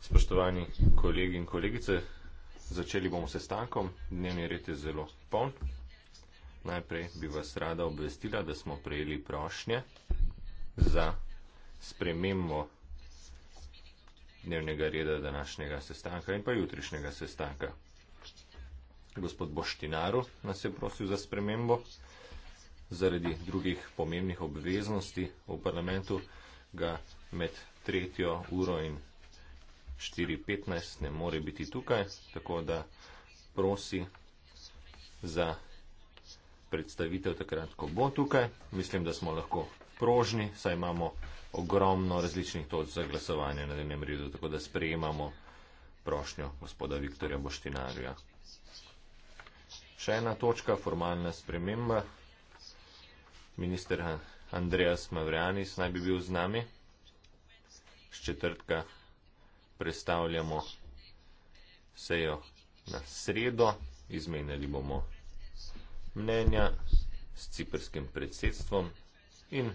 Spoštovani kolegi in kolegice, začeli bomo se stankom, dnevni red je zelo poln. Najprej bi vas rada obvestila, da smo prejeli prošnje za spremembo dnevnega reda današnjega sestanka in pa jutrišnjega sestanka. Gospod Boštinaru nas je prosil za spremembo zaradi drugih pomembnih obveznosti v parlamentu, ga med tretjo uro in 4.15 ne more biti tukaj, tako da prosi za predstavitev takrat, ko bo tukaj. Mislim, da smo lahko prožni, saj imamo ogromno različnih točk za glasovanje na dnevnem redu, tako da sprejemamo prošnjo gospoda Viktorja Boštinarja. Še ena točka, formalna sprememba. Minister Andreas Mavrjanis naj bi bil z nami. Z četrtka predstavljamo sejo na sredo, izmenjali bomo mnenja s ciprskim predsedstvom in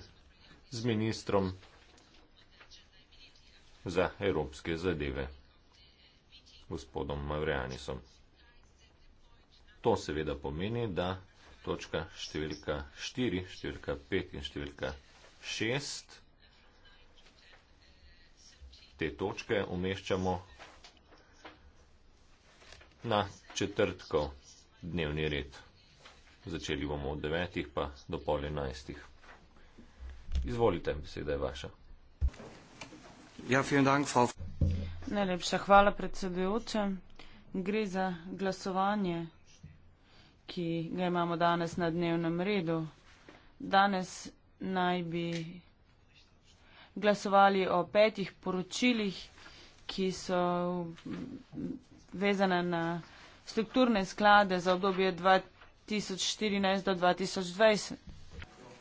z ministrom za evropske zadeve, gospodom Mavrejanisom. To seveda pomeni, da točka številka 4, številka 5 in številka 6 te točke umeščamo na četrtko dnevni red. Začeli bomo od 9. pa do pol 11. Izvolite, beseda je vaša. Ja, dank, frau... Najlepša hvala, predsedujoče. Gre za glasovanje, ki ga imamo danes na dnevnem redu. Danes naj bi glasovali o petih poročilih, ki so vezane na strukturne sklade za obdobje 2014 do 2020.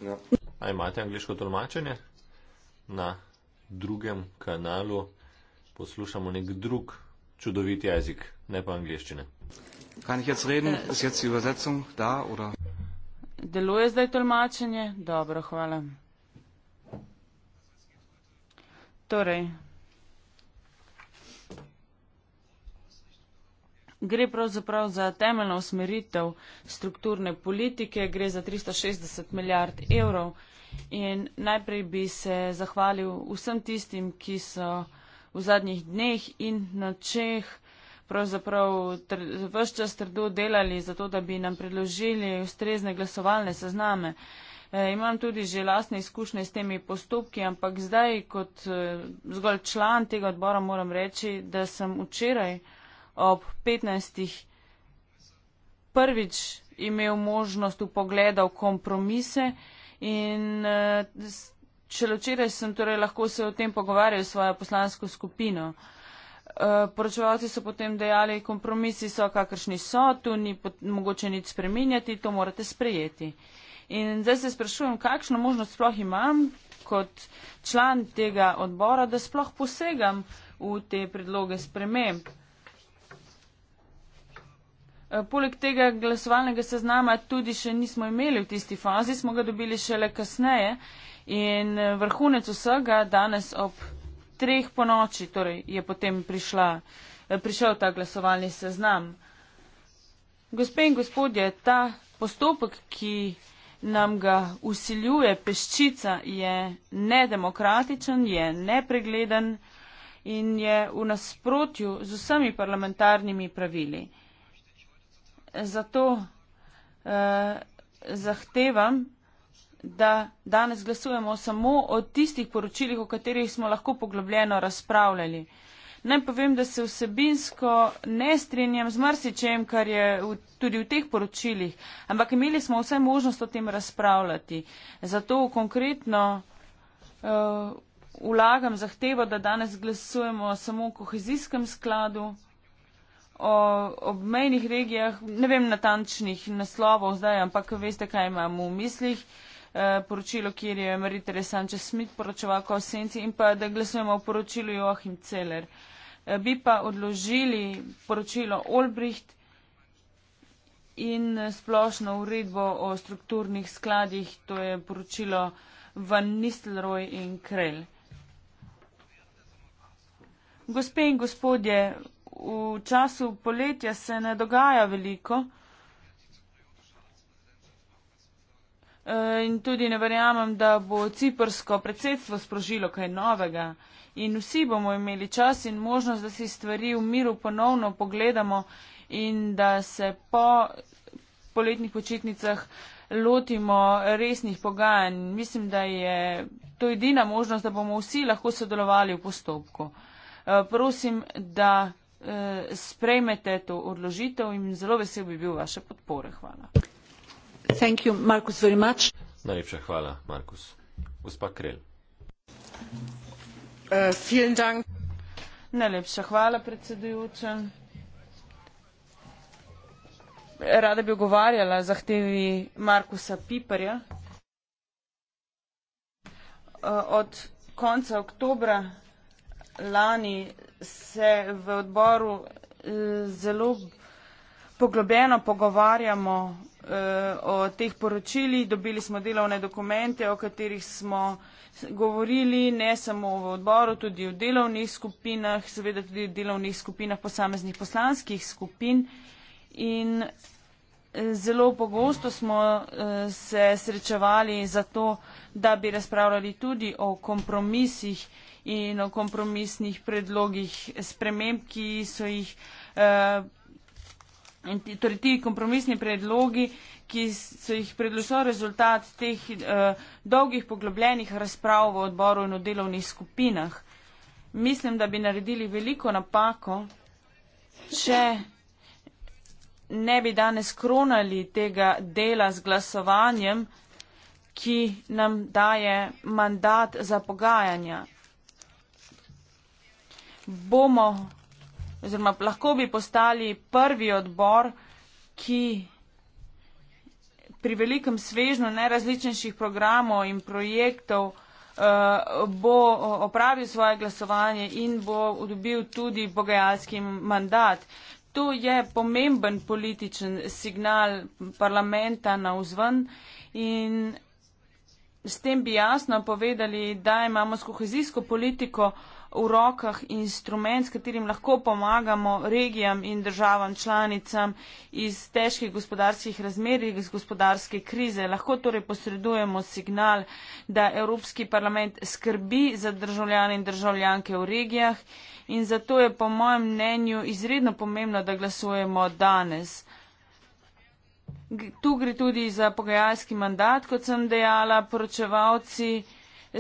No. A imate angliško tolmačenje? Na drugem kanalu poslušamo nek drug čudovit jezik, ne pa angliščine. Deluje zdaj tolmačenje? Dobro, hvala. Torej, gre pravzaprav za temeljno usmeritev strukturne politike, gre za 360 milijard evrov. In najprej bi se zahvalil vsem tistim, ki so v zadnjih dneh in nočeh pravzaprav tr vse čas trdo delali za to, da bi nam predložili ustrezne glasovalne sezname. E, imam tudi že lastne izkušnje s temi postopki, ampak zdaj kot e, zgolj član tega odbora moram reči, da sem včeraj ob 15. prvič imel možnost upogleda v kompromise. In eh, šele včeraj sem torej lahko se o tem pogovarjal s svojo poslansko skupino. Eh, poročevalci so potem dejali, kompromisi so, kakršni so, tu ni mogoče nič spreminjati, to morate sprejeti. In zdaj se sprašujem, kakšno možnost sploh imam kot član tega odbora, da sploh posegam v te predloge sprememb. Eh, poleg tega glasovalnega seznama tudi še nismo imeli v tisti fazi, smo ga dobili šele kasneje in eh, vrhunec vsega danes ob treh po noči, torej je potem prišla, eh, prišel ta glasovalni seznam. Gospe in gospodje, ta postopek, ki nam ga usiljuje peščica, je nedemokratičen, je nepregleden in je v nasprotju z vsemi parlamentarnimi pravili zato eh, zahtevam, da danes glasujemo samo o tistih poročilih, o katerih smo lahko poglobljeno razpravljali. Naj povem, da se vsebinsko ne strinjam z marsičem, kar je v, tudi v teh poročilih, ampak imeli smo vse možnost o tem razpravljati. Zato konkretno uh, vlagam zahtevo, da danes glasujemo samo o kohezijskem skladu o obmejnih regijah, ne vem natančnih naslovov zdaj, ampak veste, kaj imam v mislih. E, poročilo, kjer je Maritere Sanče-Smit poročeval o senci in pa, da glasujemo o poročilu Joachim Celer. E, bi pa odložili poročilo Olbricht in splošno uredbo o strukturnih skladih, to je poročilo Van Nistelrooy in Krell. Gospe in gospodje, v času poletja se ne dogaja veliko. E, in tudi ne verjamem, da bo ciprsko predsedstvo sprožilo kaj novega. In vsi bomo imeli čas in možnost, da si stvari v miru ponovno pogledamo in da se po poletnih počitnicah lotimo resnih pogajanj. Mislim, da je to edina možnost, da bomo vsi lahko sodelovali v postopku. E, prosim, da Eh, sprejmete to odložitev in zelo vesel bi bil vaše podpore. Hvala. Najlepša hvala, Markus. Gospa Krel. Eh, Najlepša hvala, predsedujoča. Rada bi ogovarjala zahtevi Markusa Piperja. Eh, od konca oktobra lani se v odboru eh, zelo poglobljeno pogovarjamo eh, o teh poročilih. Dobili smo delovne dokumente, o katerih smo govorili ne samo v odboru, tudi v delovnih skupinah, seveda tudi v delovnih skupinah posameznih poslanskih skupin. In zelo pogosto smo eh, se srečevali zato, da bi razpravljali tudi o kompromisih in o kompromisnih predlogih sprememb, ki so jih. Eh, torej, ti kompromisni predlogi, ki so jih predložili, so rezultat teh eh, dolgih poglobljenih razprav v odboru in v delovnih skupinah. Mislim, da bi naredili veliko napako, če ne bi danes kronali tega dela z glasovanjem, ki nam daje mandat za pogajanja. Bomo, oziroma lahko bi postali prvi odbor, ki pri velikem svežnju najrazličnejših programov in projektov eh, bo opravil svoje glasovanje in bo dobil tudi pogajalski mandat to je pomemben političen signal parlamenta na vzven in s tem bi jasno povedali, da imamo s kohezijsko politiko v rokah instrument, s katerim lahko pomagamo regijam in državam članicam iz težkih gospodarskih razmer, iz gospodarske krize. Lahko torej posredujemo signal, da Evropski parlament skrbi za državljane in državljanke v regijah in zato je po mojem mnenju izredno pomembno, da glasujemo danes. Tu gre tudi za pogajalski mandat, kot sem dejala, poročevalci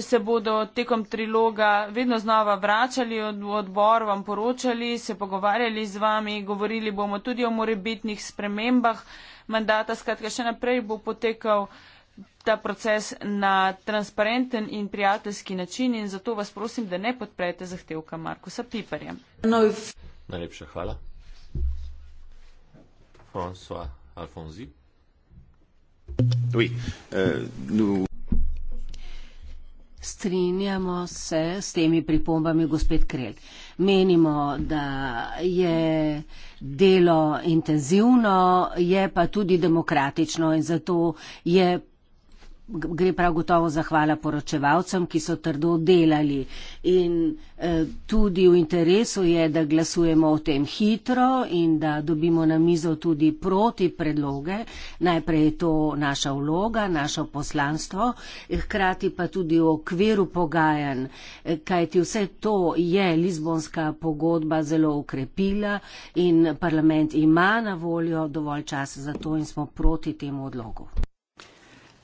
se bodo tekom triloga vedno znova vračali od odbor, vam poročali, se pogovarjali z vami, govorili bomo tudi o morebitnih spremembah mandata. Skratka, še naprej bo potekal ta proces na transparenten in prijateljski način in zato vas prosim, da ne podprete zahtevka Markusa Piperja. No, Najlepša hvala. François Alfonsi. Oui. Euh, nous... Strinjamo se s temi pripombami, gospod Krelj. Menimo, da je delo intenzivno, je pa tudi demokratično in zato je gre prav gotovo zahvala poročevalcem, ki so trdo delali. In eh, tudi v interesu je, da glasujemo o tem hitro in da dobimo na mizo tudi proti predloge. Najprej je to naša vloga, naše poslanstvo, hkrati pa tudi v okviru pogajan, eh, kajti vse to je Lizbonska pogodba zelo ukrepila in parlament ima na voljo dovolj časa za to in smo proti temu odlogu.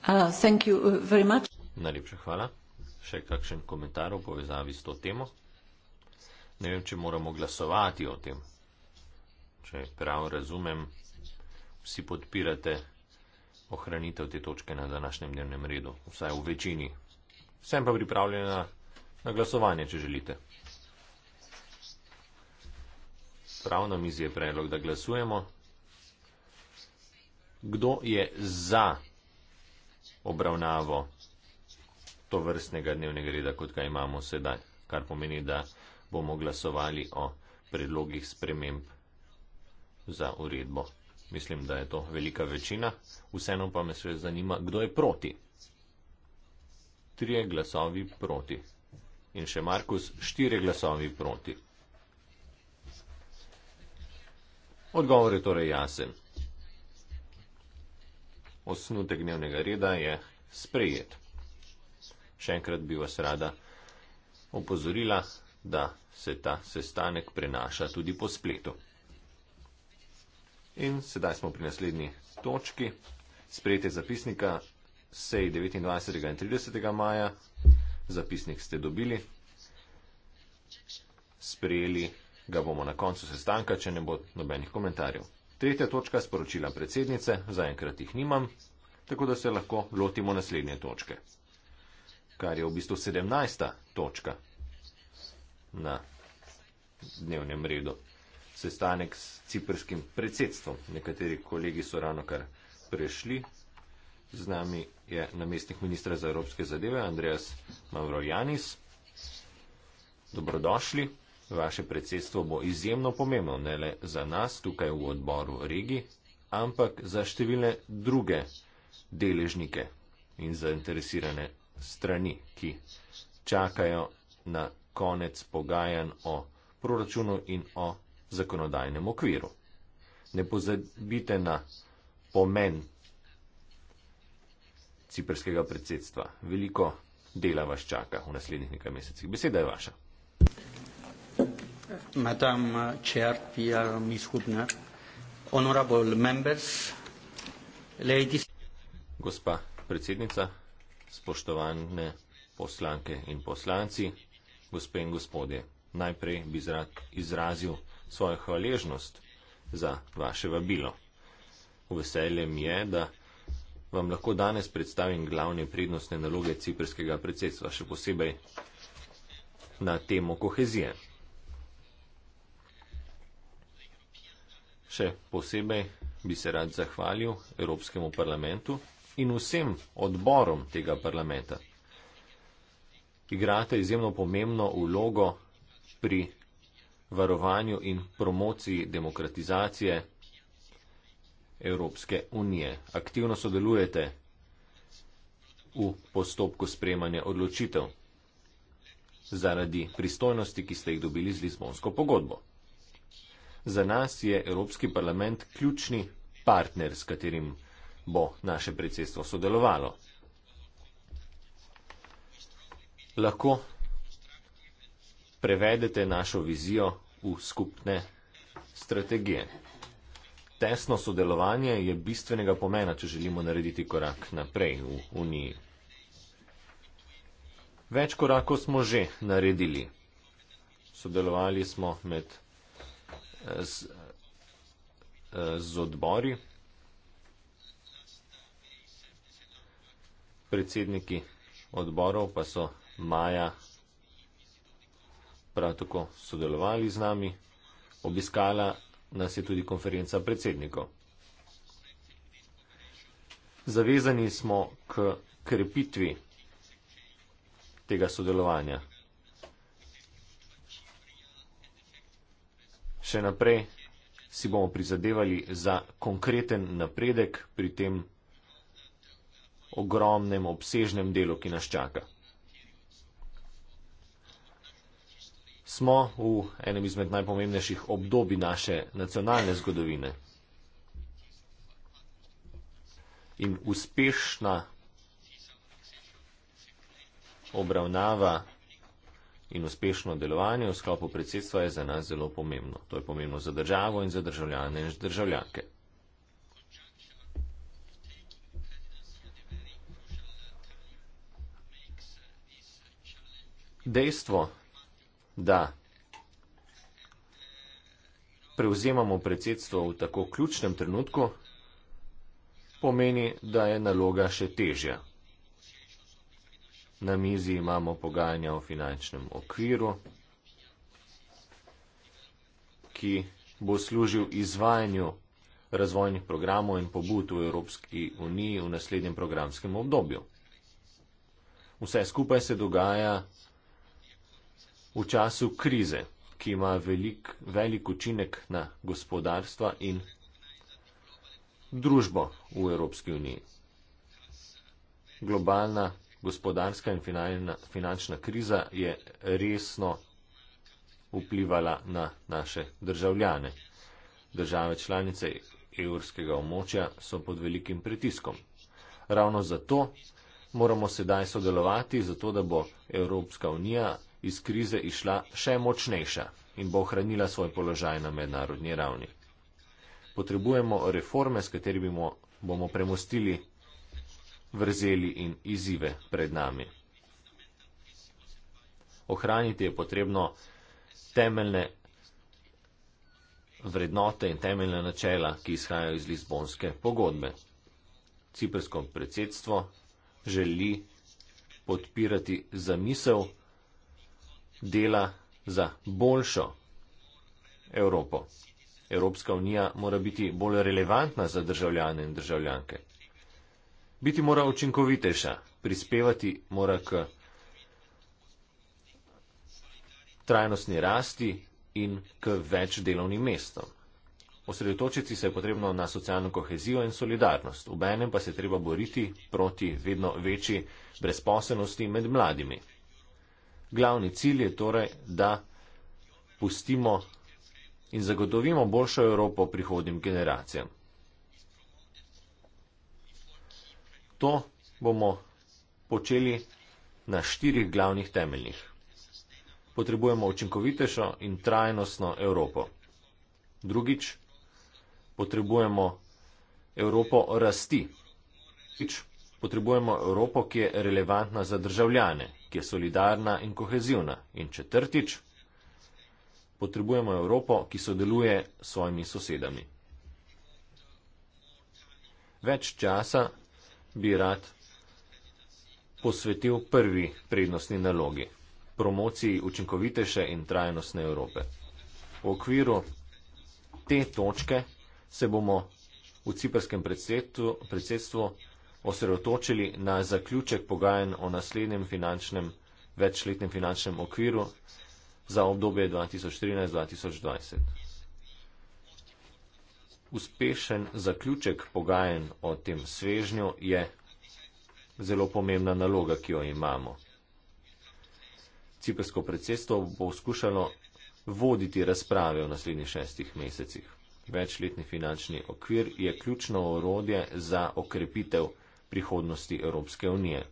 Uh, uh Najlepša hvala. Še kakšen komentar v povezavi s to temo? Ne vem, če moramo glasovati o tem. Če prav razumem, vsi podpirate ohranitev te točke na današnjem dnevnem redu, vsaj v večini. Sem pa pripravljena na glasovanje, če želite. Prav na mizi je predlog, da glasujemo. Kdo je za obravnavo to vrstnega dnevnega reda, kot ga imamo sedaj, kar pomeni, da bomo glasovali o predlogih sprememb za uredbo. Mislim, da je to velika večina. Vseeno pa me še zanima, kdo je proti. Trije glasovi proti. In še Markus, štiri glasovi proti. Odgovor je torej jasen osnutek dnevnega reda je sprejet. Še enkrat bi vas rada opozorila, da se ta sestanek prenaša tudi po spletu. In sedaj smo pri naslednji točki. Sprejete zapisnika sej 29. in 30. maja. Zapisnik ste dobili. Sprejeli ga bomo na koncu sestanka, če ne bo nobenih komentarjev. Tretja točka sporočila predsednice, zaenkrat jih nimam, tako da se lahko lotimo naslednje točke. Kar je v bistvu sedemnaesta točka na dnevnem redu, sestanek s ciprskim predsedstvom. Nekateri kolegi so ravno kar prešli. Z nami je namestnik ministra za evropske zadeve Andreas Mavrojanis. Dobrodošli. Vaše predsedstvo bo izjemno pomembno ne le za nas tukaj v odboru regi, ampak za številne druge deležnike in zainteresirane strani, ki čakajo na konec pogajanj o proračunu in o zakonodajnem okviru. Ne pozabite na pomen ciperskega predsedstva. Veliko dela vas čaka v naslednjih nekaj mesecih. Beseda je vaša. Madam uh, Chair, dear Ms. Hubner, honorable members, ladies. Gospa predsednica, spoštovane poslanke in poslanci, gospe in gospodje, najprej bi zrad izrazil svojo hvaležnost za vaše vabilo. Veselje mi je, da vam lahko danes predstavim glavne prednostne naloge ciprskega predsedstva, še posebej na temo kohezije. Še posebej bi se rad zahvalil Evropskemu parlamentu in vsem odborom tega parlamenta. Igrate izjemno pomembno vlogo pri varovanju in promociji demokratizacije Evropske unije. Aktivno sodelujete v postopku sprejemanja odločitev zaradi pristojnosti, ki ste jih dobili z Lizbonsko pogodbo. Za nas je Evropski parlament ključni partner, s katerim bo naše predsedstvo sodelovalo. Lahko prevedete našo vizijo v skupne strategije. Tesno sodelovanje je bistvenega pomena, če želimo narediti korak naprej v Uniji. Več korakov smo že naredili. Sodelovali smo med z, z odbori, predsedniki odborov pa so maja prav tako sodelovali z nami, obiskala nas je tudi konferenca predsednikov. Zavezani smo k krepitvi tega sodelovanja. še naprej si bomo prizadevali za konkreten napredek pri tem ogromnem, obsežnem delu, ki nas čaka. Smo v enem izmed najpomembnejših obdobij naše nacionalne zgodovine. In uspešna obravnava in uspešno delovanje v sklopu predsedstva je za nas zelo pomembno. To je pomembno za državo in za državljane in državljanke. Dejstvo, da prevzemamo predsedstvo v tako ključnem trenutku, pomeni, da je naloga še težja. Na mizi imamo pogajanja o finančnem okviru, ki bo služil izvajanju razvojnih programov in pobud v Evropski uniji v naslednjem programskem obdobju. Vse skupaj se dogaja v času krize, ki ima velik, velik učinek na gospodarstva in družbo v Evropski uniji. Globalna gospodarska in finančna kriza je resno vplivala na naše državljane. Države članice evrskega območja so pod velikim pritiskom. Ravno zato moramo sedaj sodelovati, zato da bo Evropska unija iz krize išla še močnejša in bo ohranila svoj položaj na mednarodni ravni. Potrebujemo reforme, s katerimi bomo premostili vrzeli in izzive pred nami. Ohraniti je potrebno temeljne vrednote in temeljne načela, ki izhajajo iz Lizbonske pogodbe. Ciprsko predsedstvo želi podpirati zamisel dela za boljšo Evropo. Evropska unija mora biti bolj relevantna za državljane in državljanke biti mora učinkovitejša, prispevati mora k trajnostni rasti in k več delovnim mestom. Osredotočiti se je potrebno na socialno kohezijo in solidarnost, v enem pa se treba boriti proti vedno večji brezposelnosti med mladimi. Glavni cilj je torej, da pustimo in zagotovimo boljšo Evropo prihodnim generacijam. To bomo počeli na štirih glavnih temeljih. Potrebujemo učinkovitejšo in trajnostno Evropo. Drugič, potrebujemo Evropo rasti. Drugič, potrebujemo Evropo, ki je relevantna za državljane, ki je solidarna in kohezivna. In četrtič, potrebujemo Evropo, ki sodeluje s svojimi sosedami. Več časa bi rad posvetil prvi prednostni nalogi - promociji učinkovitejše in trajnostne Evrope. V okviru te točke se bomo v ciperskem predsedstvu osredotočili na zaključek pogajanj o naslednjem finančnem, večletnem finančnem okviru za obdobje 2013-2020 uspešen zaključek pogajen o tem svežnju je zelo pomembna naloga, ki jo imamo. Cipersko predsedstvo bo skušalo voditi razprave v naslednjih šestih mesecih. Večletni finančni okvir je ključno orodje za okrepitev prihodnosti Evropske unije.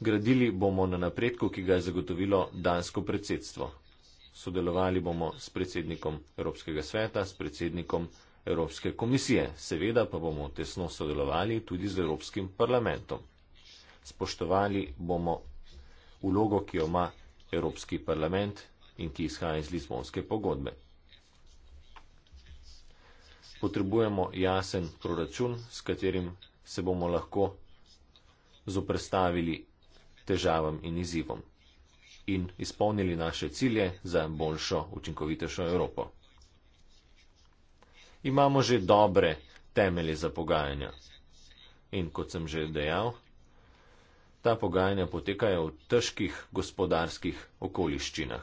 Gradili bomo na napredku, ki ga je zagotovilo dansko predsedstvo. Sodelovali bomo s predsednikom Evropskega sveta, s predsednikom Evropske komisije. Seveda pa bomo tesno sodelovali tudi z Evropskim parlamentom. Spoštovali bomo ulogo, ki jo ima Evropski parlament in ki izhaja iz Lizbonske pogodbe. Potrebujemo jasen proračun, s katerim se bomo lahko zoprestavili težavam in izzivom in izpolnili naše cilje za boljšo, učinkovitejšo Evropo. Imamo že dobre temelje za pogajanja. In kot sem že dejal, ta pogajanja potekajo v težkih gospodarskih okoliščinah.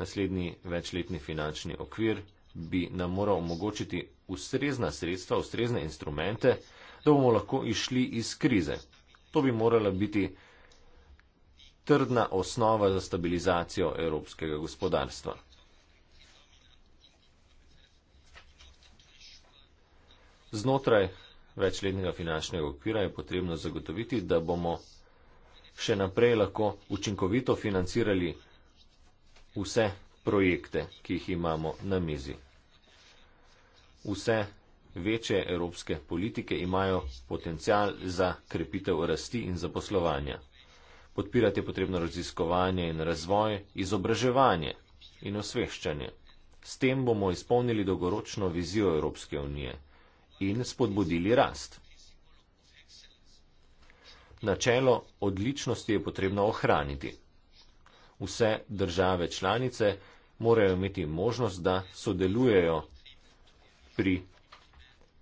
Naslednji večletni finančni okvir bi nam moral omogočiti ustrezna sredstva, ustrezne instrumente, da bomo lahko išli iz krize. To bi morala biti trdna osnova za stabilizacijo evropskega gospodarstva. Znotraj večletnega finančnega okvira je potrebno zagotoviti, da bomo še naprej lahko učinkovito financirali vse projekte, ki jih imamo na mizi. Vse večje evropske politike imajo potencial za krepitev rasti in zaposlovanja. Podpirati je potrebno raziskovanje in razvoj, izobraževanje in osveščanje. S tem bomo izpolnili dolgoročno vizijo Evropske unije in spodbudili rast. Načelo odličnosti je potrebno ohraniti. Vse države članice morajo imeti možnost, da sodelujejo pri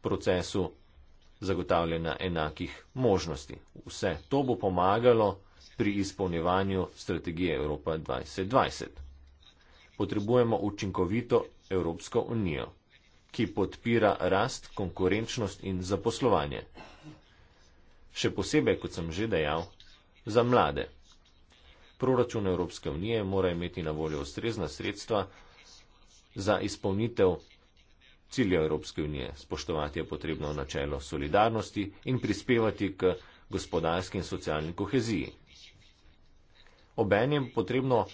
procesu zagotavljanja enakih možnosti. Vse to bo pomagalo pri izpolnjevanju strategije Evropa 2020. Potrebujemo učinkovito Evropsko unijo, ki podpira rast, konkurenčnost in zaposlovanje. Še posebej, kot sem že dejal, za mlade. Proračun Evropske unije mora imeti na voljo ustrezna sredstva za izpolnitev ciljev Evropske unije. Spoštovati je potrebno načelo solidarnosti in prispevati k gospodarski in socialni koheziji obenem potrebno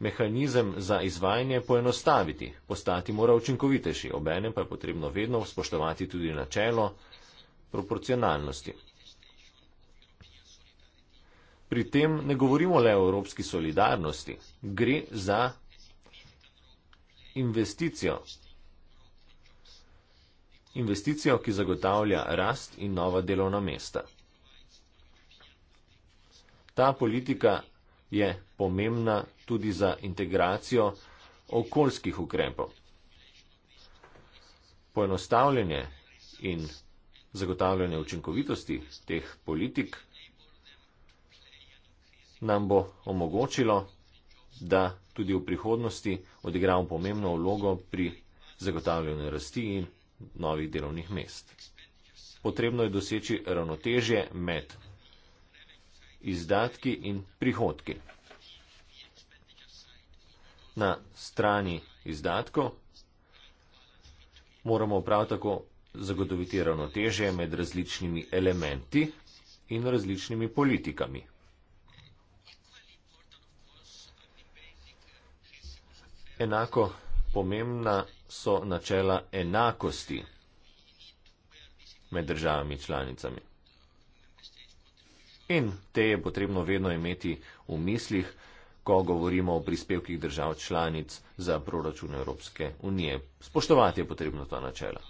mehanizem za izvajanje poenostaviti, postati mora učinkovitejši, obenem pa je potrebno vedno spoštovati tudi načelo proporcionalnosti. Pri tem ne govorimo le o evropski solidarnosti, gre za investicijo. Investicijo, ki zagotavlja rast in nova delovna mesta. Ta politika je pomembna tudi za integracijo okoljskih ukrepov. Poenostavljanje in zagotavljanje učinkovitosti teh politik nam bo omogočilo, da tudi v prihodnosti odigramo pomembno vlogo pri zagotavljanju rasti in novih delovnih mest. Potrebno je doseči ravnotežje med izdatki in prihodki. Na strani izdatkov moramo prav tako zagotoviti ravnotežje med različnimi elementi in različnimi politikami. Enako pomembna so načela enakosti med državami članicami in te je potrebno vedno imeti v mislih, ko govorimo o prispevkih držav članic za proračun Evropske unije. Spoštovati je potrebno ta načela.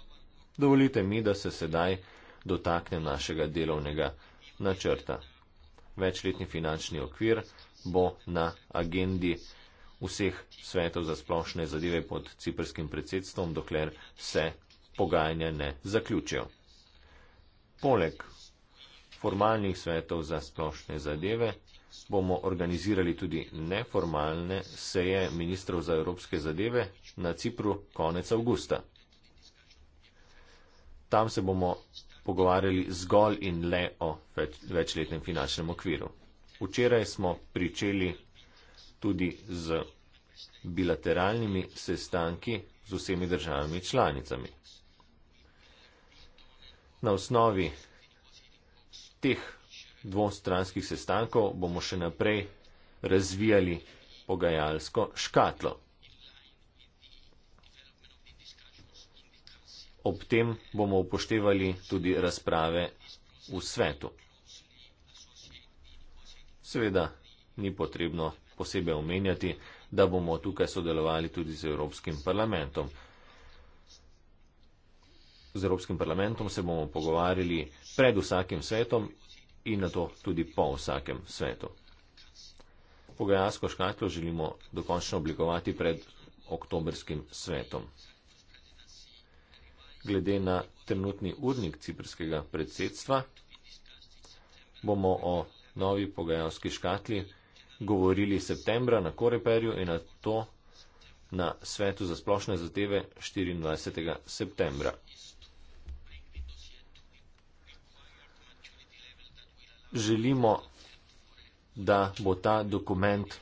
Dovolite mi, da se sedaj dotaknem našega delovnega načrta. Večletni finančni okvir bo na agendi vseh svetov za splošne zadeve pod ciprskim predsedstvom, dokler se pogajanja ne zaključijo. Poleg formalnih svetov za splošne zadeve, bomo organizirali tudi neformalne seje ministrov za evropske zadeve na Cipru konec avgusta. Tam se bomo pogovarjali zgolj in le o večletnem finančnem okviru. Včeraj smo pričeli tudi z bilateralnimi sestanki z vsemi državami članicami. Na osnovi teh dvostranskih sestankov bomo še naprej razvijali pogajalsko škatlo. Ob tem bomo upoštevali tudi razprave v svetu. Seveda ni potrebno posebej omenjati, da bomo tukaj sodelovali tudi z Evropskim parlamentom. Z Evropskim parlamentom se bomo pogovarjali pred vsakim svetom in na to tudi po vsakem svetu. Pogajalsko škatlo želimo dokončno oblikovati pred oktobrskim svetom. Glede na trenutni urnik ciprskega predsedstva bomo o novi pogajalski škatli govorili septembra na Koreperju in na to na svetu za splošne zateve 24. septembra. želimo, da bo ta dokument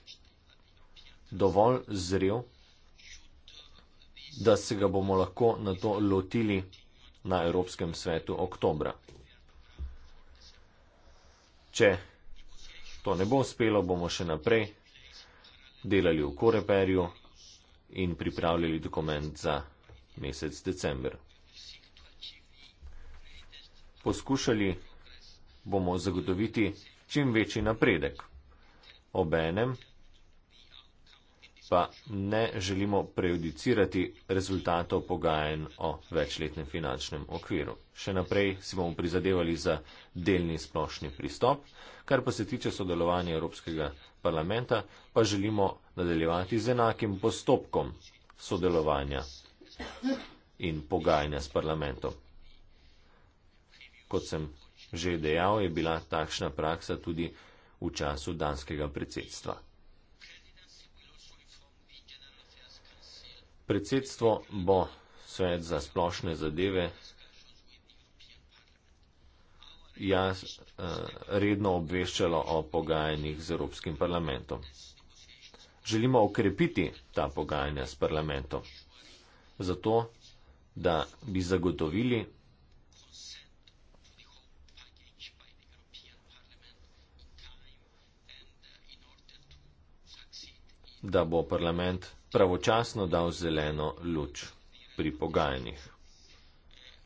dovolj zrel, da se ga bomo lahko na to lotili na Evropskem svetu oktobra. Če to ne bo uspelo, bomo še naprej delali v koreperju in pripravljali dokument za mesec december. Poskušali bomo zagotoviti čim večji napredek. Obenem pa ne želimo prejudicirati rezultatov pogajanj o večletnem finančnem okviru. Še naprej si bomo prizadevali za delni splošni pristop, kar pa se tiče sodelovanja Evropskega parlamenta, pa želimo nadaljevati z enakim postopkom sodelovanja in pogajanja s parlamentom. Kot sem Že dejal je bila takšna praksa tudi v času danskega predsedstva. Predsedstvo bo svet za splošne zadeve jaz, eh, redno obveščalo o pogajanjih z Evropskim parlamentom. Želimo okrepiti ta pogajanja s parlamentom, zato da bi zagotovili, da bo parlament pravočasno dal zeleno luč pri pogajanjih.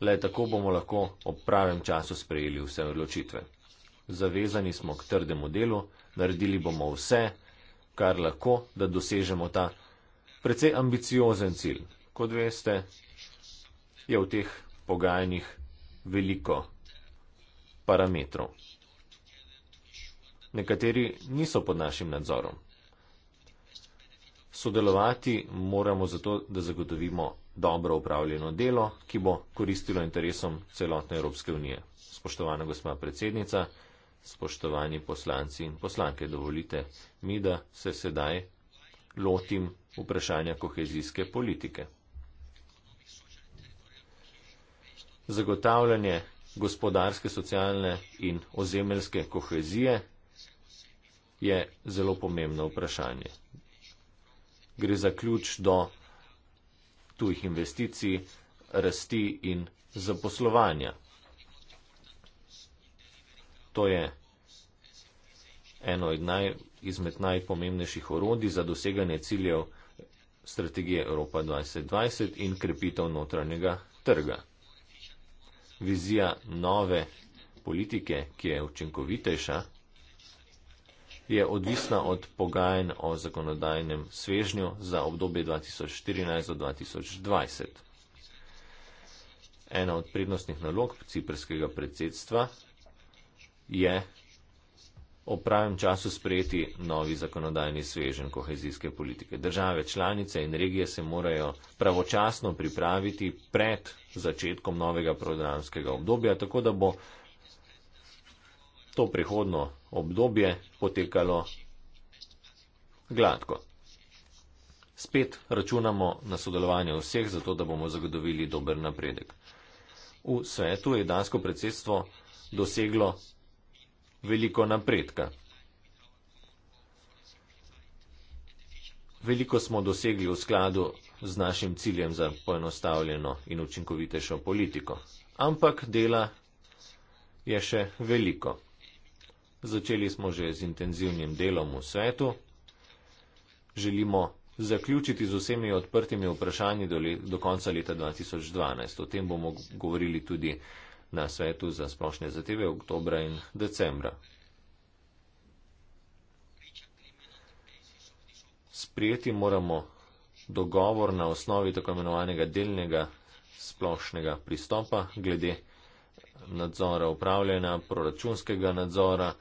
Le tako bomo lahko ob pravem času sprejeli vse odločitve. Zavezani smo k trdemu delu, naredili bomo vse, kar lahko, da dosežemo ta precej ambiciozen cilj. Kot veste, je v teh pogajanjih veliko parametrov. Nekateri niso pod našim nadzorom. Sodelovati moramo zato, da zagotovimo dobro upravljeno delo, ki bo koristilo interesom celotne Evropske unije. Spoštovana gospa predsednica, spoštovani poslanci in poslanke, dovolite mi, da se sedaj lotim vprašanja kohezijske politike. Zagotavljanje gospodarske, socialne in ozemeljske kohezije je zelo pomembno vprašanje gre za ključ do tujih investicij, rasti in zaposlovanja. To je eno naj, izmed najpomembnejših orodij za doseganje ciljev strategije Evropa 2020 in krepitev notranjega trga. Vizija nove politike, ki je učinkovitejša, je odvisna od pogajanj o zakonodajnem svežnju za obdobje 2014-2020. Ena od prednostnih nalog ciprskega predsedstva je o pravem času sprejeti novi zakonodajni svežen kohezijske politike. Države članice in regije se morajo pravočasno pripraviti pred začetkom novega programskega obdobja, tako da bo to prihodno obdobje potekalo gladko. Spet računamo na sodelovanje vseh, zato da bomo zagotovili dober napredek. V svetu je dansko predsedstvo doseglo veliko napredka. Veliko smo dosegli v skladu z našim ciljem za poenostavljeno in učinkovitejšo politiko, ampak dela je še veliko. Začeli smo že z intenzivnim delom v svetu. Želimo zaključiti z vsemi odprtimi vprašanji do, let, do konca leta 2012. O tem bomo govorili tudi na svetu za splošne zateve oktobra in decembra. Sprijeti moramo dogovor na osnovi tako imenovanega delnega splošnega pristopa glede nadzora upravljanja, proračunskega nadzora,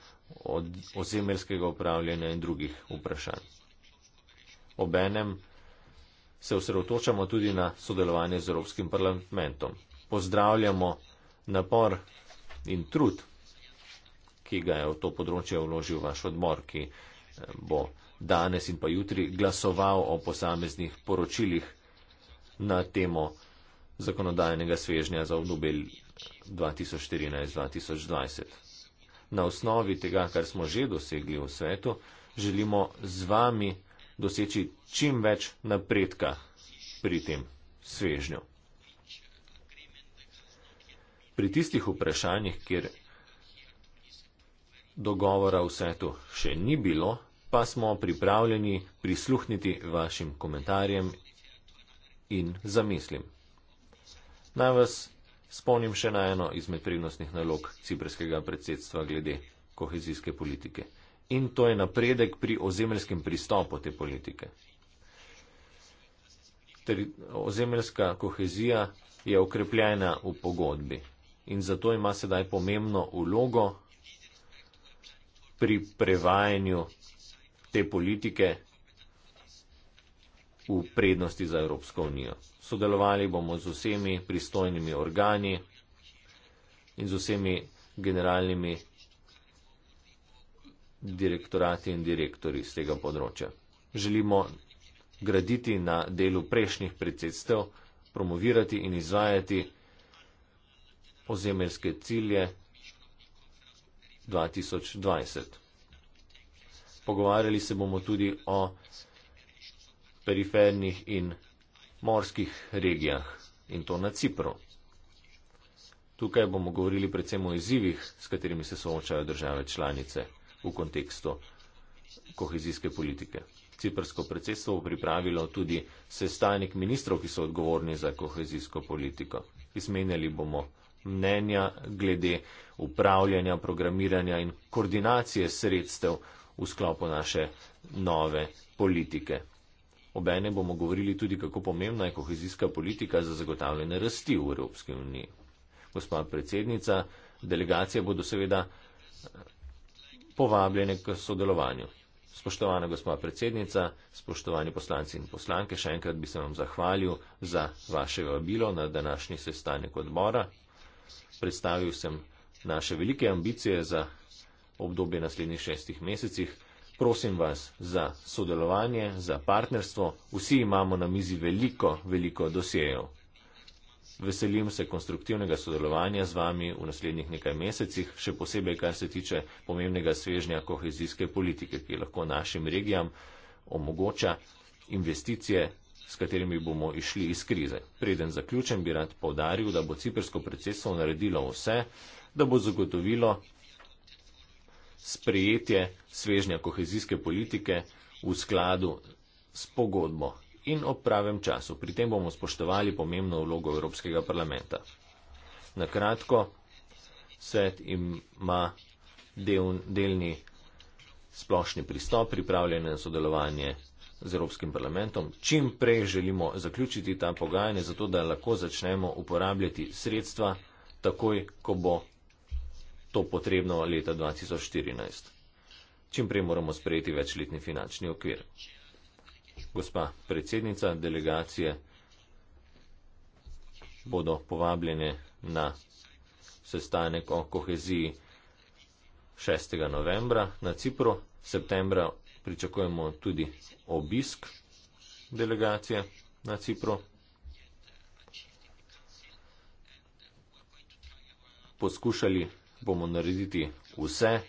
od ozemeljskega upravljanja in drugih vprašanj. Obenem se osredotočamo tudi na sodelovanje z Evropskim parlamentom. Pozdravljamo napor in trud, ki ga je v to področje vložil vaš odmor, ki eh, bo danes in pa jutri glasoval o posameznih poročilih na temo zakonodajnega svežnja za obdobje 2014-2020. Na osnovi tega, kar smo že dosegli v svetu, želimo z vami doseči čim več napredka pri tem svežnju. Pri tistih vprašanjih, kjer dogovora v svetu še ni bilo, pa smo pripravljeni prisluhniti vašim komentarjem in zamislim. Naj vas spomnim še na eno izmed prednostnih nalog ciprskega predsedstva glede kohezijske politike. In to je napredek pri ozemeljskem pristopu te politike. Teri, ozemeljska kohezija je okrepljena v pogodbi in zato ima sedaj pomembno ulogo pri prevajanju te politike v prednosti za Evropsko unijo. Sodelovali bomo z vsemi pristojnimi organi in z vsemi generalnimi direktorati in direktori z tega področja. Želimo graditi na delu prejšnjih predsedstev, promovirati in izvajati ozemeljske cilje 2020. Pogovarjali se bomo tudi o perifernih in morskih regijah in to na Cipru. Tukaj bomo govorili predvsem o izzivih, s katerimi se soočajo države članice v kontekstu kohezijske politike. Ciprsko predsedstvo bo pripravilo tudi sestanek ministrov, ki so odgovorni za kohezijsko politiko. Izmenjali bomo mnenja glede upravljanja, programiranja in koordinacije sredstev v sklopu naše nove politike. Obene bomo govorili tudi, kako pomembna je kohezijska politika za zagotavljanje rasti v Evropski uniji. Gospa predsednica, delegacije bodo seveda eh, povabljene k sodelovanju. Spoštovana gospa predsednica, spoštovani poslanci in poslanke, še enkrat bi se vam zahvalil za vaše vabilo na današnji sestanek odbora. Predstavil sem naše velike ambicije za obdobje naslednjih šestih mesecih. Prosim vas za sodelovanje, za partnerstvo. Vsi imamo na mizi veliko, veliko dosejev. Veselim se konstruktivnega sodelovanja z vami v naslednjih nekaj mesecih, še posebej kar se tiče pomembnega svežnja kohezijske politike, ki lahko našim regijam omogoča investicije, s katerimi bomo išli iz krize. Preden zaključem, bi rad povdaril, da bo ciprsko predsedstvo naredilo vse, da bo zagotovilo sprejetje svežnja kohezijske politike v skladu s pogodbo in ob pravem času. Pri tem bomo spoštovali pomembno vlogo Evropskega parlamenta. Na kratko, svet ima del, delni splošni pristop, pripravljen na sodelovanje z Evropskim parlamentom. Čim prej želimo zaključiti ta pogajanje, zato da lahko začnemo uporabljati sredstva takoj, ko bo to potrebno leta 2014. Čim prej moramo sprejeti večletni finančni okvir. Gospa predsednica, delegacije bodo povabljene na sestanek o koheziji 6. novembra na Cipru. Septembra pričakujemo tudi obisk delegacije na Cipru. Poskušali bomo narediti vse,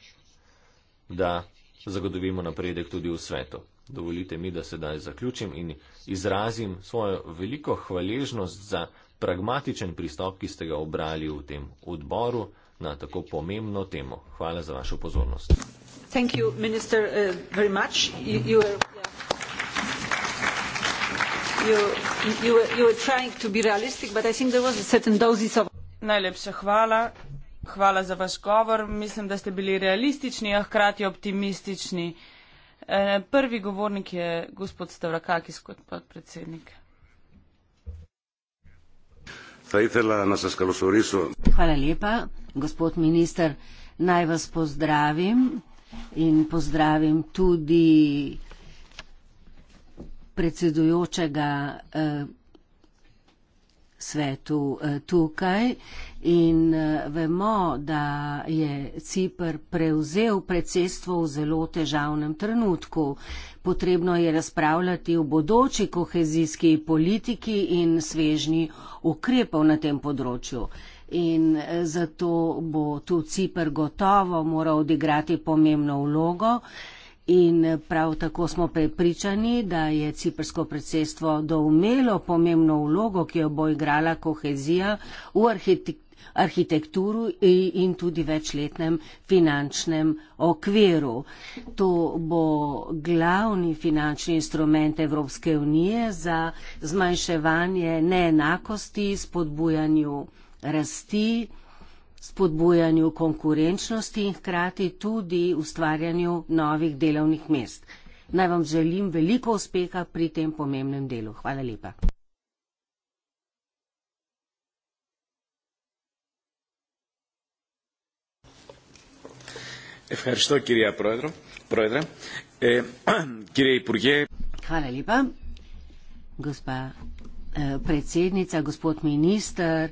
da zagotovimo napredek tudi v svetu. Dovolite mi, da sedaj zaključim in izrazim svojo veliko hvaležnost za pragmatičen pristop, ki ste ga obrali v tem odboru na tako pomembno temo. Hvala za vašo pozornost. Najlepša hvala. Hvala za vaš govor. Mislim, da ste bili realistični, a hkrati optimistični. E, prvi govornik je gospod Stavrakakis kot podpredsednik. Hvala lepa, gospod minister. Naj vas pozdravim in pozdravim tudi predsedujočega. E, svetu eh, tukaj in eh, vemo, da je Cipr prevzel predsedstvo v zelo težavnem trenutku. Potrebno je razpravljati v bodoči kohezijski politiki in svežni ukrepov na tem področju. In eh, zato bo tu Cipr gotovo moral odigrati pomembno vlogo. In prav tako smo prepričani, da je ciprsko predsedstvo doumelo pomembno vlogo, ki jo bo igrala kohezija v arhitekturu in tudi večletnem finančnem okviru. To bo glavni finančni instrument Evropske unije za zmanjševanje neenakosti, spodbujanju rasti spodbujanju konkurenčnosti in hkrati tudi ustvarjanju novih delovnih mest. Naj vam želim veliko uspeha pri tem pomembnem delu. Hvala lepa. Hvala lepa, gospa eh, predsednica, gospod minister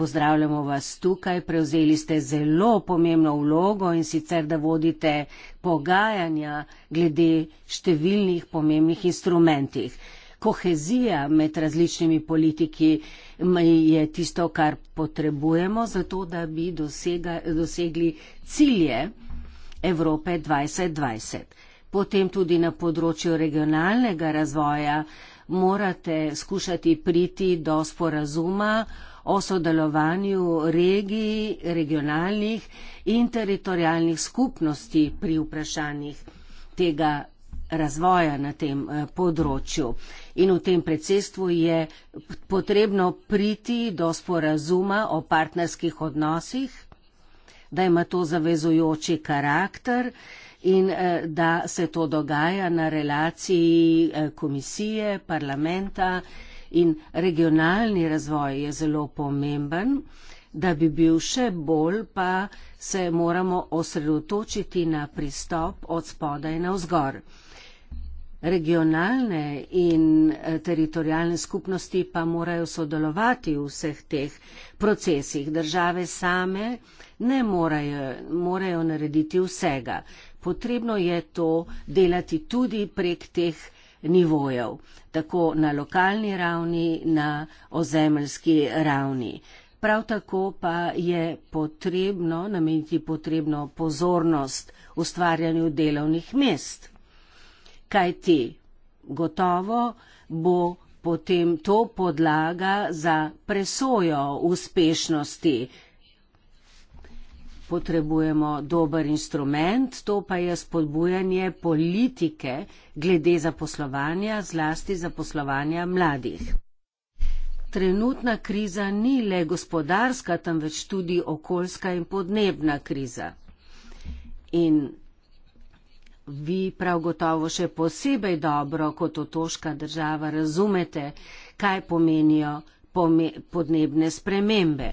pozdravljamo vas tukaj. Prevzeli ste zelo pomembno vlogo in sicer, da vodite pogajanja glede številnih pomembnih instrumentih. Kohezija med različnimi politiki je tisto, kar potrebujemo, zato da bi dosega, dosegli cilje Evrope 2020. Potem tudi na področju regionalnega razvoja morate skušati priti do sporazuma o sodelovanju regij, regionalnih in teritorijalnih skupnosti pri vprašanjih tega razvoja na tem eh, področju. In v tem predsedstvu je potrebno priti do sporazuma o partnerskih odnosih, da ima to zavezujoči karakter in eh, da se to dogaja na relaciji eh, komisije, parlamenta in regionalni razvoj je zelo pomemben. Da bi bil še bolj, pa se moramo osredotočiti na pristop od spodaj na vzgor. Regionalne in eh, teritorijalne skupnosti pa morajo sodelovati v vseh teh procesih. Države same ne morajo, morajo narediti vsega. Potrebno je to delati tudi prek teh nivojev tako na lokalni ravni, na ozemljski ravni. Prav tako pa je potrebno nameniti potrebno pozornost ustvarjanju delovnih mest. Kaj ti? Gotovo bo potem to podlaga za presojo uspešnosti potrebujemo dober instrument, to pa je spodbujanje politike glede zaposlovanja, zlasti zaposlovanja mladih. Trenutna kriza ni le gospodarska, temveč tudi okoljska in podnebna kriza. In vi prav gotovo še posebej dobro kot otoška država razumete, kaj pomenijo podnebne spremembe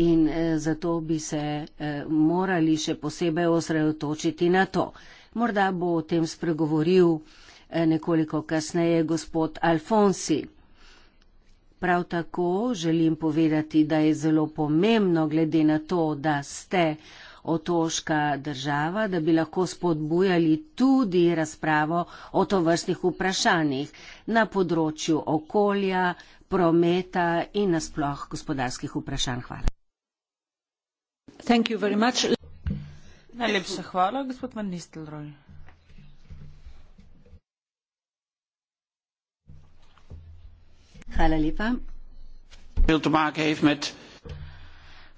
in eh, zato bi se eh, morali še posebej osredotočiti na to. Morda bo o tem spregovoril eh, nekoliko kasneje gospod Alfonsi. Prav tako želim povedati, da je zelo pomembno glede na to, da ste otoška država, da bi lahko spodbujali tudi razpravo o tovrstnih vprašanjih na področju okolja, prometa in nasploh gospodarskih vprašanj. Hvala najlepša hvala gospod van nistelrooij.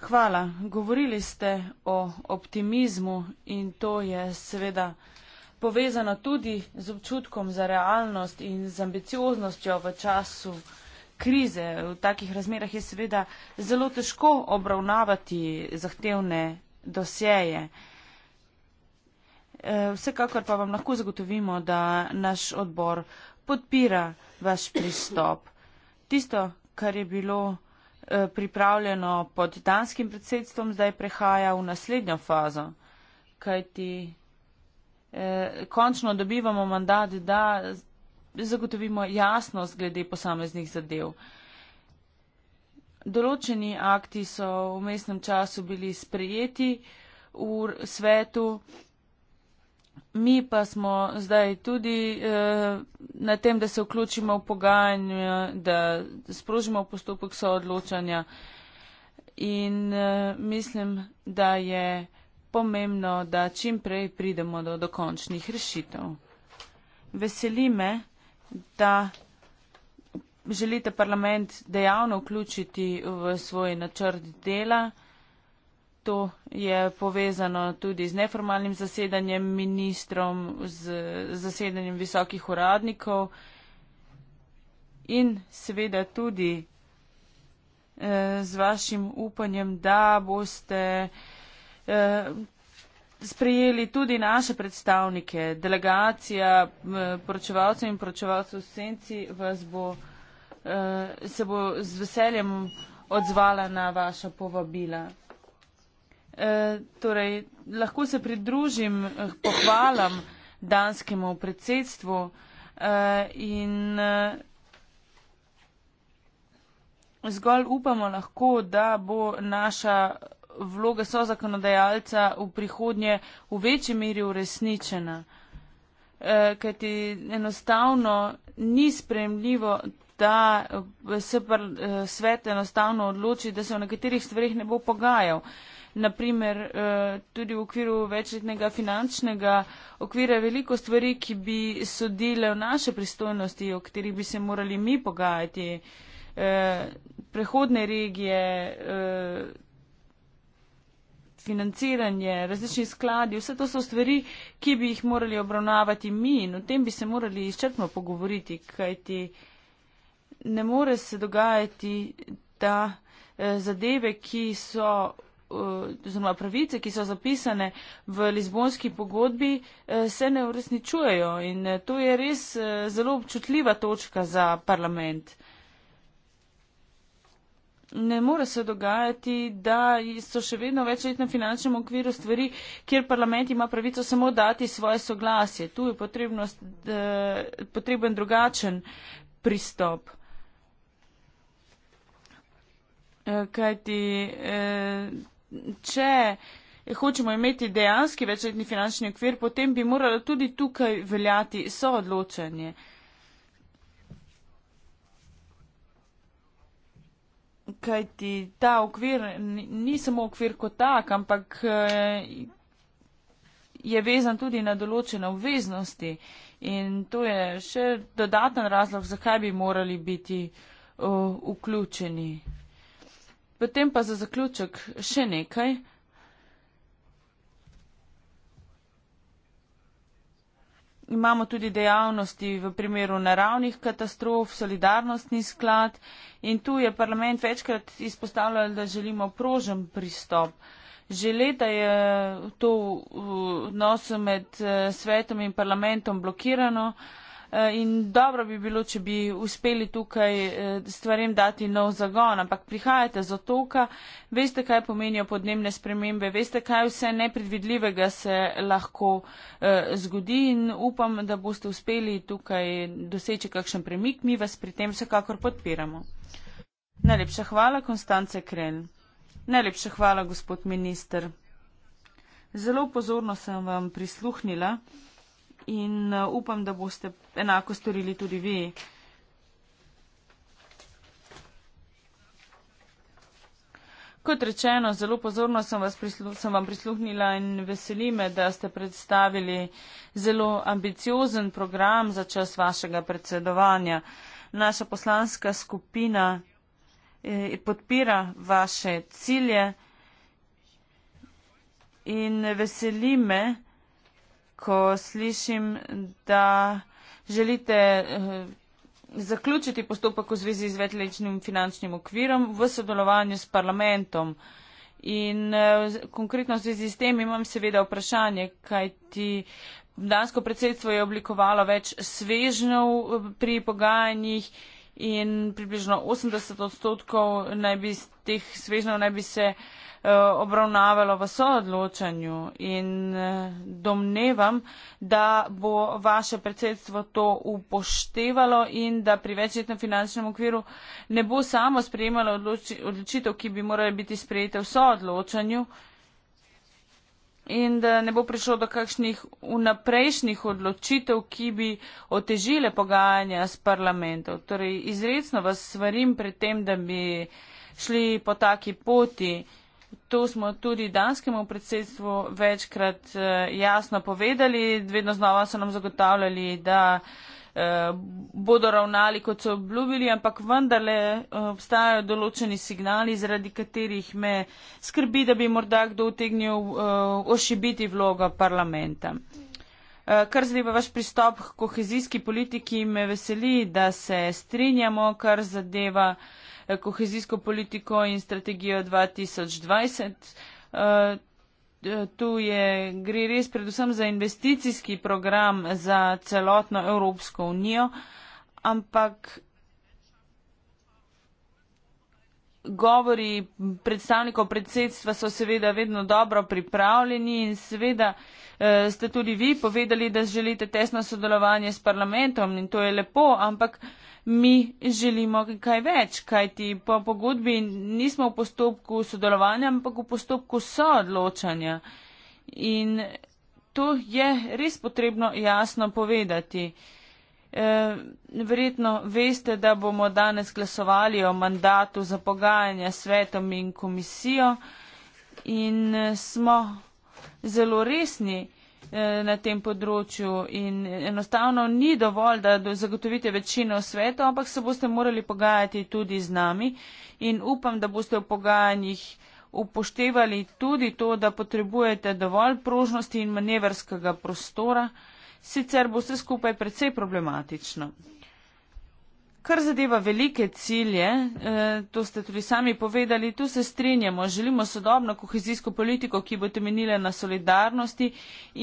hvala govorili ste o optimizmu in to je seveda povezano tudi z občutkom za realnost in z ambicioznostjo v času krize, v takih razmerah je seveda zelo težko obravnavati zahtevne dosjeje. Eh, vsekakor pa vam lahko zagotovimo, da naš odbor podpira vaš pristop. Tisto, kar je bilo eh, pripravljeno pod danskim predsedstvom, zdaj prehaja v naslednjo fazo, kajti eh, končno dobivamo mandat, da zagotovimo jasnost glede posameznih zadev. Določeni akti so v mestnem času bili sprejeti v svetu, mi pa smo zdaj tudi eh, na tem, da se vključimo v pogajanje, da sprožimo postopek soodločanja in eh, mislim, da je pomembno, da čim prej pridemo do dokončnih rešitev. Veseli me, da želite parlament dejavno vključiti v svoj načrt dela. To je povezano tudi z neformalnim zasedanjem ministrom, z zasedanjem visokih uradnikov in seveda tudi eh, z vašim upanjem, da boste eh, sprejeli tudi naše predstavnike, delegacija poročevalcev in poročevalcev v senci vas bo, eh, se bo z veseljem odzvala na vaša povabila. Eh, torej, lahko se pridružim eh, pohvalam danskemu predsedstvu in zgolj upamo lahko, da bo naša vloga so zakonodajalca v prihodnje v večji meri uresničena. E, eh, Ker ti enostavno ni spremljivo, da eh, se pr, eh, svet enostavno odloči, da se v nekaterih stvarih ne bo pogajal. Naprimer, tudi v okviru večletnega finančnega okvira je veliko stvari, ki bi sodile v naše pristojnosti, o katerih bi se morali mi pogajati. Prehodne regije, financiranje, različni skladi, vse to so stvari, ki bi jih morali obravnavati mi in o tem bi se morali izčrpno pogovoriti, kajti ne more se dogajati, da eh, zadeve, ki so, eh, oziroma pravice, ki so zapisane v Lizbonski pogodbi, eh, se ne uresničujejo in eh, to je res eh, zelo občutljiva točka za parlament. Eh, ne more se dogajati, da so še vedno večletnem finančnem okviru stvari, kjer parlament ima pravico samo dati svoje soglasje. Tu je eh, potreben drugačen pristop. Eh, Kaj ti, eh, če hočemo imeti dejanski večletni finančni okvir, potem bi moralo tudi tukaj veljati soodločanje. kaj ti ta okvir ni samo okvir kot tak, ampak eh, je vezan tudi na določene obveznosti. In to je še dodaten razlog, zakaj bi morali biti o, eh, vključeni. Potem pa za zaključek še nekaj. imamo tudi dejavnosti v primeru naravnih katastrof, solidarnostni sklad in tu je parlament večkrat izpostavljal, da želimo prožen pristop. Že leta je to v odnosu med eh, svetom in parlamentom blokirano, uh, Eh, in dobro bi bilo, če bi uspeli tukaj eh, stvarem dati nov zagon, ampak prihajate z otoka, veste, kaj pomenijo podnebne spremembe, veste, kaj vse nepredvidljivega se lahko eh, zgodi in upam, da boste uspeli tukaj doseči kakšen premik, mi vas pri tem vsekakor podpiramo. Najlepša hvala, Konstance Krenj. Najlepša hvala, gospod minister. Zelo pozorno sem vam prisluhnila in eh, upam, da boste enako storili tudi vi. Kot rečeno, zelo pozorno sem, sem vam prisluhnila in veseli me, da ste predstavili zelo ambiciozen program za čas vašega predsedovanja. Naša poslanska skupina eh, podpira vaše cilje in veseli me, ko slišim, da želite eh, zaključiti postopek v zvezi z večlečnim finančnim okvirom v sodelovanju s parlamentom. In eh, konkretno v zvezi s tem imam seveda vprašanje, kaj ti dansko predsedstvo je oblikovalo več svežnjev eh, pri pogajanjih in približno 80 odstotkov naj bi teh svežnjev naj bi se eh, obravnavalo v soodločanju in eh, domnevam, da bo vaše predsedstvo to upoštevalo in da pri večletnem finančnem okviru ne bo samo sprejemalo odločitev, ki bi morala biti sprejeta v soodločanju, in da ne bo prišlo do kakšnih vnaprejšnjih odločitev, ki bi otežile pogajanja s parlamentom. Torej, izredno vas svarim pred tem, da bi šli po taki poti. To smo tudi danskemu predsedstvu večkrat eh, jasno povedali, vedno znova so nam zagotavljali, da Eh, bodo ravnali, kot so obljubili, ampak vendarle eh, obstajajo določeni signali, zaradi katerih me skrbi, da bi morda kdo utegnil eh, ošibiti vlogo parlamenta. Kar zadeva vaš pristop k kohezijski politiki, me veseli, da se strinjamo, kar zadeva kohezijsko politiko in strategijo 2020 tu je, gre res predvsem za investicijski program za celotno Evropsko unijo, ampak govori predstavnikov predsedstva so seveda vedno dobro pripravljeni in seveda eh, ste tudi vi povedali, da želite tesno sodelovanje s parlamentom in to je lepo, ampak mi želimo kaj več, kajti po pogodbi nismo v postopku sodelovanja, ampak v postopku soodločanja. In to je res potrebno jasno povedati. Eh, Eh, verjetno veste, da bomo danes glasovali o mandatu za pogajanja s svetom in komisijo in eh, smo zelo resni eh, na tem področju in enostavno ni dovolj, da zagotovite večino svetu, ampak se boste morali pogajati tudi z nami in upam, da boste v pogajanjih upoštevali tudi to, da potrebujete dovolj prožnosti in manevrskega prostora sicer bo vse skupaj precej problematično. Kar zadeva velike cilje, eh, to ste tudi sami povedali, tu se strinjamo. Želimo sodobno kohezijsko politiko, ki bo temenila na solidarnosti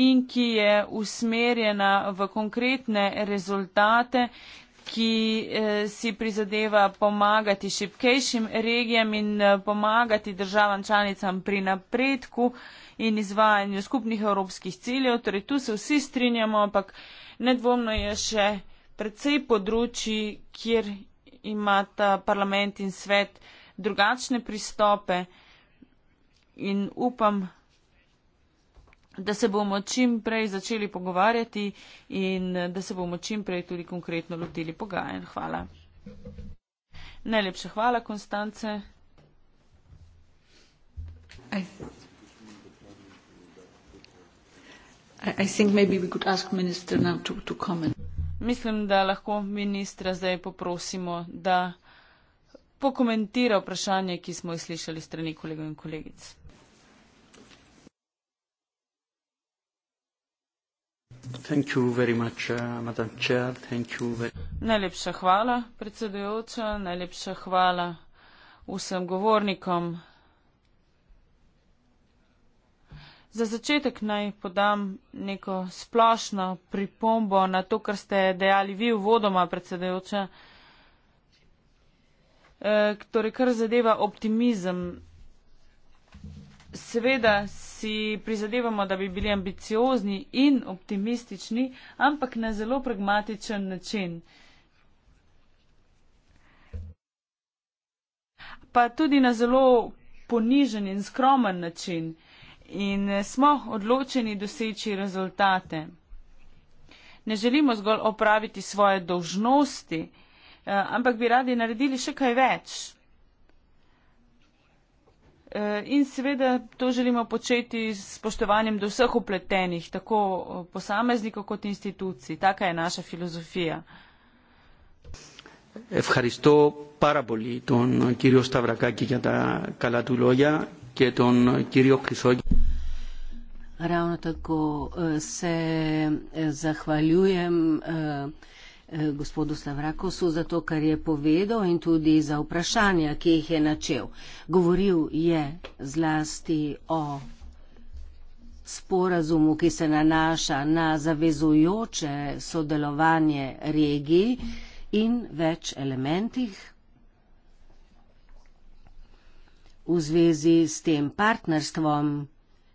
in ki je usmerjena v konkretne rezultate, ki eh, si prizadeva pomagati šipkejšim regijam in eh, pomagati državam članicam pri napredku in izvajanju skupnih evropskih ciljev. Torej, tu se vsi strinjamo, ampak nedvomno je še predvsej področji, kjer imata parlament in svet drugačne pristope in upam, da se bomo čim prej začeli pogovarjati in eh, da se bomo čim prej tudi konkretno lotili pogajanj. Hvala. Najlepša hvala, Konstance. I I think maybe we could ask minister now to, to comment. Mislim, da lahko ministra zdaj poprosimo, da pokomentira vprašanje, ki smo jih slišali strani kolegov in kolegic. Uh, najlepša hvala, predsedujoča, najlepša hvala vsem govornikom. Za začetek naj podam neko splošno pripombo na to, kar ste dejali vi v vodoma, predsedujoča. E, torej, kar zadeva optimizem. Seveda si prizadevamo, da bi bili ambiciozni in optimistični, ampak na zelo pragmatičen način. Pa tudi na zelo ponižen in skromen način. In eh, smo odločeni doseči rezultate. Ne želimo zgolj opraviti svoje dožnosti, eh, ampak bi radi naredili še kaj več. Eh, in seveda to želimo početi s spoštovanjem do vseh upletenih, tako posameznikov kot institucij. Taka je naša filozofija. Ευχαριστώ πάρα πολύ τον κύριο Σταυρακάκη για τα καλά του λόγια και τον κύριο Χρυσόγη. Ravno tako eh, se eh, zahvaljujem eh, Eh, gospodu Slavrakosu za to, kar je povedal in tudi za vprašanja, ki jih je načel. Govoril je zlasti o sporazumu, ki se nanaša na zavezujoče sodelovanje regiji in več elementih v zvezi s tem partnerstvom,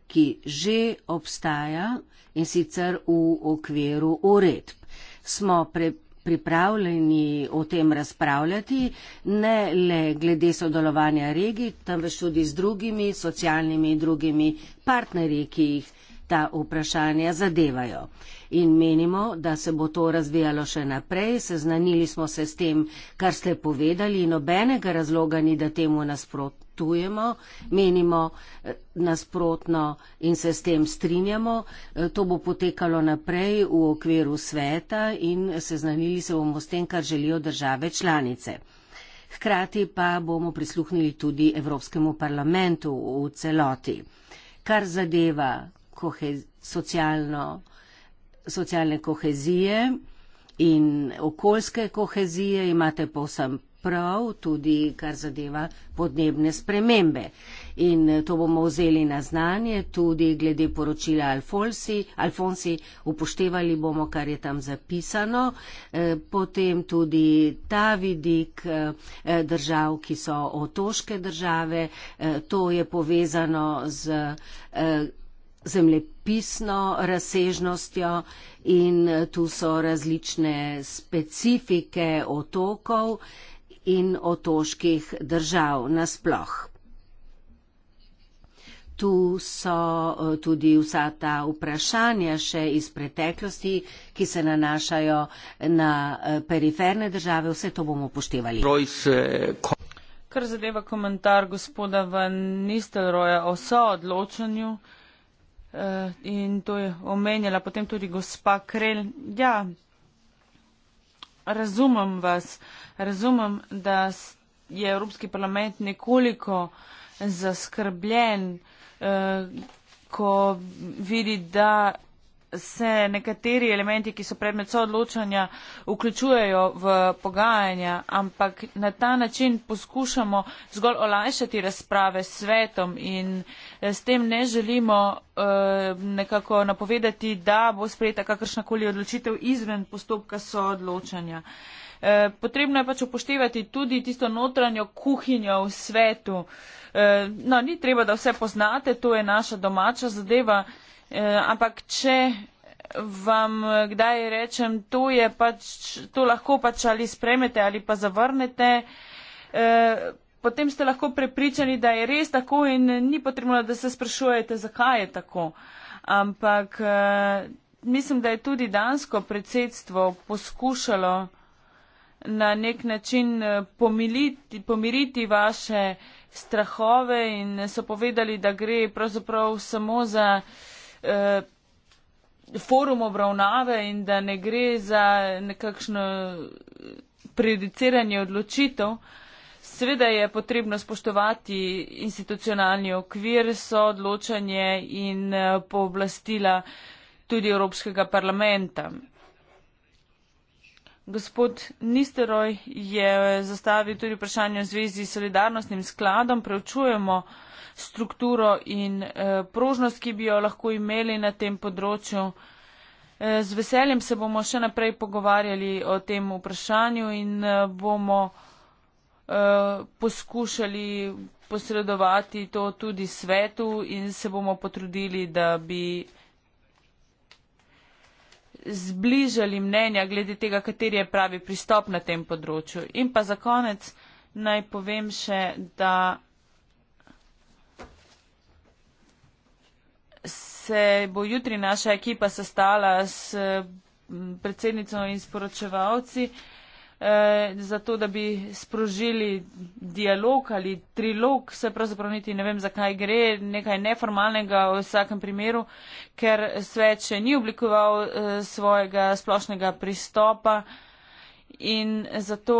ki že obstaja in sicer v okviru uredb smo pre, pripravljeni o tem razpravljati, ne le glede sodelovanja regij, temveč tudi z drugimi socialnimi in drugimi partnerji, ki jih ta vprašanja zadevajo. In menimo, da se bo to razvijalo še naprej, seznanili smo se s tem, kar ste povedali in obenega razloga ni, da temu nasprot nasprotujemo, menimo eh, nasprotno in se s tem strinjamo. Eh, to bo potekalo naprej v okviru sveta in seznanili se bomo s tem, kar želijo države članice. Hkrati pa bomo prisluhnili tudi Evropskemu parlamentu v celoti. Kar zadeva kohe socialno, socialne kohezije in okoljske kohezije, imate povsem prav tudi, kar zadeva podnebne spremembe. In eh, to bomo vzeli na znanje tudi glede poročila Alfonsi. Alfonsi upoštevali bomo, kar je tam zapisano, eh, potem tudi ta vidik eh, držav, ki so otoške države. To je povezano z zemljepisno razsežnostjo in tu so različne specifike otokov in otoških držav nasploh. Tu so e, tudi vsa ta vprašanja še iz preteklosti, ki se nanašajo na e, periferne države. Vse to bomo upoštevali. E, Kar zadeva komentar gospoda Van Nistelroja o soodločanju in to je omenjala potem tudi gospa Krel. Ja, razumem vas, razumem, da je Evropski parlament nekoliko zaskrbljen, eh, ko vidi, da se nekateri elementi, ki so predmet soodločanja, vključujejo v pogajanja, ampak na ta način poskušamo zgolj olajšati razprave s svetom in eh, s tem ne želimo eh, nekako napovedati, da bo sprejeta kakršnakoli odločitev izven postopka soodločanja. Eh, potrebno je pač upoštevati tudi tisto notranjo kuhinjo v svetu. No, ni treba, da vse poznate, to je naša domača zadeva. Eh, ampak če vam eh, kdaj rečem, to, pač, to lahko pač ali spremete ali pa zavrnete, eh, potem ste lahko prepričani, da je res tako in ni potrebno, da se sprašujete, zakaj je tako. Ampak mislim, da je tudi dansko predsedstvo poskušalo na nek način pomiliti, pomiriti vaše strahove in so povedali, da gre pravzaprav samo za. Eh, forum obravnave in da ne gre za nekakšno eh, prejudiciranje odločitev. Sveda je potrebno spoštovati institucionalni okvir, so odločanje in eh, pooblastila tudi Evropskega parlamenta. Gospod Nisteroj je zastavil tudi vprašanje v zvezi s solidarnostnim skladom. Preučujemo uh, strukturo in eh, prožnost, ki bi jo lahko imeli na tem področju. Eh, z veseljem se bomo še naprej pogovarjali o tem vprašanju in eh, bomo poskušali posredovati to tudi svetu in se bomo potrudili, da bi zbližali mnenja glede tega, kateri je pravi pristop na tem področju. In pa za konec naj povem še, da. se bo jutri naša ekipa sestala s predsednico in sporočevalci, eh, zato da bi sprožili dialog ali trilog, se pravzaprav niti ne vem, zakaj gre, nekaj neformalnega v vsakem primeru, ker svet še ni oblikoval eh, svojega splošnega pristopa in zato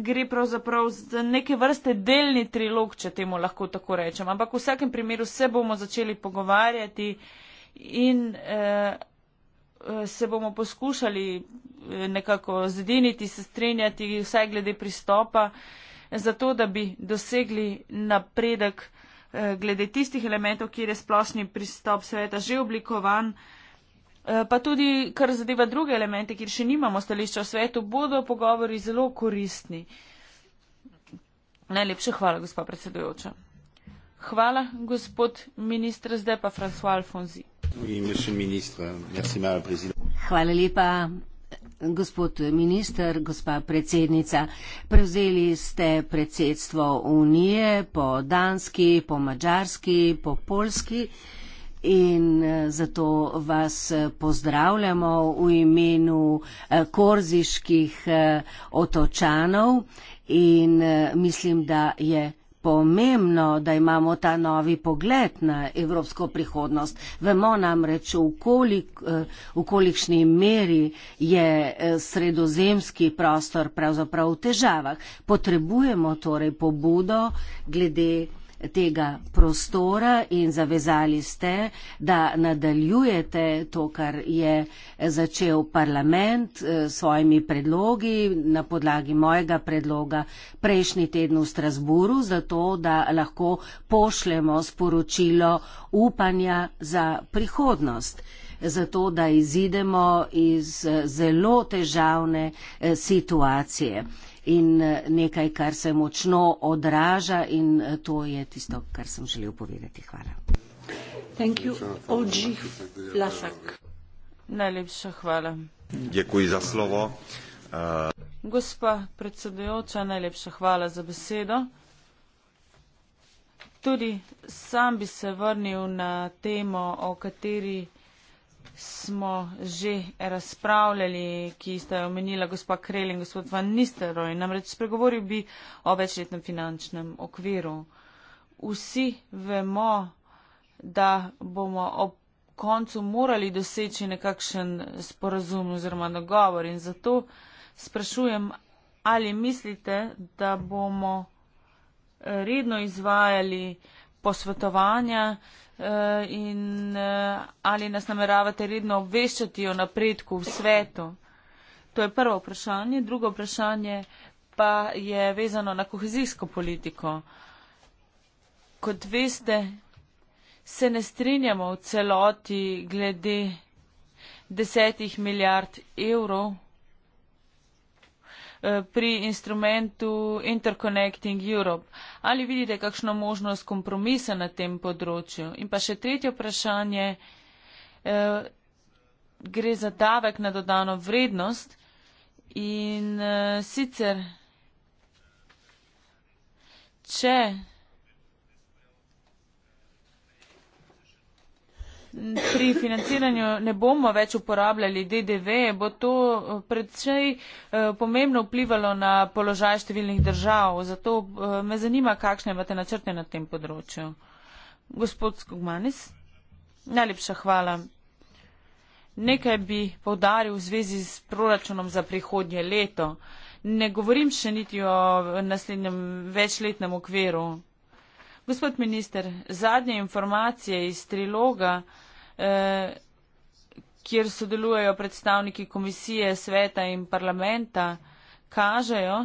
gre pravzaprav za neke vrste delni trilog, če temu lahko tako rečem. Ampak v vsakem primeru se bomo začeli pogovarjati in eh, eh se bomo poskušali eh, nekako zediniti, se strinjati, vsaj glede pristopa, zato da bi dosegli napredek eh, glede tistih elementov, kjer je splošni pristop sveta že oblikovan. Eh, Eh, pa tudi, kar zadeva druge elemente, kjer še nimamo stališča v svetu, bodo pogovori zelo koristni. Najlepša hvala, gospod predsedujoča. Hvala, gospod ministr, zdaj pa François Alfonzi. Hvala lepa, gospod ministr, gospa predsednica. Prevzeli ste predsedstvo Unije po danski, po mačarski, po polski. In eh, zato vas eh, pozdravljamo v imenu eh, korziških otočanov in mislim, da je pomembno, da imamo ta novi pogled na evropsko prihodnost. Vemo namreč, v, kolik, v kolikšni meri je sredozemski prostor pravzaprav v težavah. Potrebujemo torej pobudo glede tega prostora in zavezali ste, da nadaljujete to, kar je začel parlament eh, s svojimi predlogi na podlagi mojega predloga prejšnji teden v Strasburu, zato da lahko pošljemo sporočilo upanja za prihodnost zato da izidemo iz eh, zelo težavne eh, situacije in eh, nekaj, kar se močno odraža in eh, to je tisto, kar sem želel povedati. Hvala. Najlepša hvala. Dekuji za slovo. Uh... Gospa predsedujoča, najlepša hvala za besedo. Tudi sam bi se vrnil na temo, o kateri smo že razpravljali, ki ste jo omenila gospa Krel in gospod Van Nisteroj. Namreč spregovoril bi o večletnem finančnem okviru. Vsi vemo, da bomo ob koncu morali doseči nekakšen sporazum oziroma dogovor in zato sprašujem, ali mislite, da bomo redno izvajali posvetovanja, Eh, in eh, ali nas nameravate redno obveščati o napredku v svetu. To je prvo vprašanje. Drugo vprašanje pa je vezano na kohezijsko politiko. Kot veste, se ne strinjamo v celoti glede desetih milijard evrov Eh, pri instrumentu Interconnecting Europe. Ali vidite kakšno možnost kompromisa na tem področju? In pa še tretje vprašanje. Eh, gre za davek na dodano vrednost in eh, sicer, če pri financiranju ne bomo več uporabljali DDV, bo to eh, predvsej eh, pomembno vplivalo na položaj številnih držav. Zato eh, me zanima, kakšne imate načrte na tem področju. Gospod Skogmanis, najlepša hvala. Nekaj bi povdaril v zvezi s proračunom za prihodnje leto. Ne govorim še niti o naslednjem večletnem okviru. Gospod minister, zadnje informacije iz triloga, eh, kjer sodelujejo predstavniki komisije, sveta in parlamenta, kažejo,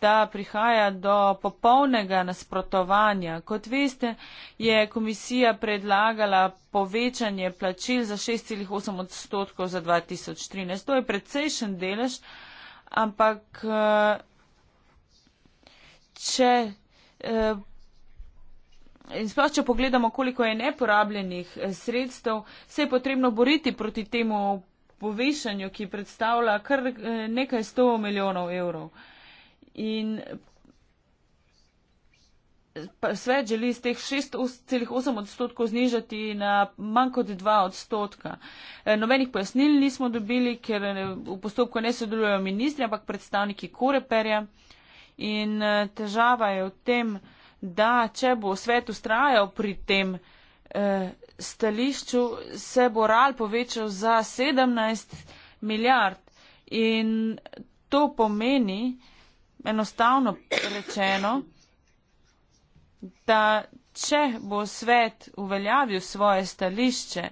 da prihaja do popolnega nasprotovanja. Kot veste, je komisija predlagala povečanje plačil za 6,8 odstotkov za 2013. To je precejšen delež, ampak eh, če Eh, in sploh, če pogledamo, koliko je neporabljenih eh, sredstev, se je potrebno boriti proti temu povešanju, ki predstavlja kar eh, nekaj sto milijonov evrov. In svet želi z teh 6,8 odstotkov znižati na manj kot 2 odstotka. Nobenih pojasnil nismo dobili, ker v postopku ne sodelujejo ministri, ampak predstavniki Koreperja. In eh, težava je v tem, da če bo svet ustrajal pri tem eh, stališču, se bo RAL povečal za 17 milijard. In to pomeni, enostavno rečeno, da če bo svet uveljavil svoje stališče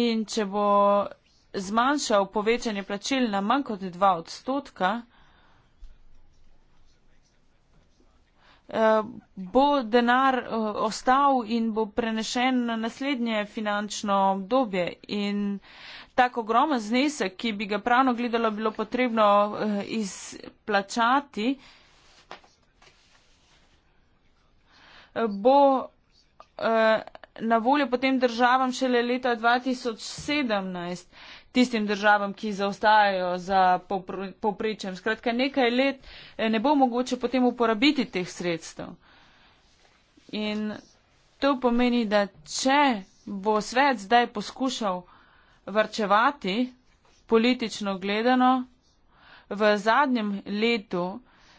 in če bo zmanjšal povečanje plačil na manj kot 2 odstotka, Eh, bo denar eh, ostal in bo prenešen na naslednje finančno obdobje. In tako ogromen znesek, ki bi ga pravno gledalo bilo potrebno eh, izplačati, bo na voljo potem državam šele leta 2017 tistim državam, ki zaostajajo za povprečjem. Skratka, nekaj let eh, ne bo mogoče potem uporabiti teh sredstev. In to pomeni, da če bo svet zdaj poskušal varčevati politično gledano v zadnjem letu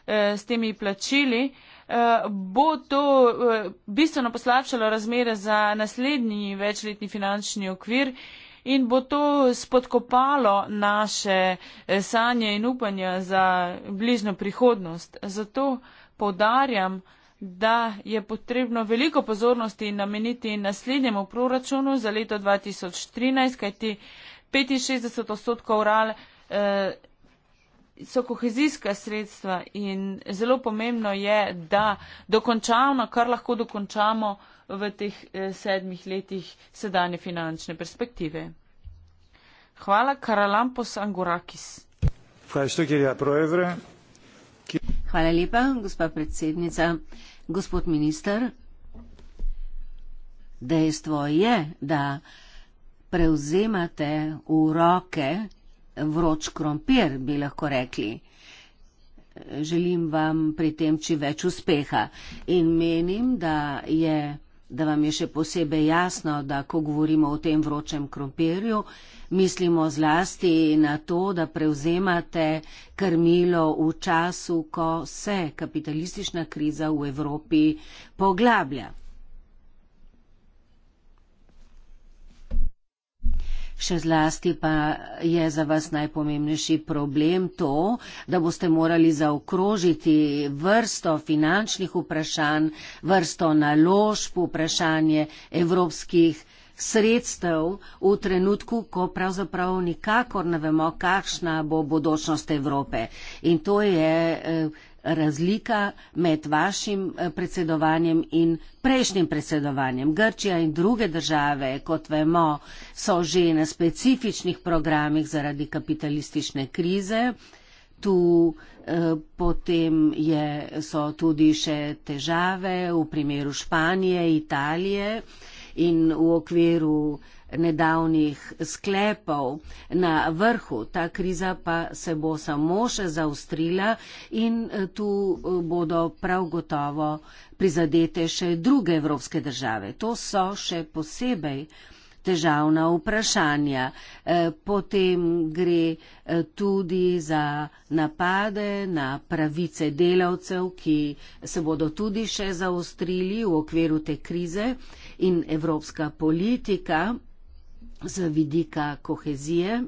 eh, s temi plačili, eh, bo to eh, bistveno poslabšalo razmere za naslednji večletni finančni okvir in bo to spodkopalo naše eh, sanje in upanja za bližno prihodnost. Zato povdarjam, da je potrebno veliko pozornosti nameniti naslednjemu proračunu za leto 2013, kajti 65 odstotkov RAL eh, so kohezijska sredstva in zelo pomembno je, da dokončamo, kar lahko dokončamo, v teh eh, sedmih letih sedanje finančne perspektive. Hvala, Karalampos Angurakis. Hvala lepa, gospa predsednica. Gospod minister, dejstvo je, da prevzemate v roke vroč krompir, bi lahko rekli. Želim vam pri tem čim več uspeha in menim, da je da vam je še posebej jasno, da ko govorimo o tem vročem krompirju, mislimo zlasti na to, da prevzemate krmilo v času, ko se kapitalistična kriza v Evropi poglablja. še zlasti pa je za vas najpomembnejši problem to, da boste morali zaokrožiti vrsto finančnih vprašanj, vrsto naložb, vprašanje evropskih sredstev v trenutku, ko pravzaprav nikakor ne vemo, kakšna bo bodočnost Evrope. In to je eh, razlika med vašim eh, predsedovanjem in prejšnjim predsedovanjem. Grčija in druge države, kot vemo, so že na specifičnih programih zaradi kapitalistične krize. Tu eh, potem je, so tudi še težave v primeru Španije, Italije in v okviru nedavnih sklepov na vrhu. Ta kriza pa se bo samo še zaustrila in eh, tu eh, bodo prav gotovo prizadete še druge evropske države. To so še posebej težavna vprašanja. Eh, potem gre tudi za napade na pravice delavcev, ki se bodo tudi še zaostrili v okviru te krize in evropska politika z vidika kohezije.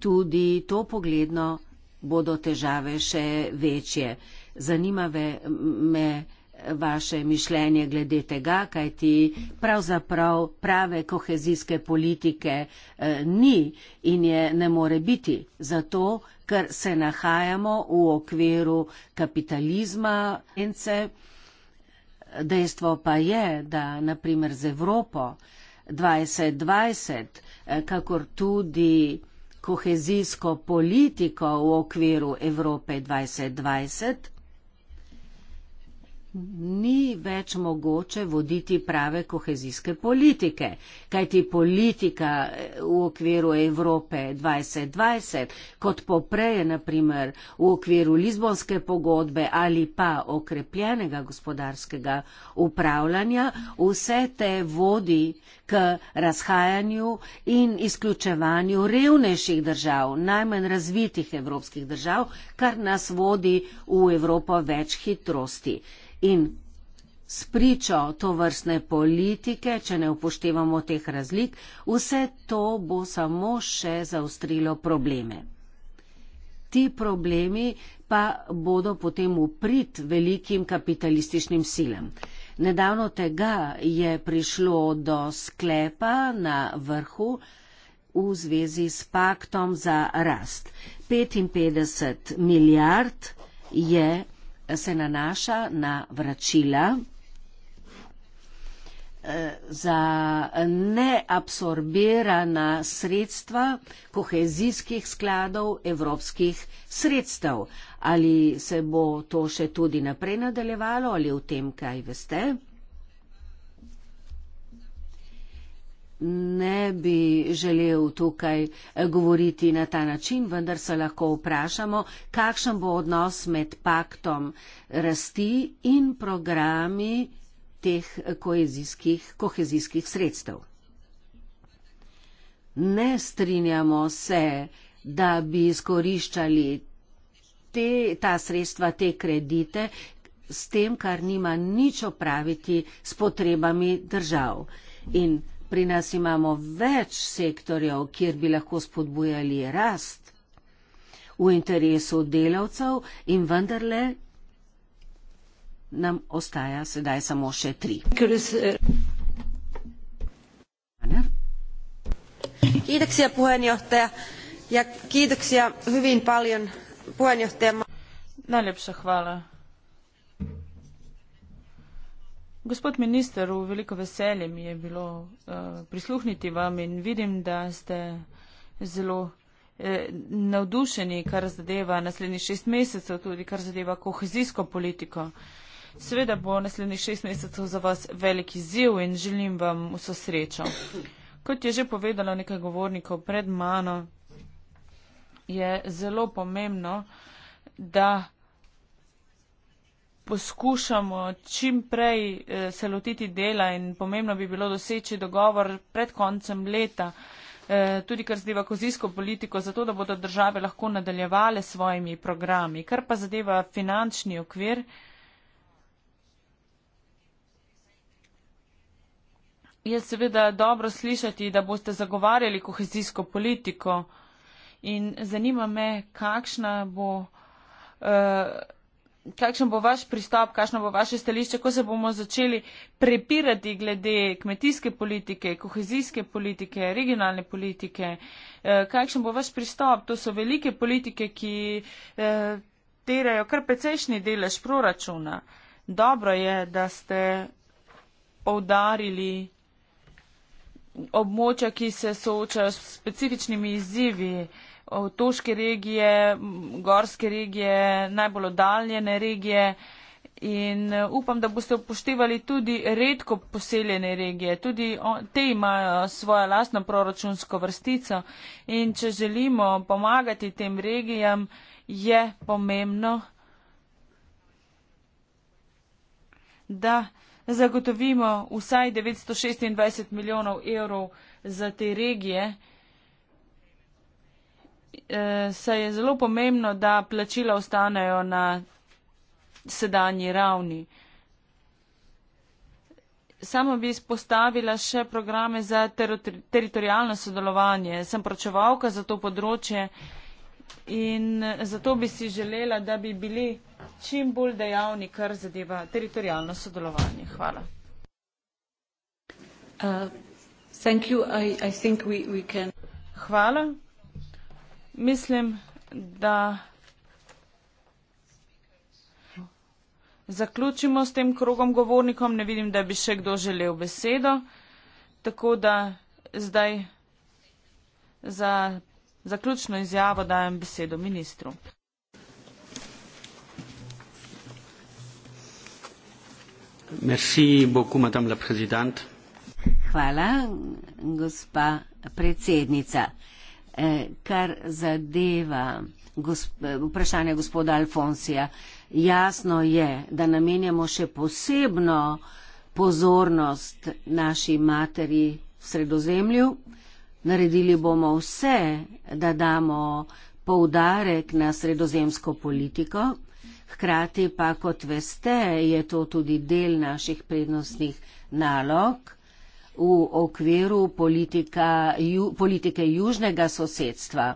Tudi to pogledno bodo težave še večje. Zanima me vaše mišljenje glede tega, kaj ti pravzaprav prave kohezijske politike eh, ni in je ne more biti. Zato, ker se nahajamo v okviru kapitalizma in se. Dejstvo pa je, da naprimer z Evropo 2020, eh, kakor tudi kohezijsko politiko v okviru Evrope 2020, ni več mogoče voditi prave kohezijske politike, kajti politika eh, v okviru Evrope 2020, kot popreje naprimer v okviru Lizbonske pogodbe ali pa okrepljenega gospodarskega upravljanja, vse te vodi k razhajanju in izključevanju revnejših držav, najmanj razvitih evropskih držav, kar nas vodi v Evropo več hitrosti in spričo to vrstne politike, če ne upoštevamo teh razlik, vse to bo samo še zaustrilo probleme. Ti problemi pa bodo potem uprit velikim kapitalističnim silam. Nedavno tega je prišlo do sklepa na vrhu v zvezi s paktom za rast. 55 milijard je se nanaša na vračila eh, za neabsorbirana sredstva kohezijskih skladov evropskih sredstev. Ali se bo to še tudi naprej nadaljevalo ali v tem, kaj veste? ne bi želel tukaj eh, govoriti na ta način, vendar se lahko vprašamo, kakšen bo odnos med paktom rasti in programi teh kohezijskih, kohezijskih sredstev. Ne strinjamo se, da bi izkoriščali te, ta sredstva, te kredite, s tem, kar nima nič opraviti s potrebami držav. In Pri nas imamo več sektorjev, kjer bi lahko spodbujali rast v interesu delavcev in vendarle nam ostaja sedaj samo še tri. Kiitoksia puheenjohtaja ja kiitoksia hyvin paljon puheenjohtaja. Najlepša hvala. Gospod minister, v veliko veselje mi je bilo uh, prisluhniti vam in vidim, da ste zelo eh, navdušeni, kar zadeva naslednjih šest mesecev, tudi kar zadeva kohezijsko politiko. Seveda bo naslednjih šest mesecev za vas velik izziv in želim vam vso srečo. Kot je že povedalo nekaj govornikov pred mano, je zelo pomembno, da poskušamo čim prej eh, se lotiti dela in pomembno bi bilo doseči dogovor pred koncem leta, eh, tudi kar zadeva kozijsko politiko, zato da bodo države lahko nadaljevale svojimi programi. Kar pa zadeva finančni okvir, je seveda dobro slišati, da boste zagovarjali kohezijsko politiko in zanima me, kakšna bo. Uh, kakšen bo vaš pristop, kakšno bo vaše stališče, ko se bomo začeli prepirati glede kmetijske politike, kohezijske politike, regionalne politike. Eh, kakšen bo vaš pristop? To so velike politike, ki eh, terajo kar precejšnji delež proračuna. Dobro je, da ste povdarili območja, ki se soočajo s specifičnimi izzivi otoške regije, gorske regije, najbolj oddaljene regije. In e, upam, da boste upoštevali tudi redko poseljene regije. Tudi te imajo svojo lastno proračunsko vrstico. In če želimo pomagati tem regijam, je pomembno, da zagotovimo vsaj 926 milijonov evrov za te regije. Eh, se je zelo pomembno, da plačila ostanejo na sedanji ravni. Samo bi izpostavila še programe za teritorijalno sodelovanje. Sem pročevalka za to področje in eh, zato bi si želela, da bi bili čim bolj dejavni, kar zadeva teritorijalno sodelovanje. Hvala. Uh, I, I we, we can... Hvala. Mislim, da zaključimo s tem krogom govornikom. Ne vidim, da bi še kdo želel besedo. Tako da zdaj za zaključno izjavo dajem besedo ministru. Merci beaucoup, madame la présidente. Hvala, gospa predsednica. Eh, kar zadeva gosp vprašanje gospoda Alfonsija, jasno je, da namenjamo še posebno pozornost naši materi v sredozemlju. Naredili bomo vse, da damo poudarek na sredozemsko politiko. Hkrati pa, kot veste, je to tudi del naših prednostnih nalog v okviru politika, ju, politike južnega sosedstva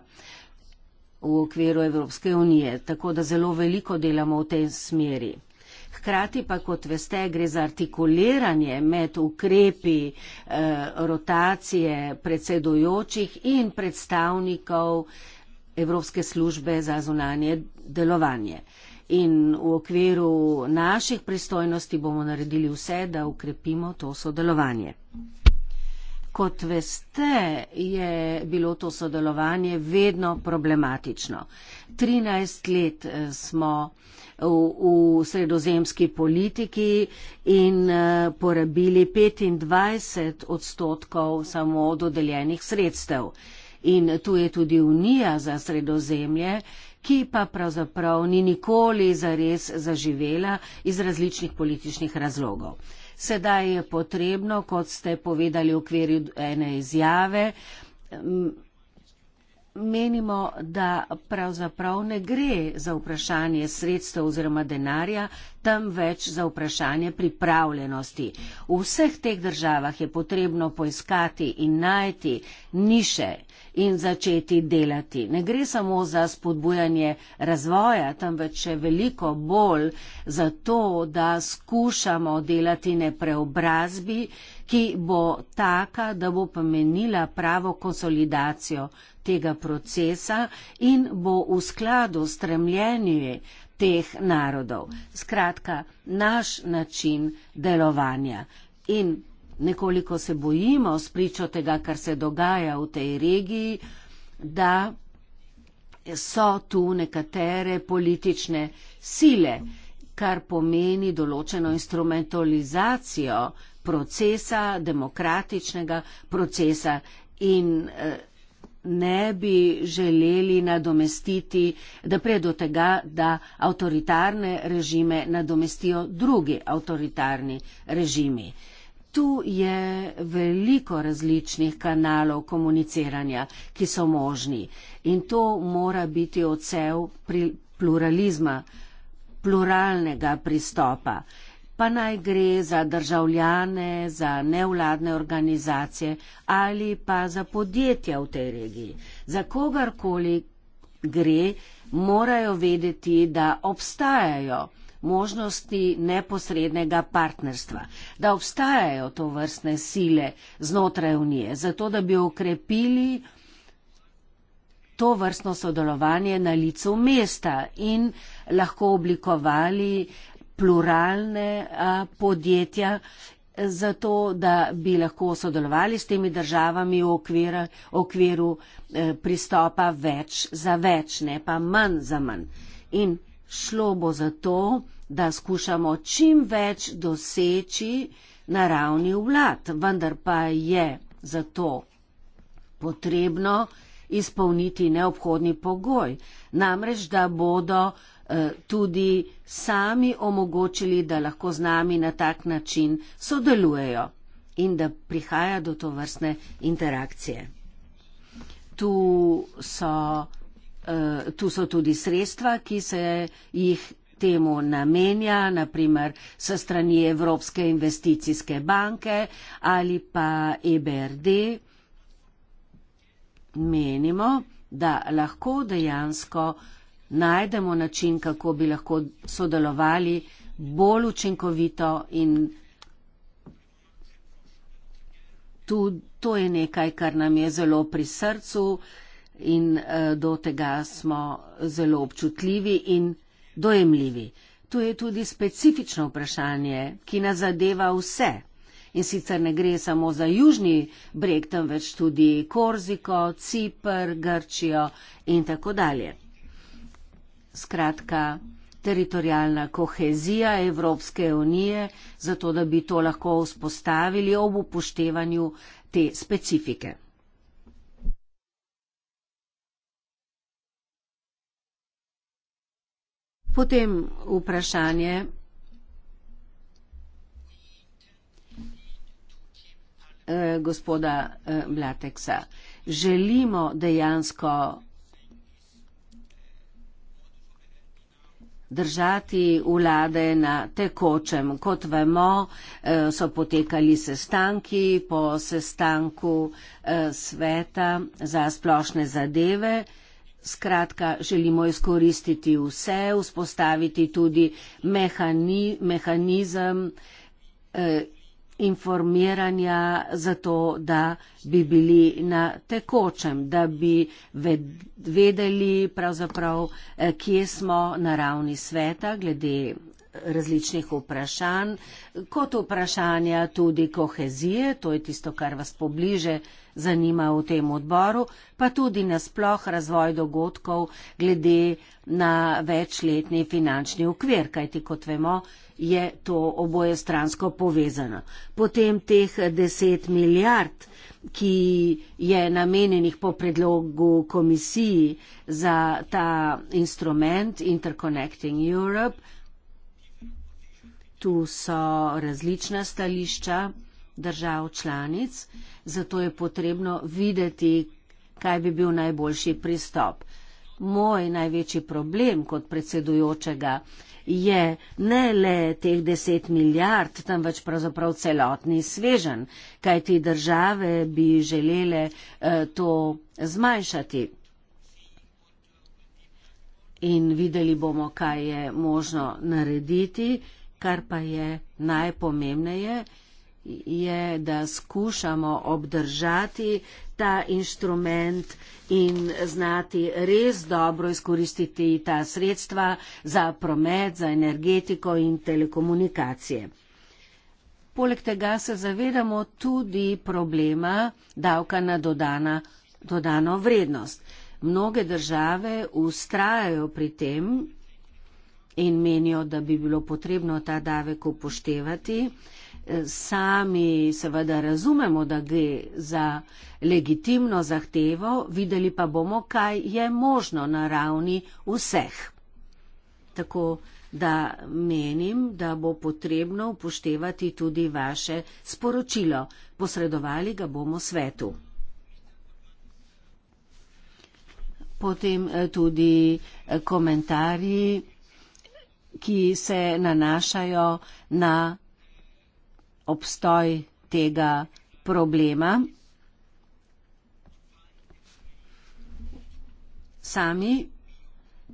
v okviru Evropske unije, tako da zelo veliko delamo v tej smeri. Hkrati pa, kot veste, gre za artikuliranje med ukrepi eh, rotacije predsedujočih in predstavnikov Evropske službe za zunanje delovanje in v okviru naših pristojnosti bomo naredili vse, da ukrepimo to sodelovanje. Kot veste, je bilo to sodelovanje vedno problematično. 13 let eh, smo v, v sredozemski politiki in eh, porabili 25 odstotkov samo dodeljenih sredstev. In tu je tudi Unija za sredozemlje, ki pa pravzaprav ni nikoli zares zaživela iz različnih političnih razlogov. Sedaj je potrebno, kot ste povedali v okviru ene izjave, menimo, da pravzaprav ne gre za vprašanje sredstev oziroma denarja, temveč za vprašanje pripravljenosti. V vseh teh državah je potrebno poiskati in najti niše in začeti delati. Ne gre samo za spodbujanje razvoja, temveč še veliko bolj za to, da skušamo delati na preobrazbi, ki bo taka, da bo pomenila pravo konsolidacijo tega procesa in bo v skladu s tremljenjem teh narodov. Skratka, naš način delovanja. In nekoliko se bojimo spričo tega, kar se dogaja v tej regiji, da so tu nekatere politične sile, kar pomeni določeno instrumentalizacijo procesa, demokratičnega procesa in eh, ne bi želeli nadomestiti, da prije do tega, da avtoritarne režime nadomestijo drugi avtoritarni režimi tu je veliko različnih kanalov komuniciranja, ki so možni. In to mora biti odsev pluralizma, pluralnega pristopa. Pa naj gre za državljane, za nevladne organizacije ali pa za podjetja v tej regiji. Za kogarkoli gre, morajo vedeti, da obstajajo možnosti neposrednega partnerstva, da obstajajo to vrstne sile znotraj Unije, zato da bi okrepili to vrstno sodelovanje na licu mesta in lahko oblikovali pluralne a, podjetja, zato da bi lahko sodelovali s temi državami v okviru, okviru eh, e, pristopa več za več, ne pa manj za manj. In šlo bo za to, da skušamo čim več doseči na ravni vlad, vendar pa je za to potrebno izpolniti neobhodni pogoj, namreč da bodo eh, tudi sami omogočili, da lahko z nami na tak način sodelujejo in da prihaja do to vrstne interakcije. Tu so Eh, tu so tudi sredstva, ki se jih temu namenja, naprimer s strani Evropske investicijske banke ali pa EBRD. Menimo, da lahko dejansko najdemo način, kako bi lahko sodelovali bolj učinkovito in tudi to je nekaj, kar nam je zelo pri srcu. Uh, in uh, do tega smo zelo občutljivi in dojemljivi. To je tudi specifično vprašanje, ki nas zadeva vse. In sicer ne gre samo za južni breg, temveč tudi Korziko, Cipr, Grčijo in tako dalje. Skratka, teritorijalna kohezija Evropske unije, zato da bi to lahko vzpostavili ob upoštevanju te specifike. Potem vprašanje. Eh, gospoda Blateksa. Eh, Želimo dejansko držati vlade na tekočem. Kot vemo, eh, so potekali sestanki po sestanku sveta za splošne zadeve. Skratka, želimo izkoristiti vse, vzpostaviti tudi mehani, mehanizem eh, informiranja za to, da bi bili na tekočem, da bi vedeli pravzaprav, eh, kje smo na ravni sveta glede različnih vprašanj, kot vprašanja tudi kohezije, to je tisto, kar vas pobliže zanima v tem odboru, pa tudi nasploh razvoj dogodkov glede na večletni finančni ukvir, kajti kot vemo, je to oboje stransko povezano. Potem teh 10 milijard, ki je namenjenih po predlogu komisiji za ta instrument Interconnecting Europe, tu so različna stališča držav članic, zato je potrebno videti, kaj bi bil najboljši pristop. Moj največji problem kot predsedujočega je ne le teh deset milijard, temveč pravzaprav celotni svežen, kaj ti države bi želele eh, to zmanjšati. In videli bomo, kaj je možno narediti, kar pa je najpomembnejše je, da skušamo obdržati ta inštrument in znati res dobro izkoristiti ta sredstva za promet, za energetiko in telekomunikacije. Poleg tega se zavedamo tudi problema davka na dodana, dodano vrednost. Mnoge države ustrajajo pri tem in menijo, da bi bilo potrebno ta davek upoštevati sami seveda razumemo, da gre za legitimno zahtevo, videli pa bomo, kaj je možno na ravni vseh. Tako da menim, da bo potrebno upoštevati tudi vaše sporočilo. Posredovali ga bomo svetu. Potem eh, tudi eh, komentarji, ki se nanašajo na obstoj tega problema. Sami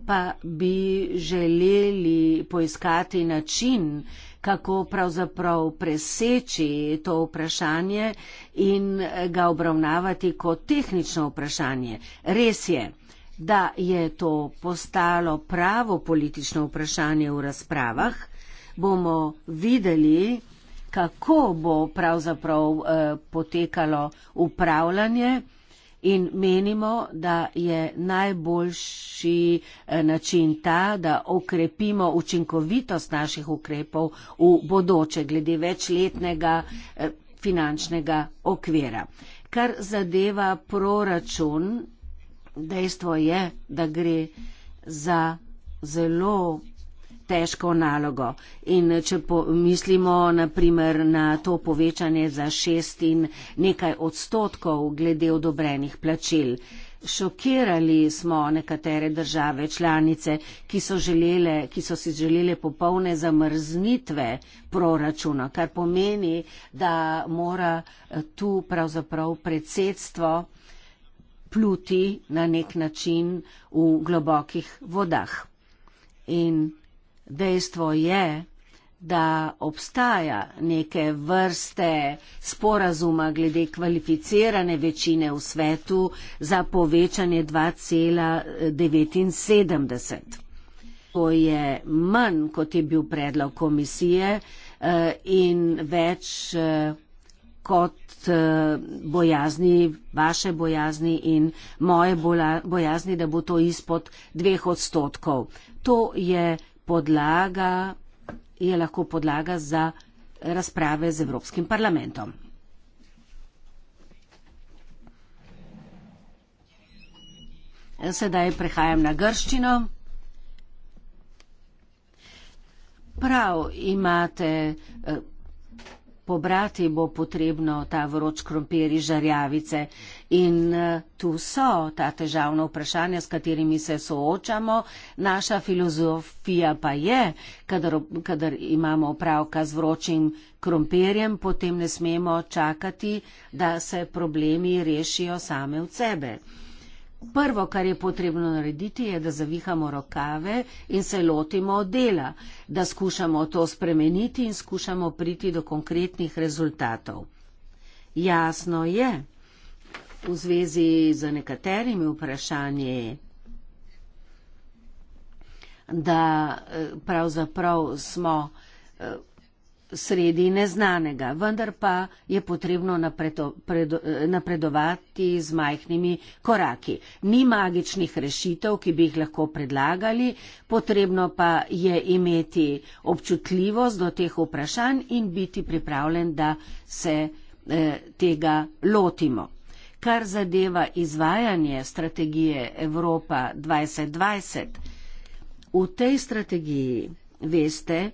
pa bi želeli poiskati način, kako pravzaprav preseči to vprašanje in ga obravnavati kot tehnično vprašanje. Res je, da je to postalo pravo politično vprašanje v razpravah, bomo videli, kako bo pravzaprav eh, potekalo upravljanje in menimo, da je najboljši eh, način ta, da okrepimo učinkovitost naših ukrepov v bodoče glede večletnega eh, finančnega okvira. Kar zadeva proračun, dejstvo je, da gre za zelo težko nalogo. In če mislimo naprimer na to povečanje za šest in nekaj odstotkov glede odobrenih plačil, šokirali smo nekatere države članice, ki so, želele, ki so si želele popolne zamrznitve proračuna, kar pomeni, da mora eh, tu pravzaprav predsedstvo pluti na nek način v globokih vodah. In Dejstvo je, da obstaja neke vrste sporazuma glede kvalificirane večine v svetu za povečanje 2,79. To je manj, kot je bil predlog komisije eh, in več eh, kot eh, bojazni, vaše bojazni in moje bojazni, da bo to izpod dveh odstotkov. To je podlaga, je lahko podlaga za razprave z Evropskim parlamentom. Sedaj prehajam na grščino. Prav imate. Eh, pobrati bo potrebno ta vroč krompir iz žarjavice. In eh, tu so ta težavna vprašanja, s katerimi se soočamo. Naša filozofija pa je, kadar, kadar imamo opravka z vročim krompirjem, potem ne smemo čakati, da se problemi rešijo same od sebe. Prvo, kar je potrebno narediti, je, da zavihamo rokave in se lotimo od dela, da skušamo to spremeniti in skušamo priti do konkretnih rezultatov. Jasno je, v zvezi z nekaterimi vprašanji, da eh, pravzaprav smo eh, sredi neznanega, vendar pa je potrebno napredo, predo, napredovati z majhnimi koraki. Ni magičnih rešitev, ki bi jih lahko predlagali, potrebno pa je imeti občutljivost do teh vprašanj in biti pripravljen, da se eh, tega lotimo. Kar zadeva izvajanje strategije Evropa 2020, v tej strategiji veste,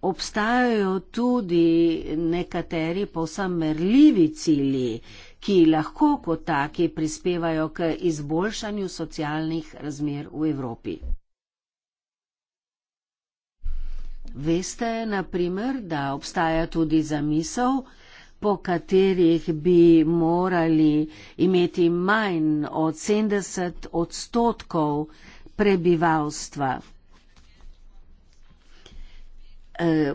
obstajajo tudi nekateri povsem merljivi cilji, ki lahko kot taki prispevajo k izboljšanju socialnih razmer v Evropi. Veste, naprimer, da obstaja tudi zamisel, po katerih bi morali imeti manj od 70 odstotkov prebivalstva Eh,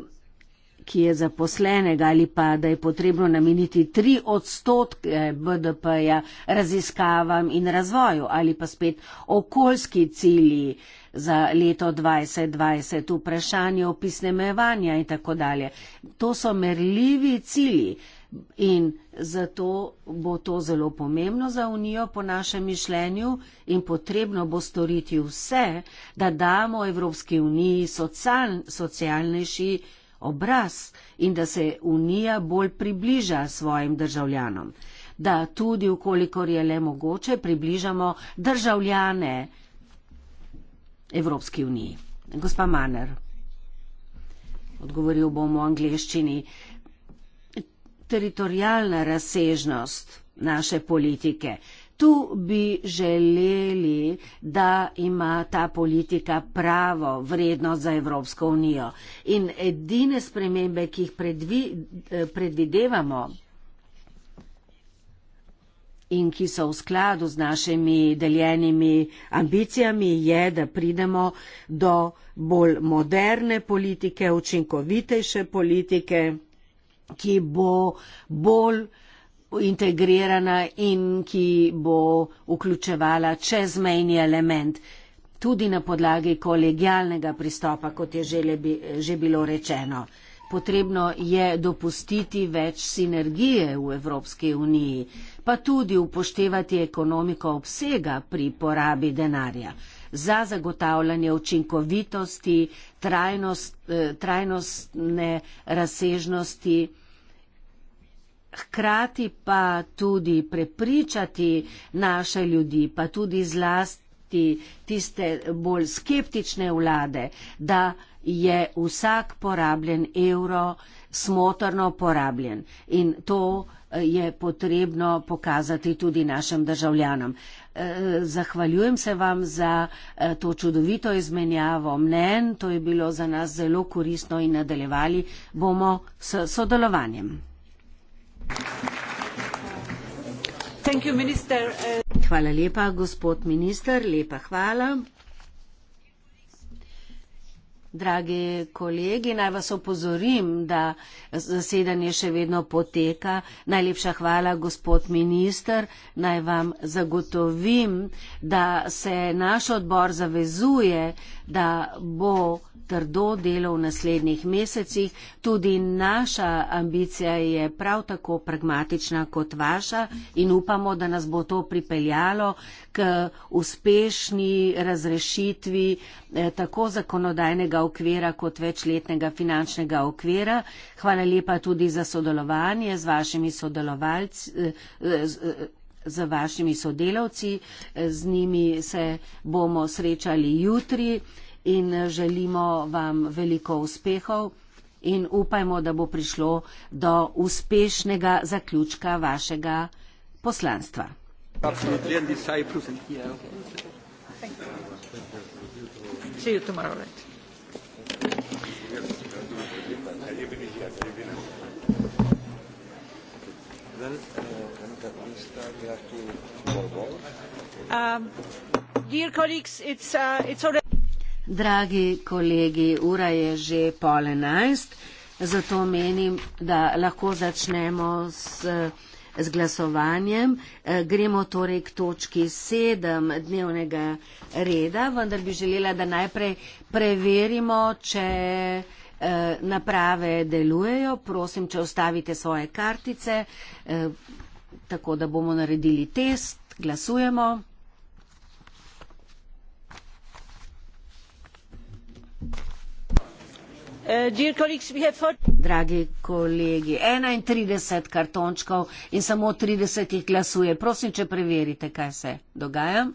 ki je zaposlenega ali pa da je potrebno nameniti tri odstotke BDP-ja raziskavam in razvoju ali pa spet okoljski cilji za leto 2020, vprašanje opisnemevanja in tako dalje. To so merljivi cilji. In zato bo to zelo pomembno za Unijo, po našem mišljenju, in potrebno bo storiti vse, da damo Evropski uniji social, socialnejši obraz in da se Unija bolj približa svojim državljanom. Da tudi, ukolikor je le mogoče, približamo državljane Evropski uniji. Gospa Maner, odgovoril bom v angleščini teritorijalna razsežnost naše politike. Tu bi želeli, da ima ta politika pravo vrednost za Evropsko unijo. In edine spremembe, ki jih predvi, eh, predvidevamo in ki so v skladu z našimi deljenimi ambicijami, je, da pridemo do bolj moderne politike, učinkovitejše politike ki bo bolj integrirana in ki bo vključevala čezmejni element, tudi na podlagi kolegijalnega pristopa, kot je že bilo rečeno. Potrebno je dopustiti več sinergije v Evropski uniji, pa tudi upoštevati ekonomiko obsega pri porabi denarja za zagotavljanje učinkovitosti, trajnost, eh, trajnostne razsežnosti hkrati pa tudi prepričati naše ljudi, pa tudi zlasti tiste bolj skeptične vlade, da je vsak porabljen evro smotrno porabljen in to eh, je potrebno pokazati tudi našim državljanom. Eh, zahvaljujem se vam za eh, to čudovito izmenjavo mnen, to je bilo za nas zelo koristno in nadaljevali bomo s sodelovanjem. Hvala lepa, gospod minister, lepa hvala. Dragi kolegi, naj vas opozorim, da zasedanje še vedno poteka. Najlepša hvala, gospod minister. Naj vam zagotovim, da se naš odbor zavezuje, da bo vsega, trdo delo v naslednjih mesecih. Tudi naša ambicija je prav tako pragmatična kot vaša in upamo, da nas bo to pripeljalo k uspešni razrešitvi eh, tako zakonodajnega okvira kot večletnega finančnega okvira. Hvala lepa tudi za sodelovanje z vašimi sodelovalci eh, z vašimi sodelavci, z njimi se bomo srečali jutri in eh, želimo vam veliko uspehov in upajmo, da bo prišlo do uspešnega zaključka vašega poslanstva. Uh, um, dear colleagues, it's, uh, it's already Dragi kolegi, ura je že pol enajst, zato menim, da lahko začnemo s, s glasovanjem. Eh, gremo torej k točki sedem dnevnega reda, vendar bi želela, da najprej preverimo, če eh, naprave delujejo. Prosim, če ostavite svoje kartice, eh, tako da bomo naredili test. Glasujemo. Eh, Dragi kolegi, 31 kartončkov in samo 30 jih glasuje. Prosim, če preverite, kaj se dogaja.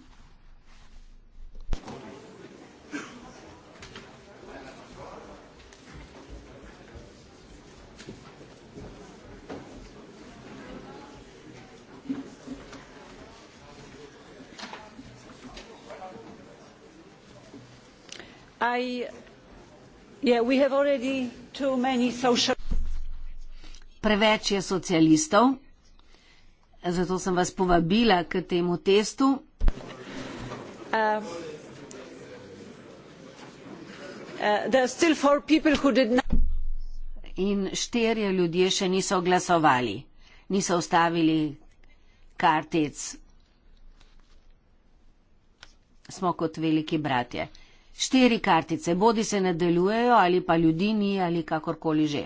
I, uh, Preveč je socialistov, zato sem vas povabila k temu testu. Uh, uh, In štirje ljudje še niso glasovali, niso ustavili kartic. Smo kot veliki bratje. Štiri kartice, bodi se ne delujejo ali pa ljudi ni ali kakorkoli že.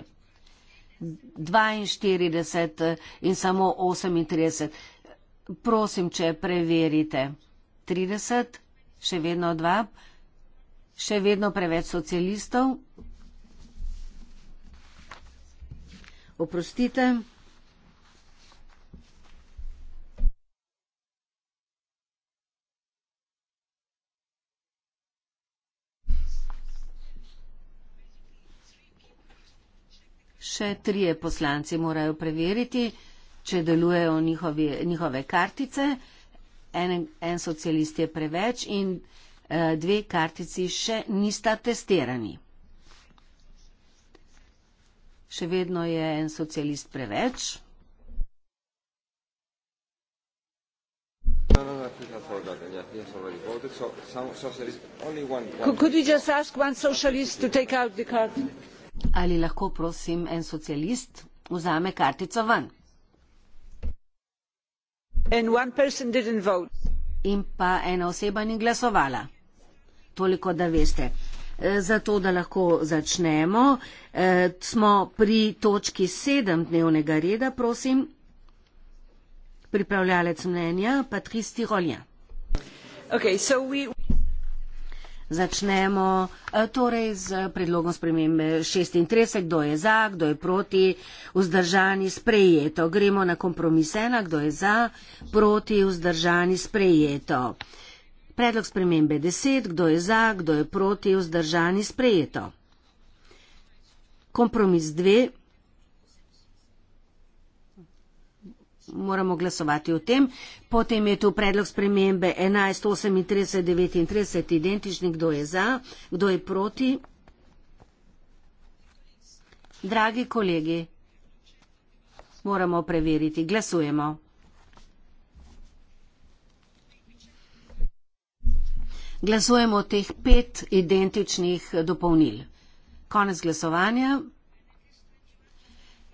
42 eh, in samo 38. Prosim, če preverite. 30, še vedno dva, še vedno preveč socialistov. Oprostite. še trije poslanci morajo preveriti, če delujejo njihovi, njihove kartice. En, en socialist je preveč in eh, dve kartici še nista testirani. Še vedno je en socialist preveč. No, no, no, could we just ask one socialist to take out the card? Ali lahko, prosim, en socialist vzame kartico ven? In pa ena oseba ni glasovala. Toliko, da veste. E, zato, da lahko začnemo, e, smo pri točki sedem dnevnega reda, prosim. Pripravljalec mnenja, Patrice Tirolja. Okay, so we... Začnemo e, torej z predlogom spremembe 36, kdo je za, kdo je proti, vzdržani sprejeto. Gremo na kompromisena, kdo je za, proti, vzdržani sprejeto. Predlog spremembe 10, kdo je za, kdo je proti, vzdržani sprejeto. Kompromis 2. moramo glasovati o tem. Potem je tu predlog spremembe 11.38.39, identični, kdo je za, kdo je proti. Dragi kolegi, moramo preveriti, glasujemo. Glasujemo teh pet identičnih dopolnil. Konec glasovanja.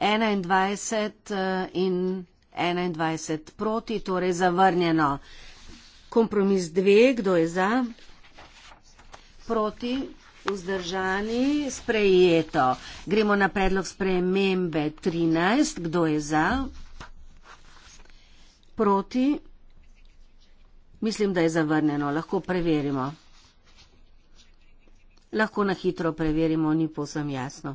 21 eh, in 21 proti, torej zavrnjeno. Kompromis 2, kdo je za? Proti, vzdržani, sprejeto. Gremo na predlog spremembe 13, kdo je za? Proti, mislim, da je zavrnjeno, lahko preverimo. Lahko na hitro preverimo, ni povsem jasno.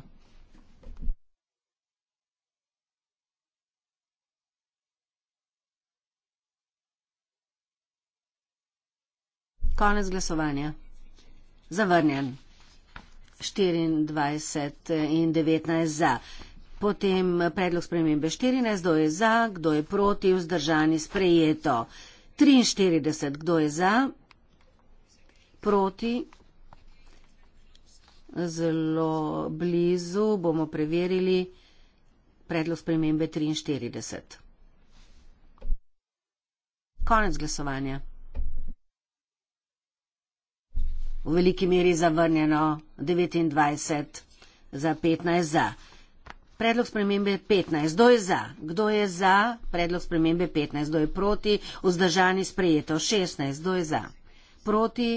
Konec glasovanja. Zavrnjen. 24 eh, in 19 za. Potem eh, predlog spremembe 14, kdo je za, kdo je proti, vzdržani sprejeto. 43, kdo je za, proti, zelo blizu bomo preverili predlog spremembe 43. Konec glasovanja. v veliki meri zavrnjeno 29 za 15 za. Predlog spremembe 15. Kdo je za? Kdo je za? Predlog spremembe 15. Kdo je proti? Vzdržani sprejeto 16. Kdo je za? Proti?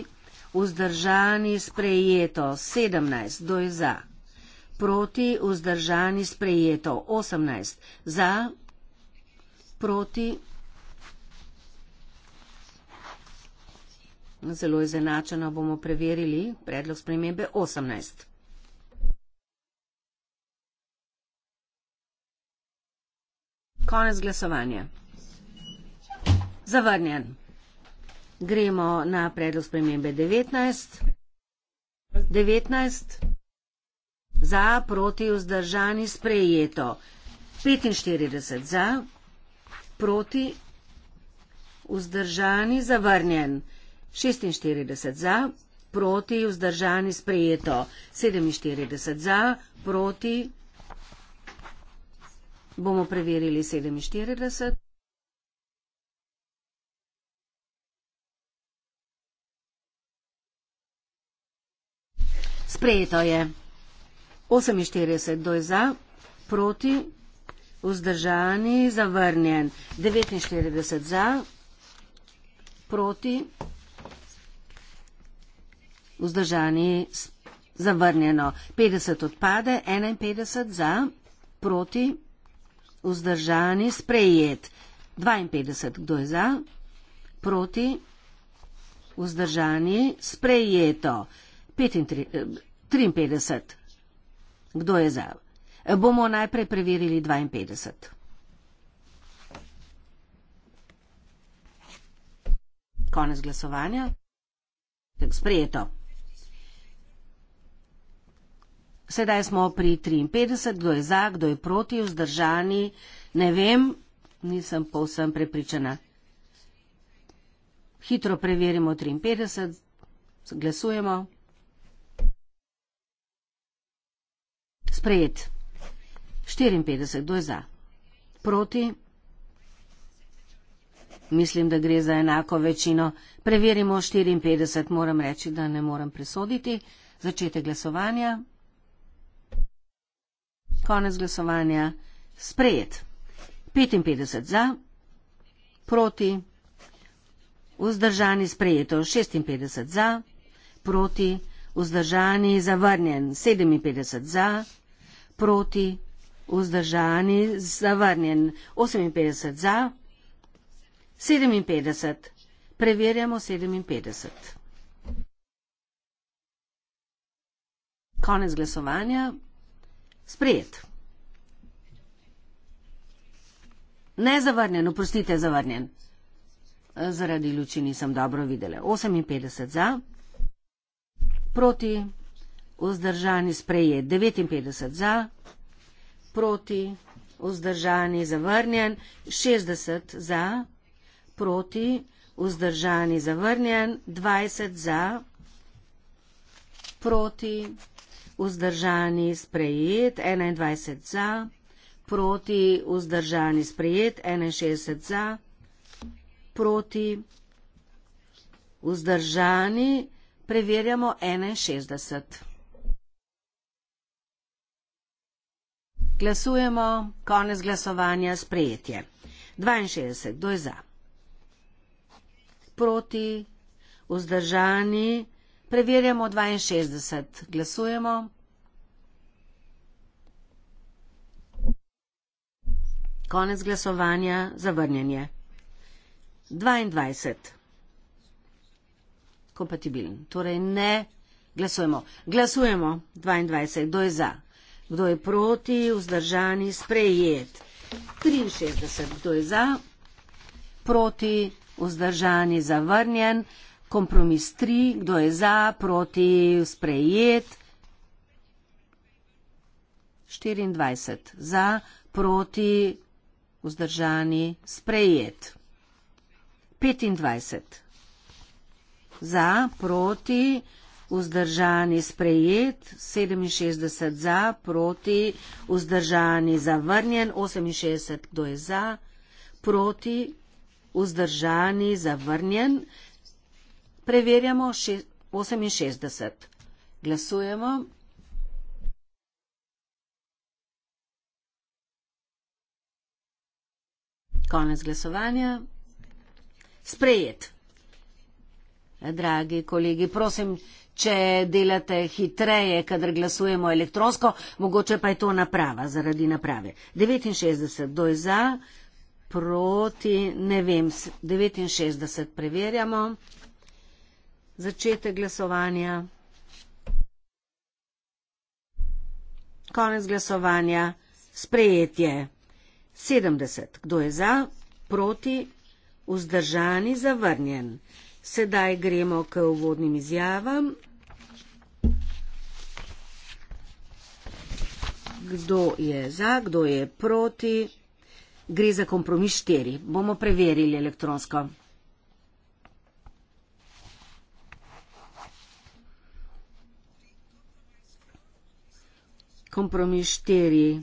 Vzdržani sprejeto 17. Kdo je za? Proti? Vzdržani sprejeto 18. Za? Proti? Zelo izenačeno bomo preverili predlog spremembe 18. Konec glasovanja. Zavrnjen. Gremo na predlog spremembe 19. 19. Za, proti, vzdržani, sprejeto. 45 za, proti, vzdržani, zavrnjen. 46 za, proti, vzdržani sprejeto, 47 za, proti, bomo preverili 47. Sprejeto je 48 doj za, proti, vzdržani, zavrnjen 49 za, proti vzdržani zavrnjeno. 50 odpade, 51 za, proti, vzdržani sprejet. 52, kdo je za, proti, vzdržani sprejeto. 53, eh, kdo je za. Eh, bomo najprej preverili 52. Konec glasovanja. Sprejeto. Sedaj smo pri 53, kdo je za, kdo je proti, vzdržani, ne vem, nisem povsem prepričana. Hitro preverimo 53, glasujemo. Sprejet. 54, kdo je za, proti. Mislim, da gre za enako večino. Preverimo 54, moram reči, da ne morem presoditi. Začete glasovanja. Konec glasovanja. Sprejet. 55 za, proti, vzdržani sprejeto. 56 za, proti, vzdržani zavrnjen. 57 za, proti, vzdržani zavrnjen. 58 za, 57. Preverjamo 57. Konec glasovanja. Sprejet. Ne zavrnjen, oprostite, zavrnjen. E, zaradi luči nisem dobro videla. 58 za, proti, vzdržani sprejet. 59 za, proti, vzdržani zavrnjen. 60 za, proti, vzdržani zavrnjen. 20 za, proti, vzdržani zavrnjen vzdržani sprejet, 21 za, proti vzdržani sprejet, 61 za, proti vzdržani preverjamo 61. Glasujemo, konec glasovanja, sprejetje. 62, kdo je za? Proti, vzdržani, 61. Preverjamo 62. Glasujemo. Konec glasovanja. Zavrnjenje. 22. Kompatibilen. Torej ne glasujemo. Glasujemo 22. Kdo je za? Kdo je proti? Vzdržani sprejet. 63. Kdo je za? Proti? Vzdržani zavrnjen kompromis tri, kdo je za, proti, sprejet. 24 za, proti, vzdržani, sprejet. 25 za, proti, vzdržani, sprejet. 67 za, proti, vzdržani, zavrnjen. 68, kdo je za, proti, vzdržani, zavrnjen preverjamo 68. Glasujemo. Konec glasovanja. Sprejet. Dragi kolegi, prosim, če delate hitreje, kadar glasujemo elektronsko, mogoče pa je to naprava zaradi naprave. 69, doj za, proti, ne vem, 69 preverjamo začete glasovanja. Konec glasovanja. Sprejetje. 70. Kdo je za? Proti? Vzdržani? Zavrnjen. Sedaj gremo k uvodnim izjavam. Kdo je za, kdo je proti? Gre za kompromis 4. Bomo preverili elektronsko. kompromis štiri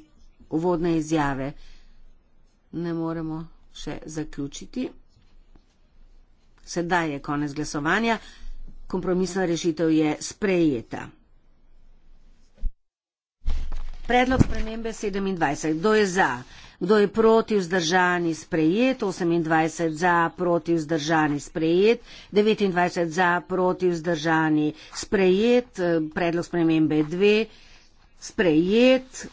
uvodne izjave ne moremo še zaključiti. Sedaj je konec glasovanja. Kompromisna rešitev je sprejeta. Predlog spremembe 27. Kdo je za? Kdo je proti vzdržani sprejet? 28 za, proti vzdržani sprejet. 29 za, proti vzdržani sprejet. Predlog spremembe 2 sprejet,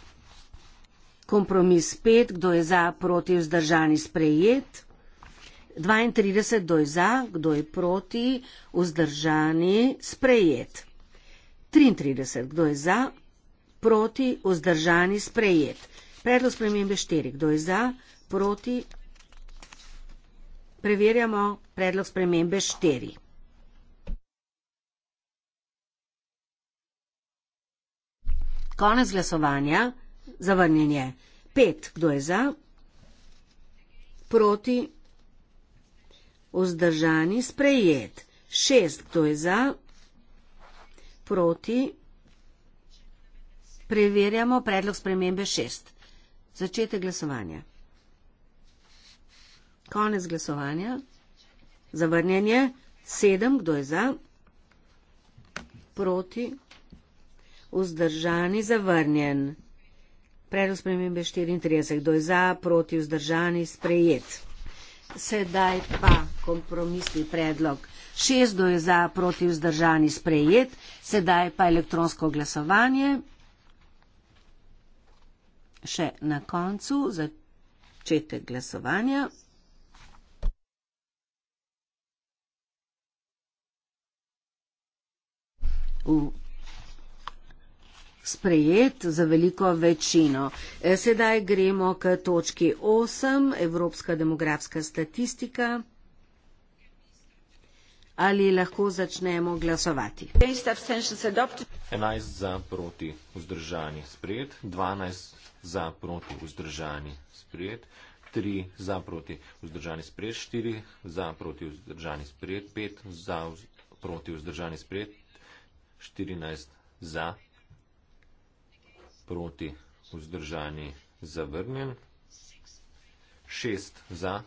kompromis pet, kdo je za, proti, vzdržani sprejet, 32, kdo je za, kdo je proti, vzdržani sprejet, 33, kdo je za, proti, vzdržani sprejet. Predlog spremembe 4, kdo je za, proti, preverjamo predlog spremembe 4. Konec glasovanja. Zavrnjenje. Pet. Kdo je za? Proti. Vzdržani. Sprejet. Šest. Kdo je za? Proti. Preverjamo predlog spremembe šest. Začete glasovanje. Konec glasovanja. Zavrnjenje. Sedem. Kdo je za? Proti vzdržani, zavrnjen. Predlog spremembe 34, kdo je za, proti vzdržani, sprejet. Sedaj pa kompromisni predlog. Šest do je za, proti vzdržani, sprejet. Sedaj pa elektronsko glasovanje. Še na koncu začetek glasovanja. V sprejet za veliko večino. E, sedaj gremo k točki 8, Evropska demografska statistika. Ali lahko začnemo glasovati? 11 za proti vzdržani sprejet, 12 za proti vzdržani sprejet, 3 za proti vzdržani sprejet, 4 za proti vzdržani sprejet, 5 za proti vzdržani sprejet, 14 za proti, vzdržani, zavrnjen, 6 za,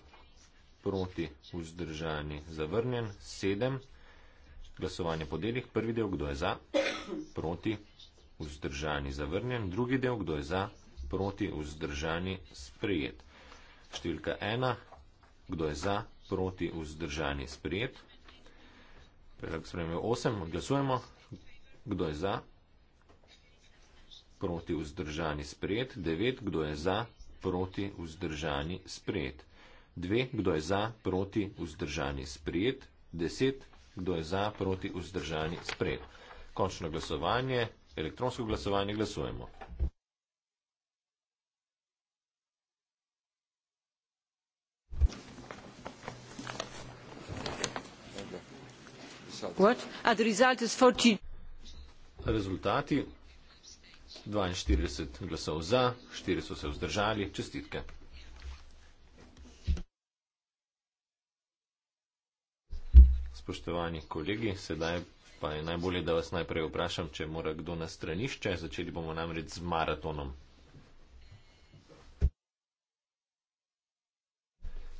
proti, vzdržani, zavrnjen, 7 glasovanje po delih, prvi del, kdo je za, proti, vzdržani, zavrnjen, drugi del, kdo je za, proti, vzdržani, sprejet. Številka 1, kdo je za, proti, vzdržani, sprejet. Predlog spremembe 8, glasujemo, kdo je za, proti vzdržani sprejet, devet, kdo je za, proti vzdržani sprejet, dve, kdo je za, proti vzdržani sprejet, deset, kdo je za, proti vzdržani sprejet. Končno glasovanje, elektronsko glasovanje glasujemo. Ah, Rezultati 42 glasov za, 4 so se vzdržali, čestitke. Spoštovani kolegi, sedaj pa je najbolje, da vas najprej vprašam, če mora kdo na stranišče. Začeli bomo namreč z maratonom.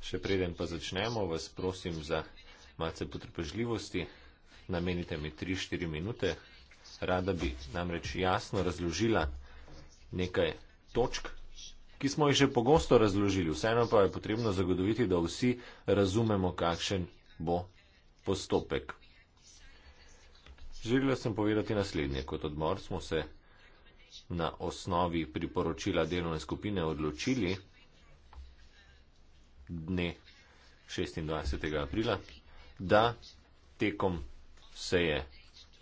Še preden pa začnemo, vas prosim za malce potrpežljivosti. Namenite mi 3-4 minute, rada bi namreč jasno razložila nekaj točk, ki smo jih že pogosto razložili. Vseeno pa je potrebno zagotoviti, da vsi razumemo, kakšen bo postopek. Želela sem povedati naslednje. Kot odbor smo se na osnovi priporočila delovne skupine odločili dne 26. aprila, da tekom seje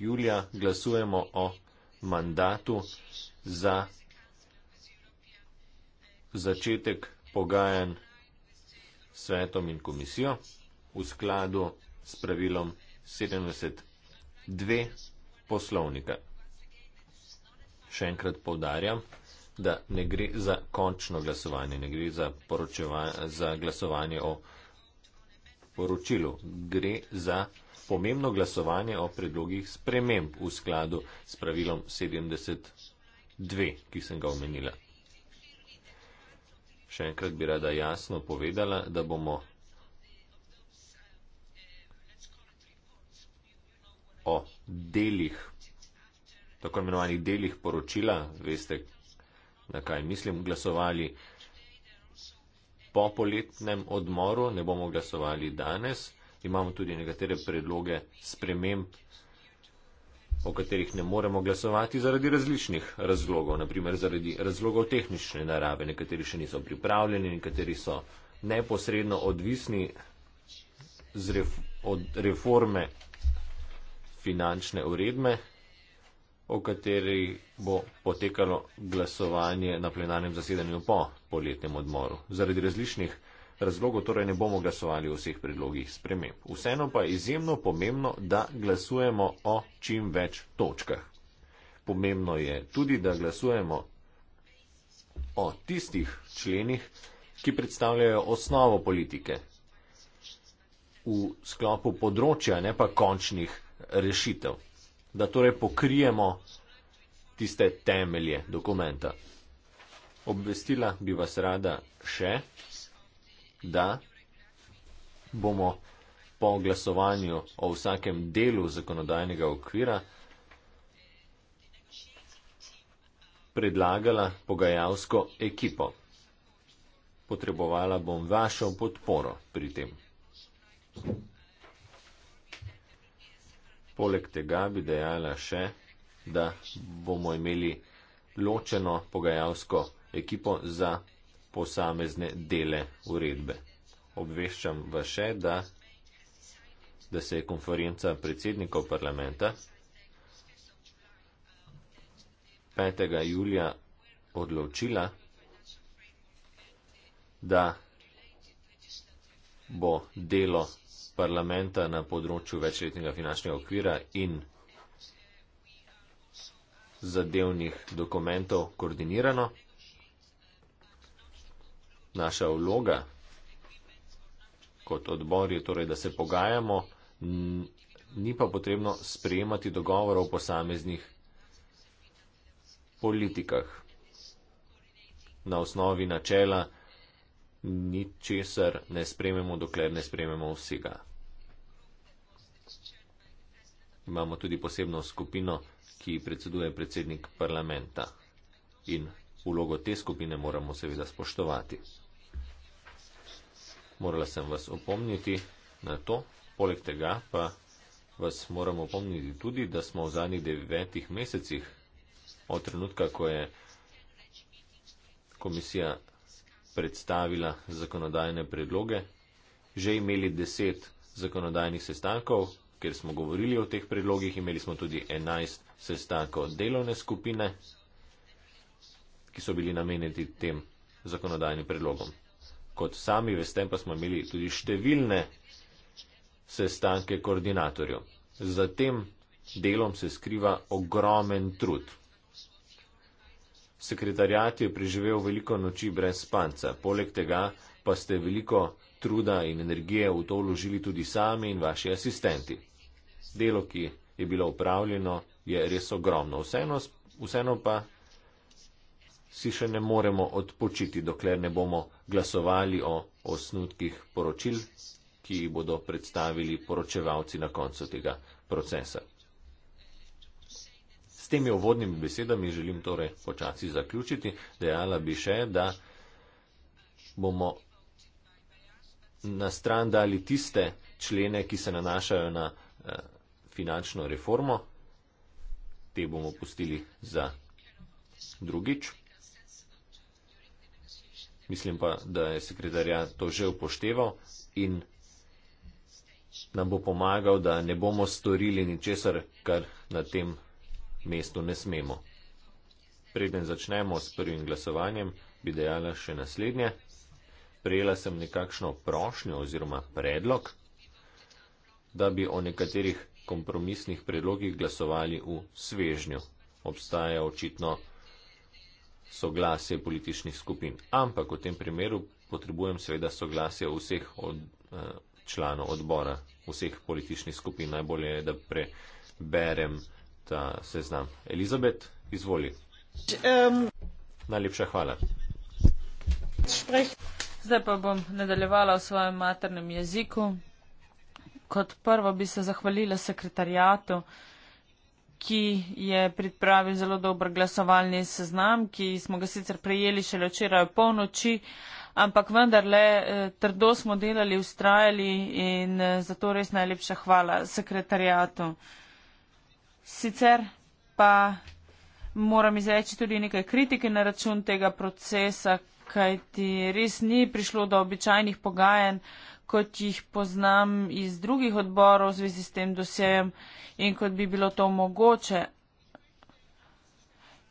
julija glasujemo o mandatu za začetek pogajan svetom in komisijo v skladu s pravilom 72 poslovnika. Še enkrat povdarjam, da ne gre za končno glasovanje, ne gre za, za glasovanje o poročilu, gre za pomembno glasovanje o predlogih sprememb v skladu s pravilom 72, ki sem ga omenila. Še enkrat bi rada jasno povedala, da bomo o delih, tako imenovanih delih poročila, veste, na kaj mislim, glasovali po poletnem odmoru, ne bomo glasovali danes imamo tudi nekatere predloge sprememb, o katerih ne moremo glasovati zaradi različnih razlogov, naprimer zaradi razlogov tehnične narave, nekateri še niso pripravljeni, nekateri so neposredno odvisni ref, od reforme finančne uredbe, o kateri bo potekalo glasovanje na plenarnem zasedanju po poletnem odmoru. Zaradi različnih razlogov torej ne bomo glasovali o vseh predlogih sprememb. Vseeno pa je izjemno pomembno, da glasujemo o čim več točkah. Pomembno je tudi, da glasujemo o tistih členih, ki predstavljajo osnovo politike v sklopu področja, ne pa končnih rešitev. Da torej pokrijemo tiste temelje dokumenta. Obvestila bi vas rada še, da bomo po glasovanju o vsakem delu zakonodajnega okvira predlagala pogajalsko ekipo. Potrebovala bom vašo podporo pri tem. Poleg tega bi dejala še, da bomo imeli ločeno pogajalsko ekipo za posamezne dele uredbe. Obveščam vas še, da, da se je konferenca predsednikov parlamenta 5. julija odločila, da bo delo parlamenta na področju večletnega finančnega okvira in zadevnih dokumentov koordinirano naša vloga kot odbor je torej, da se pogajamo, ni pa potrebno sprejemati dogovorov o posameznih politikah. Na osnovi načela ničesar ne sprememo, dokler ne sprememo vsega. Imamo tudi posebno skupino, ki predseduje predsednik parlamenta in Vlogo te skupine moramo seveda spoštovati. Morala sem vas opomniti na to, poleg tega pa vas moram opomniti tudi, da smo v zadnjih devetih mesecih, od trenutka, ko je komisija predstavila zakonodajne predloge, že imeli deset zakonodajnih sestankov, ker smo govorili o teh predlogih, imeli smo tudi enajst sestankov delovne skupine ki so bili namenjeni tem zakonodajnim predlogom. Kot sami veste, pa smo imeli tudi številne sestanke koordinatorjev. Za tem delom se skriva ogromen trud. Sekretarjat je preživel veliko noči brez spanca, poleg tega pa ste veliko truda in energije v to vložili tudi sami in vaši asistenti. Delo, ki je bilo upravljeno, je res ogromno. Vseeno, vseeno pa si še ne moremo odpočiti, dokler ne bomo glasovali o osnutkih poročil, ki jih bodo predstavili poročevalci na koncu tega procesa. S temi uvodnimi besedami želim torej počasi zaključiti. Dejala bi še, da bomo na stran dali tiste člene, ki se nanašajo na eh, finančno reformo. Te bomo pustili za drugič. Mislim pa, da je sekretarja to že upošteval in nam bo pomagal, da ne bomo storili ničesar, kar na tem mestu ne smemo. Preden začnemo s prvim glasovanjem, bi dejala še naslednje. Prejela sem nekakšno prošnjo oziroma predlog, da bi o nekaterih kompromisnih predlogih glasovali v svežnju. Obstaja očitno soglasje političnih skupin. Ampak v tem primeru potrebujem seveda soglasje vseh od, eh, članov odbora, vseh političnih skupin. Najbolje je, da preberem ta seznam. Elizabet, izvoli. Um. Najlepša hvala. Zdaj pa bom nadaljevala v svojem maternem jeziku. Kot prvo bi se zahvalila sekretarijatu ki je pripravil zelo dober glasovalni seznam, ki smo ga sicer prejeli šele včeraj v polnoči, ampak vendarle eh, trdo smo delali, ustrajali in eh, zato res najlepša hvala sekretarijatu. Sicer pa moram izreči tudi nekaj kritike na račun tega procesa, kajti res ni prišlo do običajnih pogajanj kot jih poznam iz drugih odborov v zvezi s tem dosejem in kot bi bilo to mogoče.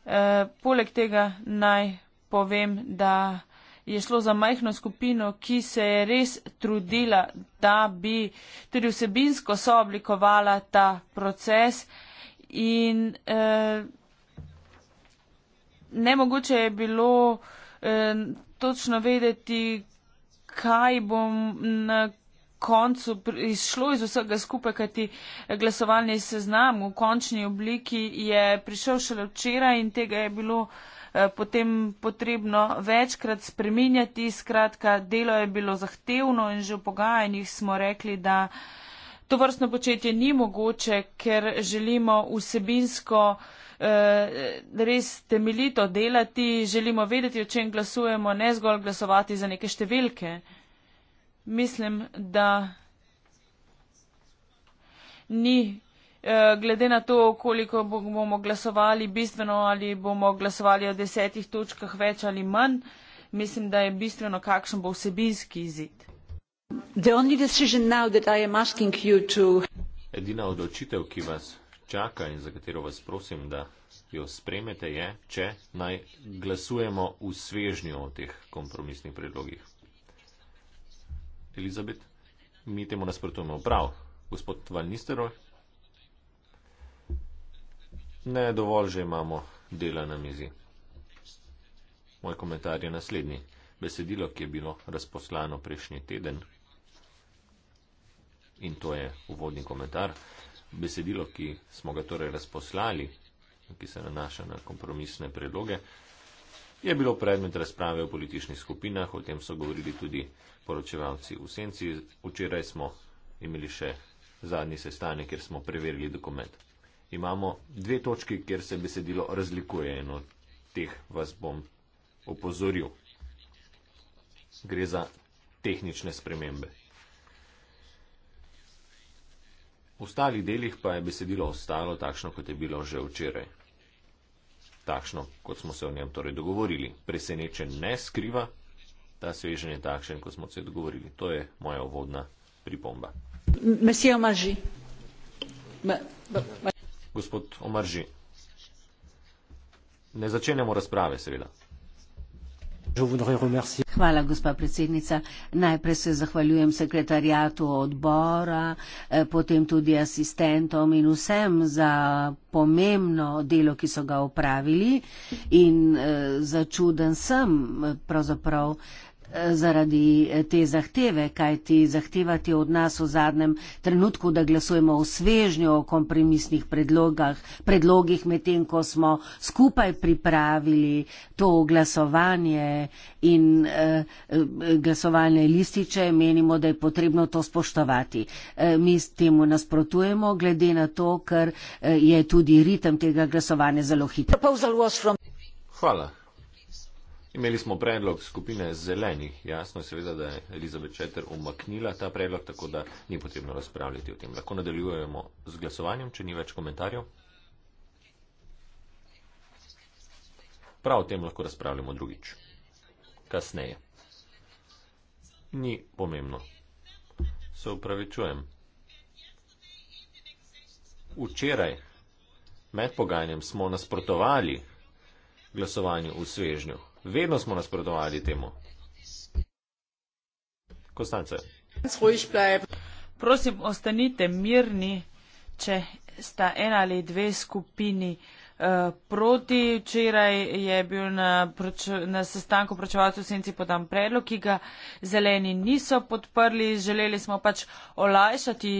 E, poleg tega naj povem, da je šlo za majhno skupino, ki se je res trudila, da bi tudi vsebinsko sooblikovala ta proces in e, nemogoče je bilo e, točno vedeti, kaj bom na koncu izšlo iz vsega skupaj, kajti glasovalni seznam v končni obliki je prišel šele včeraj in tega je bilo eh, potem potrebno večkrat spreminjati. Skratka, delo je bilo zahtevno in že v pogajanjih smo rekli, da to vrstno početje ni mogoče, ker želimo vsebinsko Eh, res temeljito delati, želimo vedeti, o čem glasujemo, ne zgolj glasovati za neke številke. Mislim, da ni eh, glede na to, koliko bomo glasovali bistveno ali bomo glasovali o desetih točkah več ali manj, mislim, da je bistveno, kakšen bo vsebinski izid. Edina odločitev, ki vas čaka in za katero vas prosim, da jo spremete, je, če naj glasujemo v svežnju o teh kompromisnih predlogih. Elizabet, mi temu nasprotujemo prav. Gospod Van Nisteroj, ne dovolj že imamo dela na mizi. Moj komentar je naslednji. Besedilo, ki je bilo razposlano prejšnji teden, in to je uvodni komentar, besedilo, ki smo ga torej razposlali, ki se nanaša na kompromisne predloge, je bilo predmet razprave v političnih skupinah, o tem so govorili tudi poročevalci v senci. Včeraj smo imeli še zadnji sestanek, kjer smo preverili dokument. Imamo dve točki, kjer se besedilo razlikuje in od teh vas bom opozoril. Gre za tehnične spremembe. ostalih delih pa je besedilo ostalo takšno, kot je bilo že včeraj. Takšno, kot smo se o njem torej dogovorili. Presenečen ne skriva, ta svežen je takšen, kot smo se dogovorili. To je moja uvodna pripomba. Gospod Omarži, ne začenjamo razprave, seveda. Hvala, gospa predsednica. Najprej se zahvaljujem sekretarjatu odbora, eh, potem tudi asistentom in vsem za pomembno delo, ki so ga upravili in eh, začuden sem eh, pravzaprav zaradi eh, te zahteve, kaj ti zahtevati od nas v zadnjem trenutku, da glasujemo o svežnju, o kompromisnih predlogih, medtem ko smo skupaj pripravili to glasovanje in eh, eh, glasovalne lističe, menimo, da je potrebno to spoštovati. Mi s temu nasprotujemo, glede na to, ker je tudi ritem tega glasovanja zelo hiter. Hvala. Imeli smo predlog skupine zelenih. Jasno je seveda, da je Elizabeth Četr omaknila ta predlog, tako da ni potrebno razpravljati o tem. Lahko nadaljujemo z glasovanjem, če ni več komentarjev. Prav o tem lahko razpravljamo drugič. Kasneje. Ni pomembno. Se upravičujem. Včeraj med pogajanjem smo nasprotovali glasovanju v svežnju. Vedno smo nasprotovali temu. Konstance. Prosim, ostanite mirni, če sta ena ali dve skupini. Eh, proti. Včeraj je bil na, na sestanku pročevalcev senci podan predlog, ki ga zeleni niso podprli. Želeli smo pač olajšati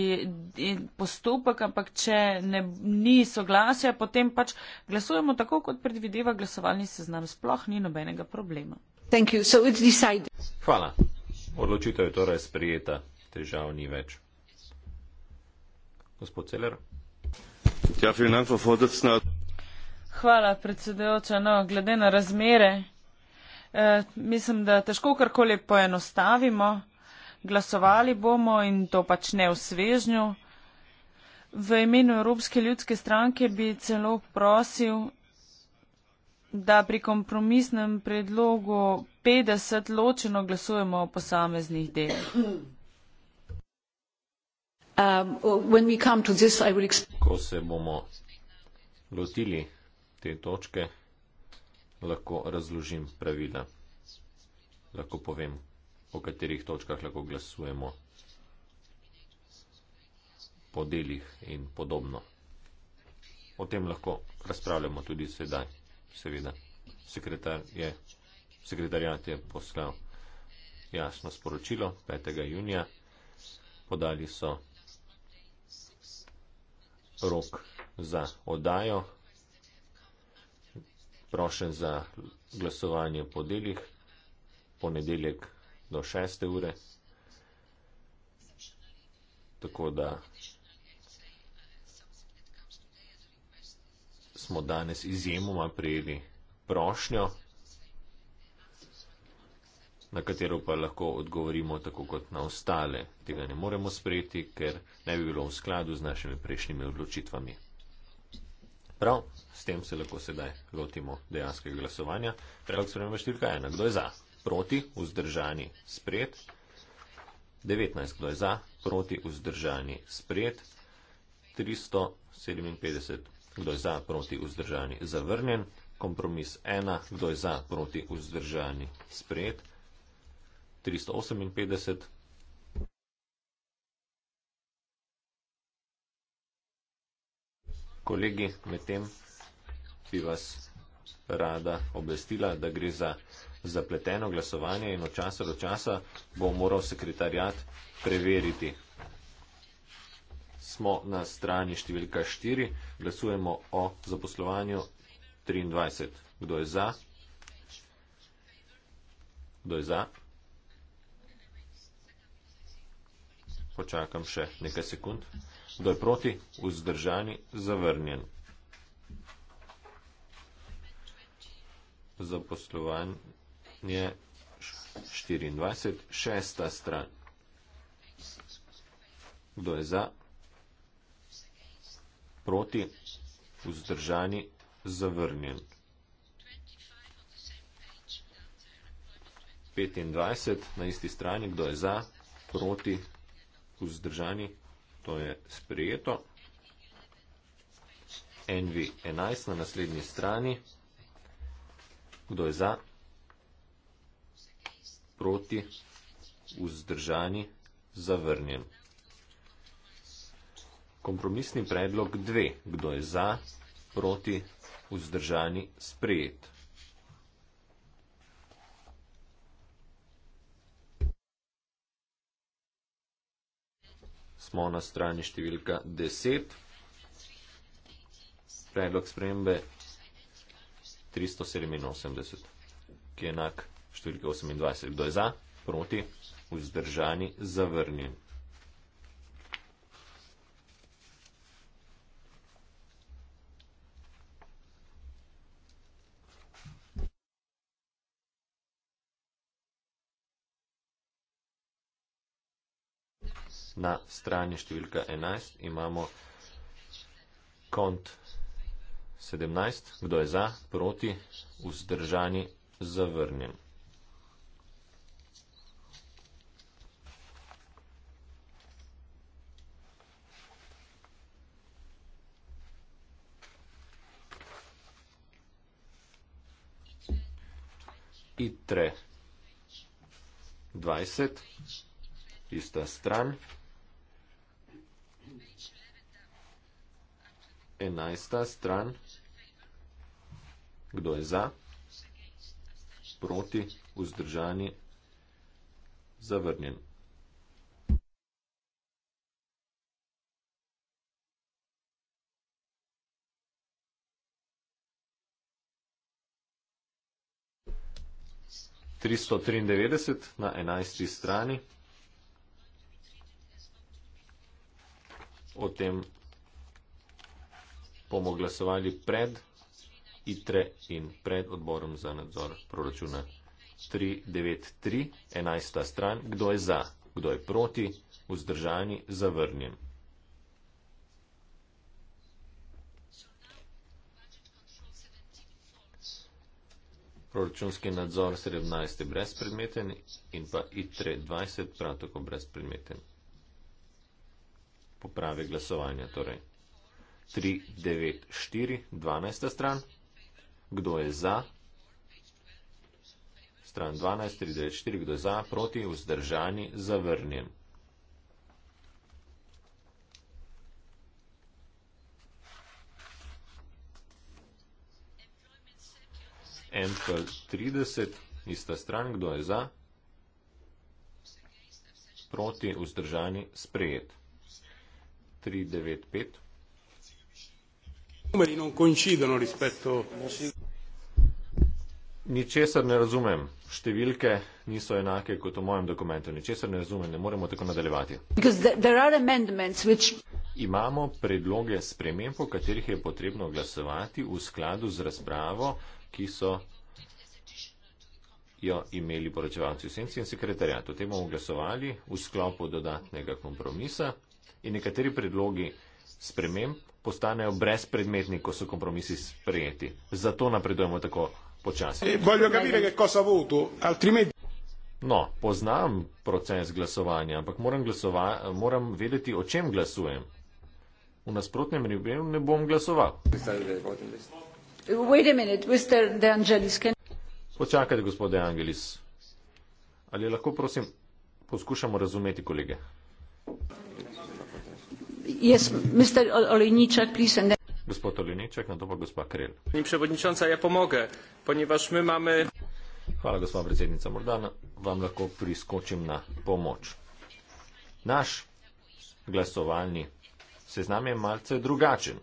postopek, ampak če ne, ni soglasja, potem pač glasujemo tako, kot predvideva glasovalni seznam. Sploh ni nobenega problema. So Hvala. Odločitev je torej sprijeta. Težav ni več. Gospod Celer. Ja, finančno fotocnat hvala, predsedujoča. No, glede na razmere, eh, mislim, da težko karkoli poenostavimo. Glasovali bomo in to pač ne v svežnju. V imenu Evropske ljudske stranke bi celo prosil, da pri kompromisnem predlogu 50 ločeno glasujemo o posameznih delih. Um, Ko se bomo lotili te točke, lahko razložim pravila, lahko povem, o katerih točkah lahko glasujemo, po delih in podobno. O tem lahko razpravljamo tudi sedaj, seveda. Sekretar je, sekretarjat je poslal jasno sporočilo 5. junija, podali so rok za oddajo, prošen za glasovanje po delih, ponedeljek do 6. ure. Tako da smo danes izjemoma prijeli prošnjo, na katero pa lahko odgovorimo tako kot na ostale. Tega ne moremo sprejeti, ker ne bi bilo v skladu z našimi prejšnjimi odločitvami. Prav s tem se lahko sedaj lotimo dejanskega glasovanja. Predlog sprememba številka ena. Kdo je za? Proti, vzdržani, spred. 19. Kdo je za? Proti, vzdržani, spred. 357. Kdo je za? Proti, vzdržani, zavrnjen. Kompromis 1. Kdo je za? Proti, vzdržani, spred. 358. Kolegi, medtem bi vas rada obvestila, da gre za zapleteno glasovanje in od časa do časa bo moral sekretarjat preveriti. Smo na strani številka 4, glasujemo o zaposlovanju 23. Kdo je za? Kdo je za? Počakam še nekaj sekund. Kdo je proti? Vzdržani? Zavrnjen. zaposlovanje 24, šesta stran. Kdo je za? Proti? Vzdržani? Zavrnjen. 25 na isti strani, kdo je za, proti, vzdržani, to je sprejeto. NV 11 na naslednji strani. Kdo je za? Proti? Vzdržani? Zavrnjen. Kompromisni predlog 2. Kdo je za? Proti? Vzdržani? Sprejet. Smo na strani številka 10. Predlog spremembe 387, ki je enak 428. Kdo je za, proti, vzdržani, zavrnjen. Na strani številka 11 imamo kont 17. Kdo je za, proti, vzdržani, zavrnjen. I tre. 20. Ista stran. enajsta stran. Kdo je za? Proti, vzdržani, zavrnjen. Tristo triindevetdeset na enajsti strani. O tem bomo glasovali pred ITRE in pred odborom za nadzor proračuna. 393, 11. stran, kdo je za, kdo je proti, vzdržani, zavrnjen. Proračunski nadzor 17 je brezpredmeten in pa ITRE 20 prav tako brezpredmeten. Poprave glasovanja torej. 3, 9, 4, 12 stran. Kdo je za? Stran 12, 3, 9, 4, kdo je za, proti, vzdržani, zavrnjen. Enkel 30, ista stran, kdo je za? Proti, vzdržani, sprejet. 395 numeri non coincidono rispetto. Ničesar ne razumem. Številke niso enake kot v mojem dokumentu. Ničesar ne razumem. Ne moremo tako nadaljevati. Which... Imamo predloge sprememb, po katerih je potrebno glasovati v skladu z razpravo, ki so jo imeli poročevalci v senci in sekretarjat. O tem bomo glasovali v sklopu dodatnega kompromisa in nekateri predlogi sprememb postanejo brezpredmetni, ko so kompromisi sprejeti. Zato napredujemo tako počasi. Eh, no, poznam proces glasovanja, ampak moram, glasova, moram vedeti, o čem glasujem. V nasprotnem primeru ne bom glasoval. Počakajte, gospod De Angelis. Ali lahko, prosim, poskušamo razumeti kolege? Gospod Olinček, na to pa gospa Krel. Ni predsednica, ja pomoge, ponivaš mi mame. Hvala, gospa predsednica. Morda vam lahko priskočim na pomoč. Naš glasovalni seznam je malce drugačen.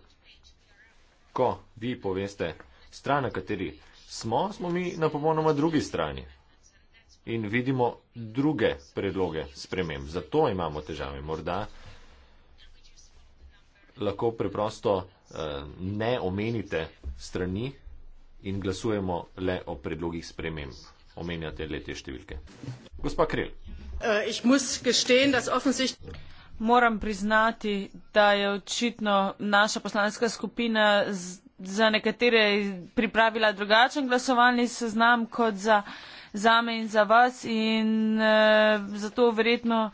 Ko vi poveste stran, na kateri smo, smo mi na popolnoma drugi strani in vidimo druge predloge sprememb. Zato imamo težave. Morda lahko preprosto uh, ne omenite strani in glasujemo le o predlogih sprememb. Omenjate le te številke. Gospa Krel. Uh, Moram priznati, da je očitno naša poslanska skupina za nekatere pripravila drugačen glasovalni seznam kot za, za me in za vas in e, zato verjetno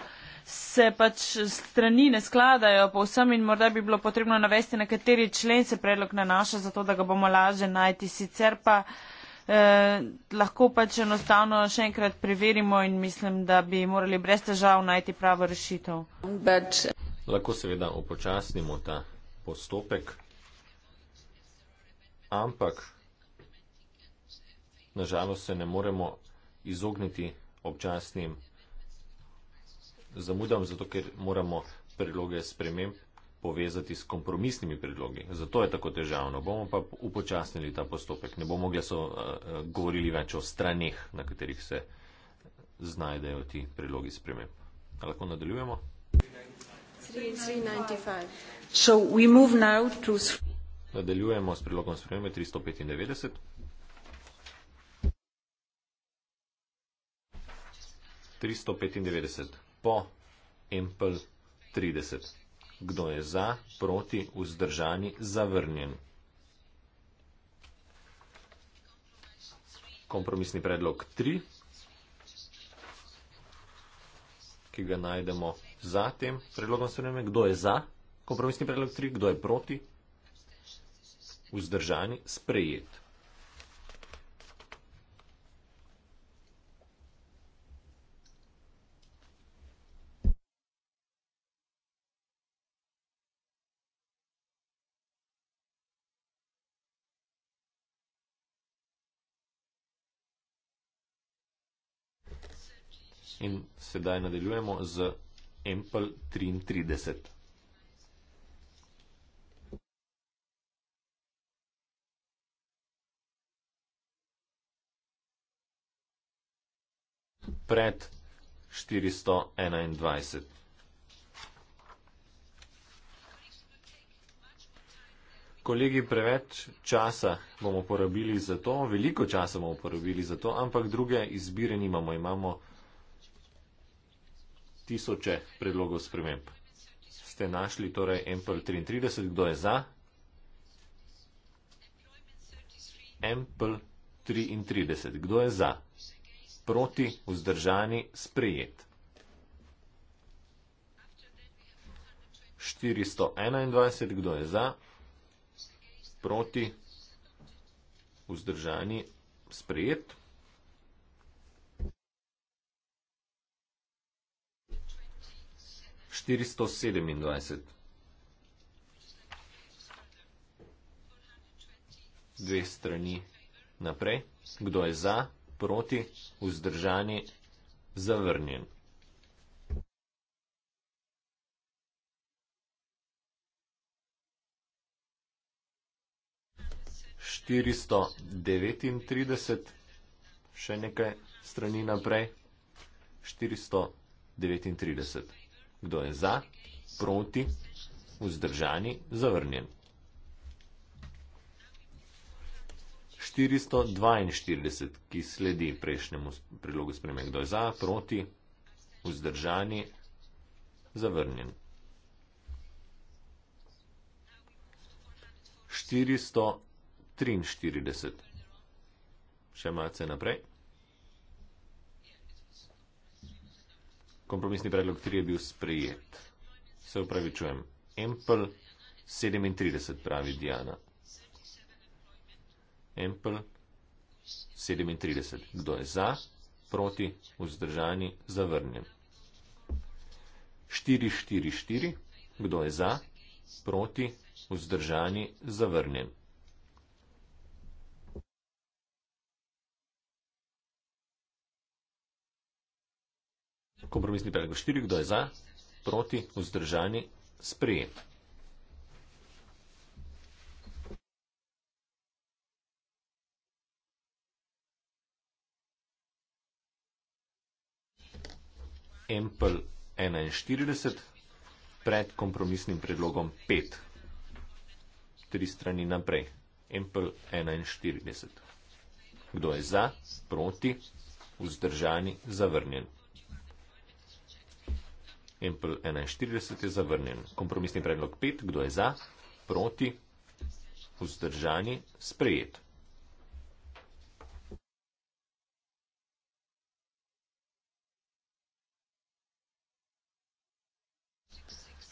se pač strani ne skladajo povsem in morda bi bilo potrebno navesti, na kateri člen se predlog nanaša, zato da ga bomo laže najti. Sicer pa eh, lahko pač enostavno še enkrat preverimo in mislim, da bi morali brez težav najti pravo rešitev. But... Lahko seveda upočasnimo ta postopek, ampak nažalost se ne moremo izogniti občasnim zamudam, zato ker moramo predloge sprememb povezati s kompromisnimi predlogi. Zato je tako težavno. Bomo pa upočasnili ta postopek. Ne bomo glaso, uh, govorili več o straneh, na katerih se znajdejo ti predlogi sprememb. Lahko nadaljujemo? 395. So to... Nadaljujemo s predlogom spremembe 395. Tristo petindevetdeset po empl 30. Kdo je za, proti, vzdržani, zavrnjen? Kompromisni predlog 3, ki ga najdemo za tem predlogom spremembe. Kdo je za kompromisni predlog 3, kdo je proti? Vzdržani, sprejet. In sedaj nadaljujemo z Empel 33. Pred 421. Kolegi, preveč časa bomo porabili za to, veliko časa bomo porabili za to, ampak druge izbire nimamo. Imamo tisoče predlogov sprememb. Ste našli torej MPL 33, kdo je za? MPL 33, kdo je za? Proti, vzdržani, sprejet. 421, kdo je za? Proti, vzdržani, sprejet. 427. 2 strani naprej. Kdo je za, proti, vzdržani, zavrnjen. Štiristo devetintrideset, še nekaj strani naprej, štiristo devetintrideset kdo je za, proti, vzdržani, zavrnjen. 442, ki sledi prejšnjemu prilogu spremembe, kdo je za, proti, vzdržani, zavrnjen. 443. Še malce naprej. kompromisni predlog 3 je bil sprejet. Se upravičujem. Empel 37 pravi Diana. Empel 37. Kdo je za, proti, vzdržani, zavrnjen. 444. Kdo je za, proti, vzdržani, zavrnjen. 445. kompromisni predlog štiri, kdo je za, proti, vzdržani, sprejem. Empel 41 pred kompromisnim predlogom 5. Tri strani naprej. Empel 41. Kdo je za, proti, vzdržani, zavrnjen. 41 je zavrnjen. Kompromisni predlog 5, kdo je za, proti, vzdržani, sprejet.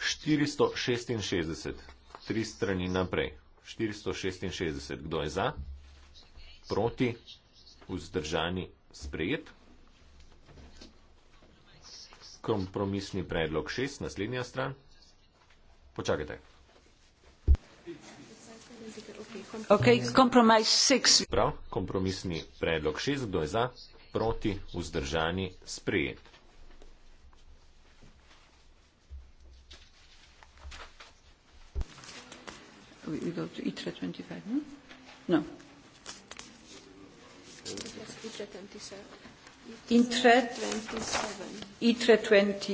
Štiristo šestinšestdeset, tri strani naprej. Štiristo šestinšestdeset, kdo je za, proti, vzdržani, sprejet kompromisni predlog šest, naslednja stran. Počakajte. Okay, Prav, kompromisni predlog šest, kdo je za, proti, vzdržani, sprejet. Oh, no? No. ITRE 27.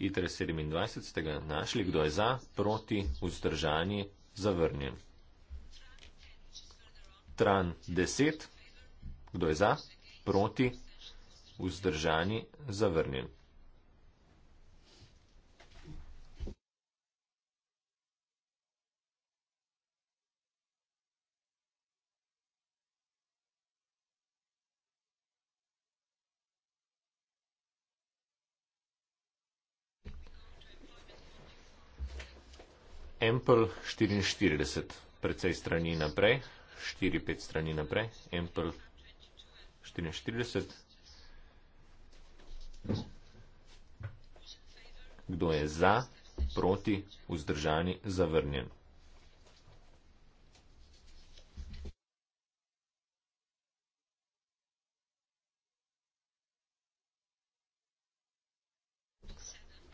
ITRE 27 ste ga našli, kdo je za, proti, vzdržani, zavrnjen. TRAN 10, kdo je za, proti, vzdržani, zavrnjen. Apple 44, precej strani naprej, 4-5 strani naprej, Apple 44. Kdo je za, proti, vzdržani, zavrnjen.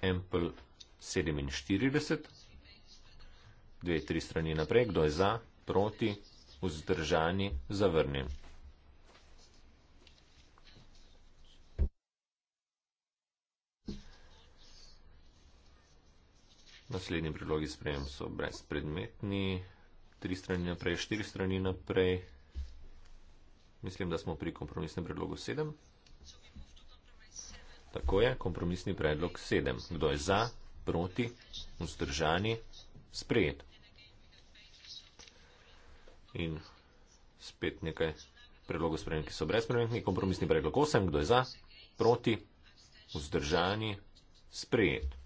Ampel 47 dve, tri strani naprej, kdo je za, proti, vzdržani, zavrnjen. Naslednji predlogi sprejem so brezpredmetni, tri strani naprej, štiri strani naprej. Mislim, da smo pri kompromisnem predlogu 7. Tako je, kompromisni predlog 7. Kdo je za, proti, vzdržani, sprejet in spet nekaj predlogov sprememb, ki so brezpremembni, kompromisni predlog 8, kdo je za, proti, vzdržani, sprejet.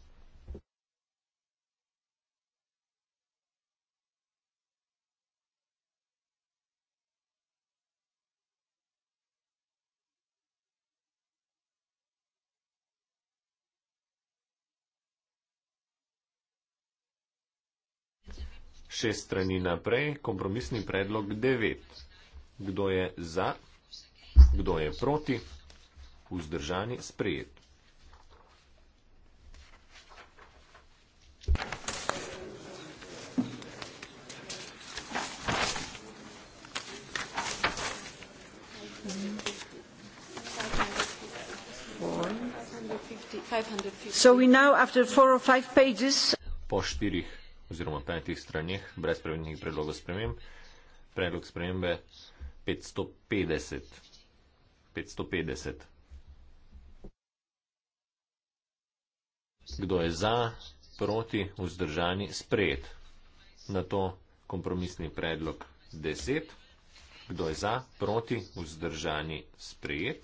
šest strani naprej, kompromisni predlog devet. Kdo je za, kdo je proti, vzdržani sprejet. Po štirih oziroma na petih stranih, brez prevenih predlogov sprememb. Predlog spremembe 550. 550. Kdo je za, proti, vzdržani, sprejet. Na to kompromisni predlog 10. Kdo je za, proti, vzdržani, sprejet.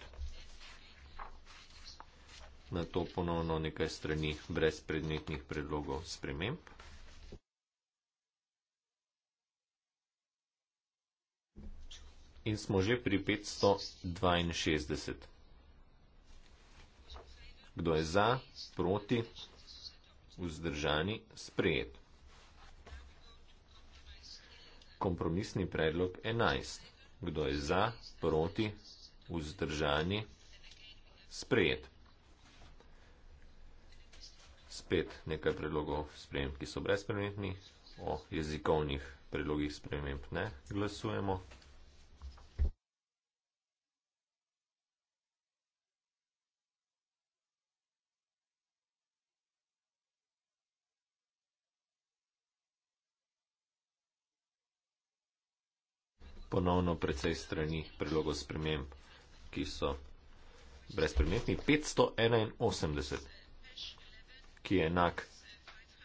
Na to ponovno nekaj strani brez predmetnih predlogov sprememb. in smo že pri 562. Kdo je za, proti, vzdržani, sprejet. Kompromisni predlog 11. Kdo je za, proti, vzdržani, sprejet. Spet nekaj predlogov sprejem, ki so brezpredmetni, o jezikovnih predlogih sprejem ne glasujemo. ponovno precej strani predlogov sprememb, ki so brezpredmetni. 581, ki je enak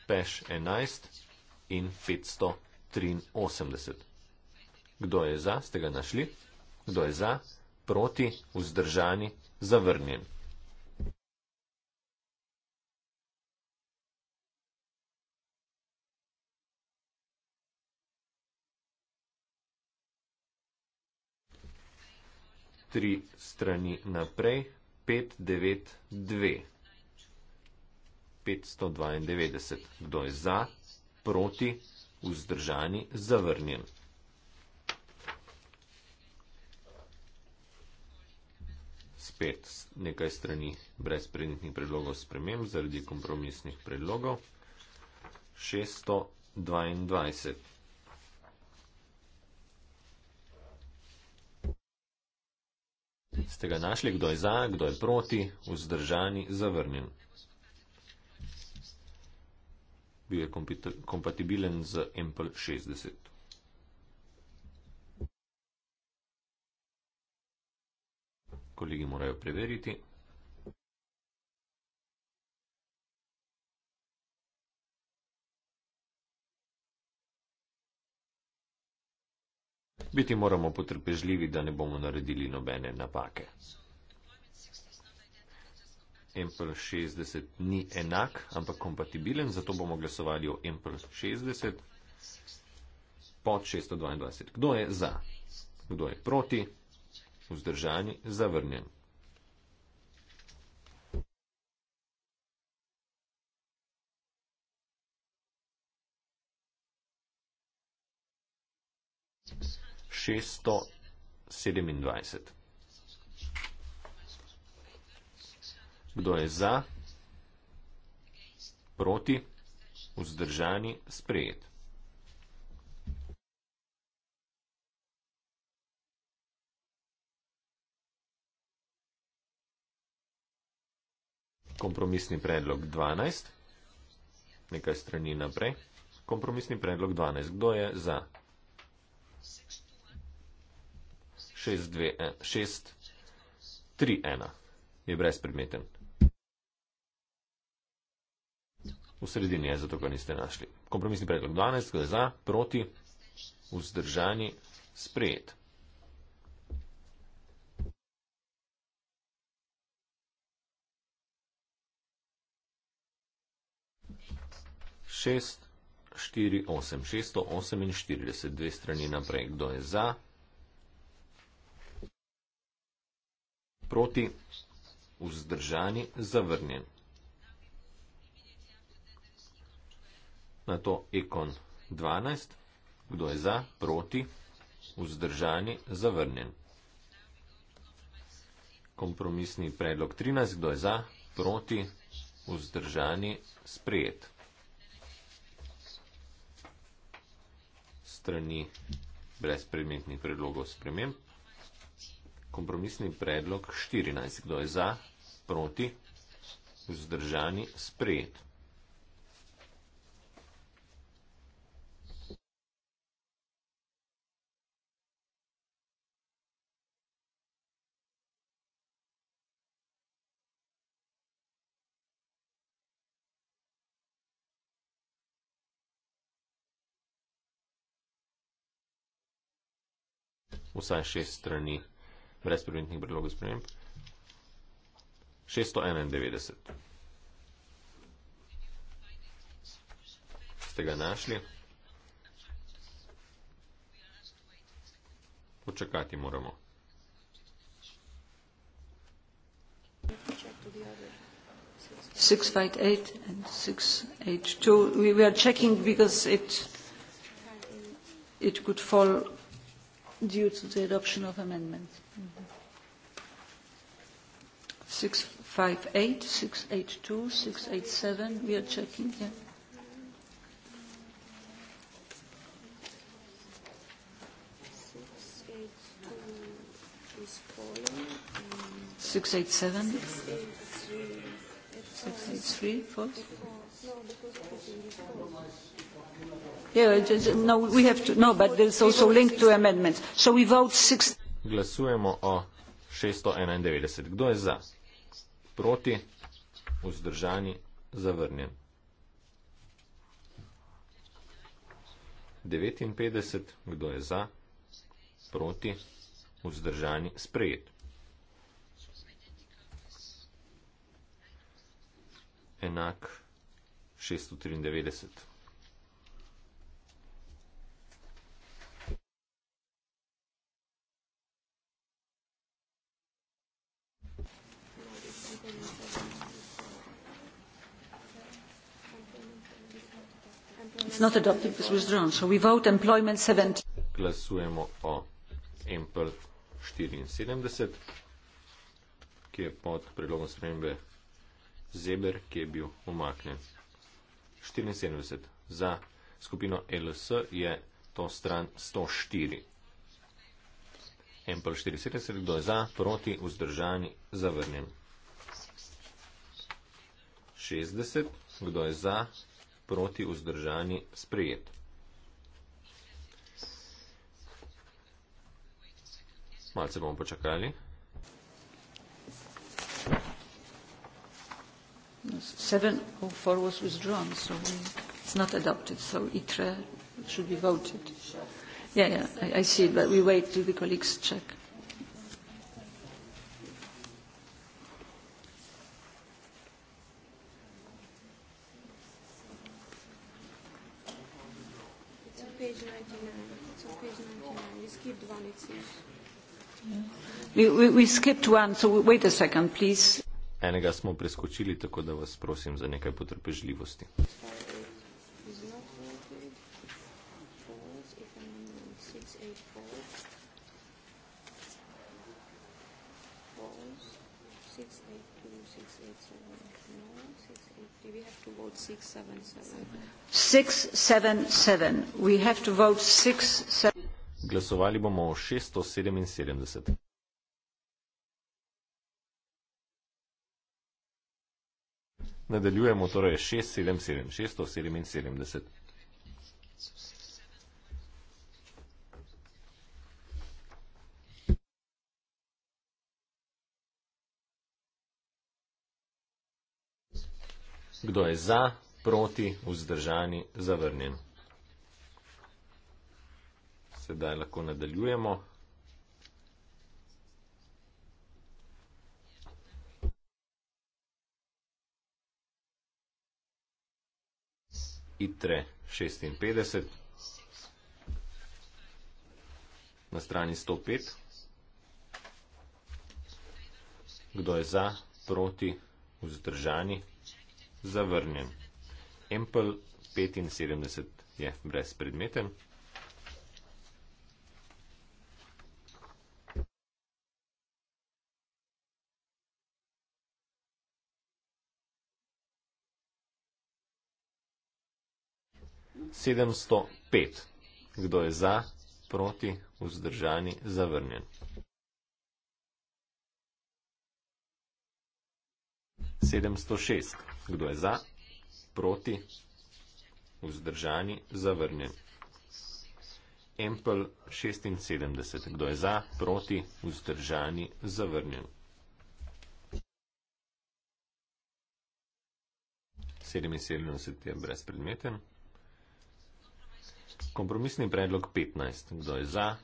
peš 11 in 583. Kdo je za, ste ga našli? Kdo je za, proti, vzdržani, zavrnjen? tri strani naprej, 592. 592. Kdo je za, proti, vzdržani, zavrnjen. Spet nekaj strani brez prednitnih predlogov sprememb zaradi kompromisnih predlogov. 622. Ste ga našli, kdo je za, kdo je proti, vzdržani, zavrnjen. Bil je kompatibilen z Apple 60. Kolegi morajo preveriti. Biti moramo potrpežljivi, da ne bomo naredili nobene napake. Empl 60 ni enak, ampak kompatibilen, zato bomo glasovali o Empl 60 pod 622. Kdo je za? Kdo je proti? Vzdržani? Zavrnjen. 627. Kdo je za, proti, vzdržani, sprejet? Kompromisni predlog 12, nekaj strani naprej. Kompromisni predlog 12, kdo je za? 6231. Eh, je brezpredmeten. V sredini je, zato ga niste našli. Kompromisni predlog 12, ko je za, proti, vzdržani, sprejet. Šest, štiri, osem, šeststo oseminštirideset, dve strani naprej. Kdo je za, proti, vzdržani, zavrnjen. Na to ikon 12, kdo je za, proti, vzdržani, zavrnjen. Kompromisni predlog 13, kdo je za, proti, vzdržani, sprejet. Strani brezpredmetnih predlogov sprememb kompromisni predlog 14. Kdo je za, proti, vzdržani, sprejet. Vsaj šest strani brez prejemnih predlogov sprememb. 691. Ste ga našli? Počakati moramo. Six five eight and six eight two. We were checking because it it could fall due to the adoption of amendments. 658, 682, 687, we are checking, yeah. Six eight seven. Six eight three. False. Yeah. Just, no, we have to. No, but there's also linked to amendments. So we vote six glasujemo o 691. Kdo je za? Proti, vzdržani, zavrnjen. 59. Kdo je za? Proti, vzdržani, sprejet. 693. not adopted. It was withdrawn. So we vote employment 70. Glasujemo o EMPL 74, ki je pod predlogom spremembe ZEBER, ki je bil umaknjen. 74. Za skupino LS je to stran 104. EMPL 74, kdo je za, proti, vzdržani, zavrnjen. 60. Kdo je za, proti vzdržani sprejet. Malce bomo počakali. Oh e yeah, yeah, I, I see, but we wait till the colleagues check. Enega smo preskočili, tako da vas prosim za nekaj potrpežljivosti. Glasovali bomo o 677. Nadaljujemo torej 677, 677. Kdo je za, proti, vzdržani, zavrnjen? Sedaj lahko nadaljujemo. ITRE 56 na strani 105. Kdo je za, proti, vzdržani, zavrnjen. Empel 75 je brezpredmeten. 705. Kdo je za, proti, vzdržani, zavrnjen? Sedemsto šest. Kdo je za, proti, vzdržani, zavrnjen? Empel 76. Kdo je za, proti, vzdržani, zavrnjen? 77 je brezpredmeten. Kompromisni predlog 15. Kdo je za?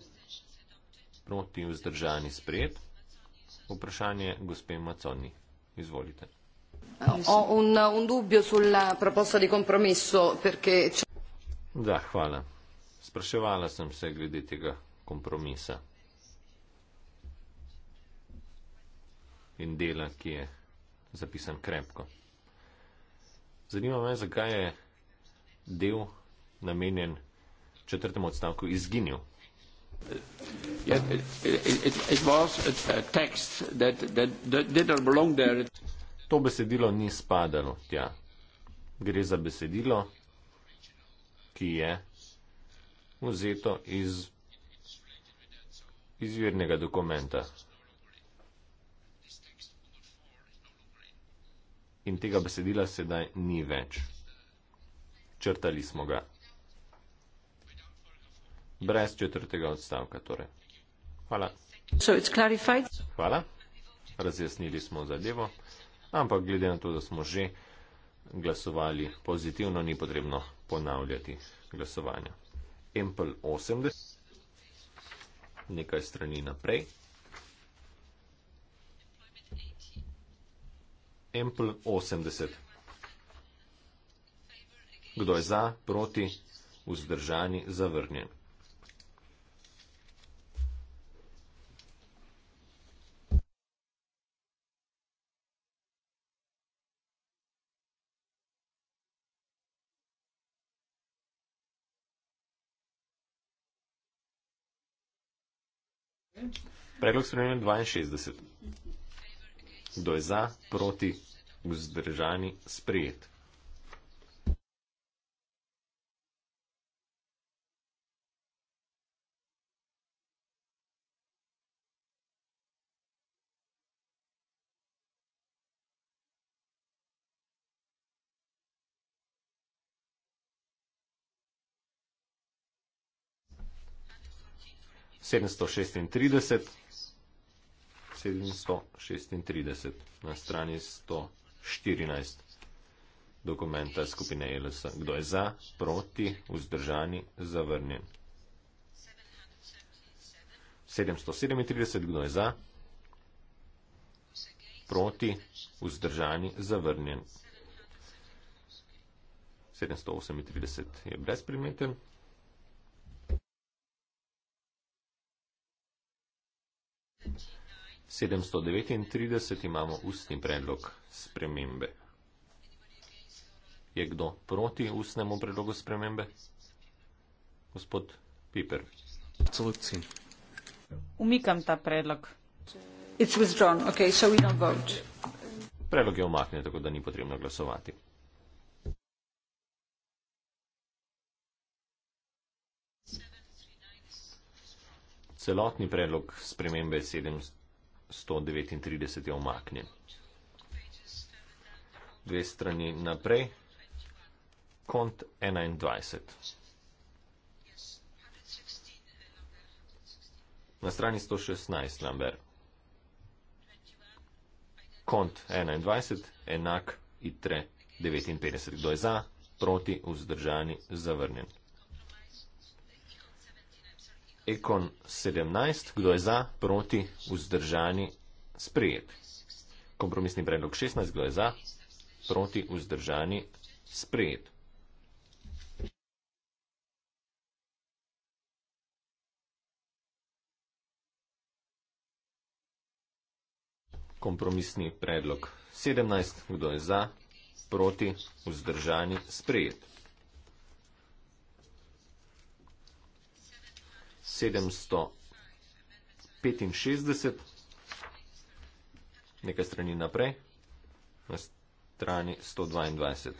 Proti vzdržani sprejet? Vprašanje gospe Maconi. Izvolite. Da, hvala. Spraševala sem se glede tega kompromisa in dela, ki je zapisan krepko. Zanima me, zakaj je del namenjen četrtem odstavku izginil. To besedilo ni spadalo tja. Gre za besedilo, ki je vzeto iz izvirnega dokumenta. In tega besedila sedaj ni več. Črtali smo ga brez četrtega odstavka. Torej. Hvala. So it's clarified. Hvala. Razjasnili smo zadevo, ampak glede na to, da smo že glasovali pozitivno, ni potrebno ponavljati glasovanja. Empel 80, nekaj strani naprej. Empel 80. Kdo je za, proti, vzdržani, zavrnjen. Predlog spremenja 62. Kdo je za, proti, vzdržani, sprejet. sedemsto šestintrideset 736 na strani 114 dokumenta skupine ELS. Kdo je za, proti, vzdržani, zavrnjen? 737, kdo je za, proti, vzdržani, zavrnjen? 738 je brezpredmeten. 739 imamo ustni predlog spremembe. Je kdo proti ustnemu predlogu spremembe? Gospod Piper. Umikam ta predlog. Okay, so predlog je omaknjen, tako da ni potrebno glasovati. Celotni predlog spremembe 700. 139 je omaknjen. Dve strani naprej, kont 21. Na strani 116, Lambert. Kont 21, enak itre 59. Kdo je za, proti, vzdržani, zavrnjen. Ekon 17, kdo je za, proti, vzdržani, sprejet. Kompromisni predlog 16, kdo je za, proti, vzdržani, sprejet. Kompromisni predlog 17, kdo je za, proti, vzdržani, sprejet. 765, nekaj strani naprej, na strani 122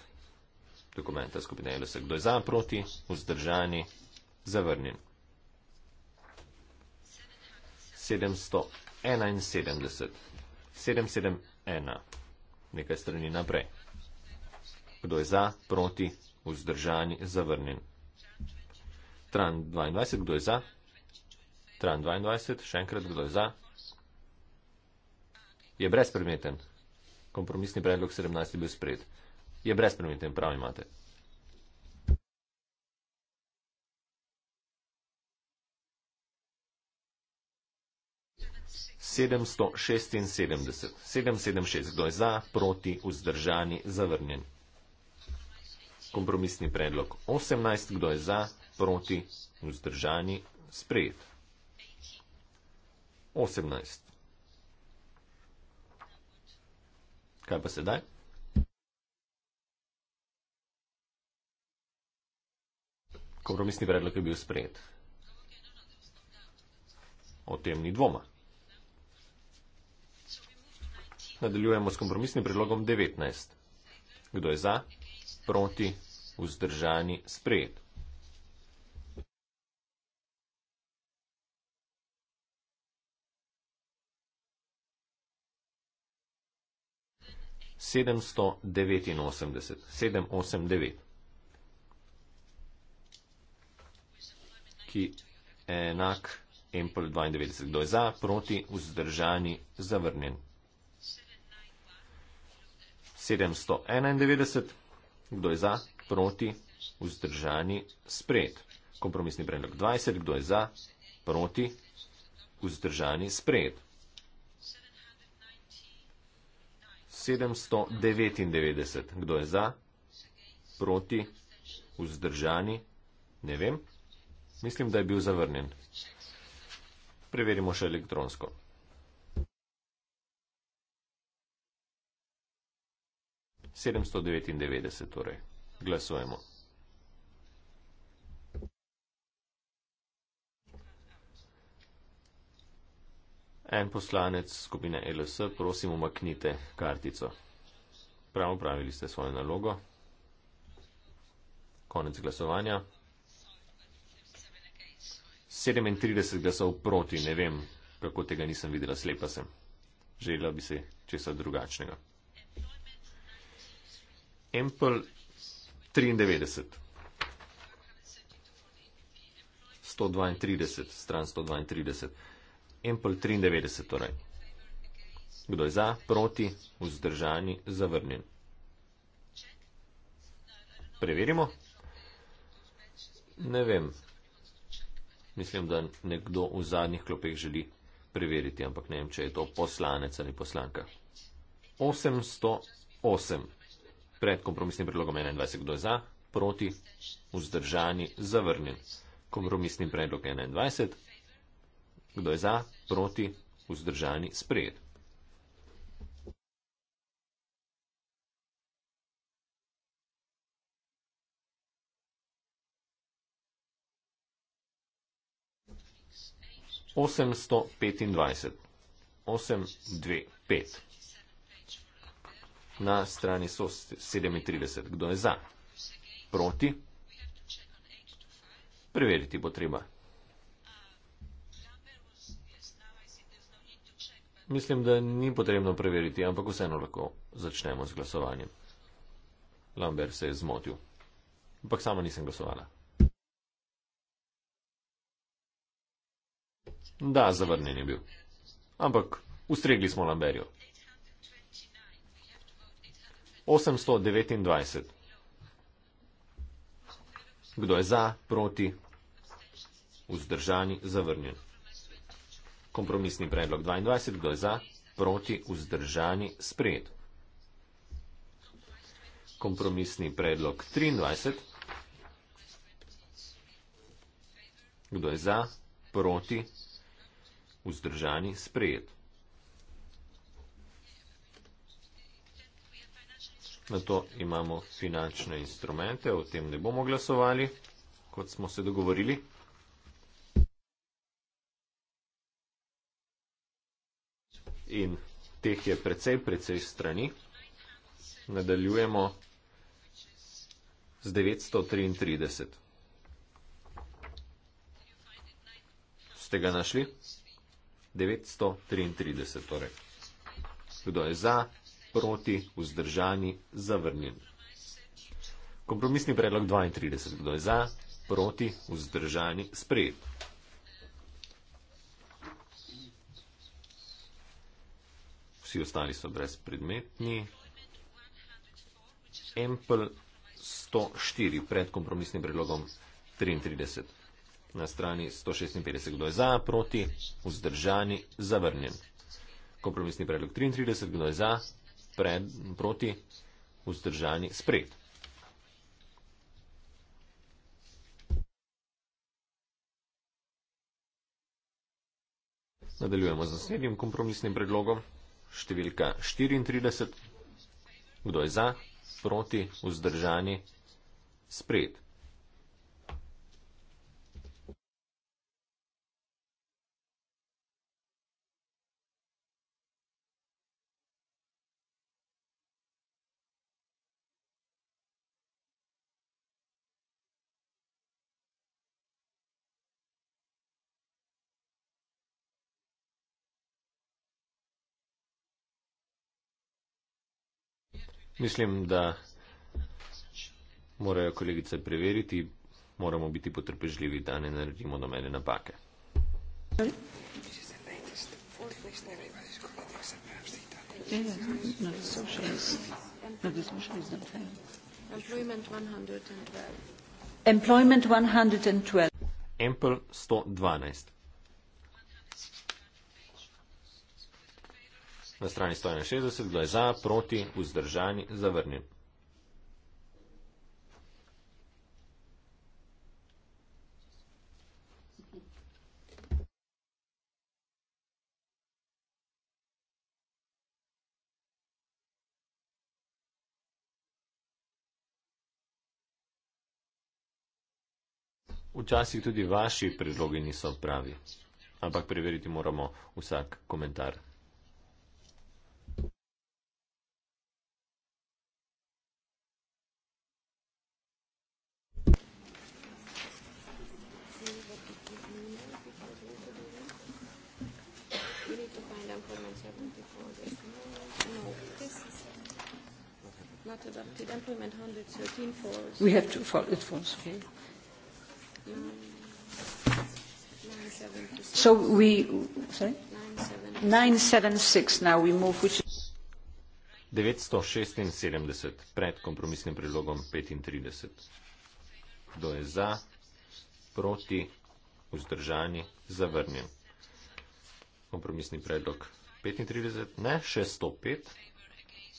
dokumenta skupine LSE. Kdo je za, proti, vzdržani, zavrnjen. 771, 771, nekaj strani naprej. Kdo je za, proti, vzdržani, zavrnjen. Tran 22, kdo je za, 23, še enkrat, kdo je za, je brezpremeten. Kompromisni predlog 17 je bil sprejet. Je brezpremeten, prav imate. Sedemsto šestinsedemdeset. Sedem sedem šest. Kdo je za, proti, vzdržani, zavrnjen? Kompromisni predlog. Osemnajst. Kdo je za, proti, vzdržani, sprejet? 18. Kaj pa sedaj? Kompromisni predlog je bil sprejet. O tem ni dvoma. Nadaljujemo s kompromisnim predlogom 19. Kdo je za? Proti, vzdržani, sprejet. 789, 789, ki je enak Empel 92, kdo je za, proti, vzdržani, zavrnjen. 791, kdo je za, proti, vzdržani, spred. Kompromisni predlog 20, kdo je za, proti, vzdržani, spred. 799. Kdo je za, proti, vzdržani? Ne vem. Mislim, da je bil zavrnjen. Preverimo še elektronsko. 799 torej. Glasujemo. En poslanec skupine LS, prosim, umaknite kartico. Prav upravili ste svojo nalogo. Konec glasovanja. 37 glasov proti, ne vem, kako tega nisem videla, slepa sem. Želela bi se česa drugačnega. Empel 93. 132, stran 132. Empol 93 torej. Kdo je za, proti, vzdržani, zavrnjen. Preverimo. Ne vem. Mislim, da nekdo v zadnjih klopih želi preveriti, ampak ne vem, če je to poslanec ali poslanka. 808. Pred kompromisnim predlogom 21, kdo je za, proti, vzdržani, zavrnjen. Kompromisni predlog 21. Kdo je za, proti, vzdržani, sprejet. Osemsto petindvajset, osem, dve, pet. Na strani so sedemintrideset. Kdo je za? Proti? Preveriti bo treba. Mislim, da ni potrebno preveriti, ampak vseeno lahko začnemo z glasovanjem. Lambert se je zmotil. Ampak sama nisem glasovala. Da, zavrnjen je bil. Ampak ustregli smo Lamberju. 829. Kdo je za, proti, vzdržani, zavrnjen. Kompromisni predlog 22, kdo je za, proti, vzdržani, sprejet. Kompromisni predlog 23, kdo je za, proti, vzdržani, sprejet. Na to imamo finančne instrumente, o tem ne bomo glasovali, kot smo se dogovorili. in teh je precej, precej strani. Nadaljujemo z 933. Ste ga našli? 933 torej. Kdo je za, proti, vzdržani, zavrnjen? Kompromisni predlog 32. Kdo je za, proti, vzdržani, sprejet? vsi ostali so brezpredmetni. Ampel 104 pred kompromisnim predlogom 33. Na strani 156, kdo je za, proti, vzdržani, zavrnjen. Kompromisni predlog 33, kdo je za, pred, proti, vzdržani, spred. Nadaljujemo z naslednjim kompromisnim predlogom številka 34. Kdo je za? Proti? Vzdržani? Spred. Mislim, da morajo kolegice preveriti, moramo biti potrpežljivi, da ne naredimo domene napake. Employment 112. Employment 112. Na strani 161 glas za, proti, vzdržani, zavrnjen. Včasih tudi vaši predlogi niso pravi, ampak preveriti moramo vsak komentar. Did implement 113 falls. We have two false. It falls. Okay. Nine, mm. nine, so we sorry. Nine seven six. Now we move which. 976 pred kompromisnim predlogom 35. Kdo je za, proti, vzdržani, zavrnjen. Kompromisni predlog 35, ne, 605.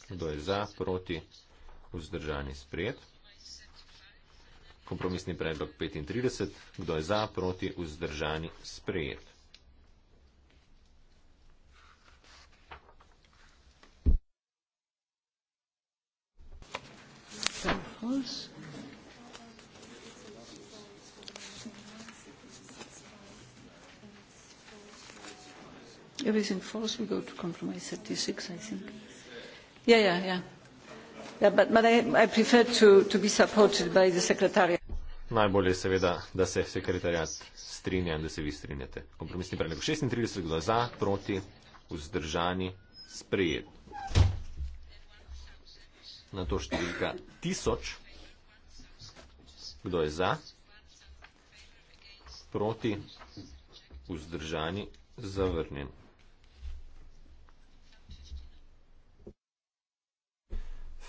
Kdo je za, proti, vzdržani sprejet. Kompromisni predlog 35. Kdo je za, proti, vzdržani sprejet. Everything falls, we go to compromise 36, I think. Yeah, yeah, yeah. Najbolje je seveda, da se sekretarjat strinja in da se vi strinjate. Kompromisni predlog 36 je bilo za, proti, vzdržani, sprejet. Na to številka 1000. Kdo je za? Proti, vzdržani, zavrnjen.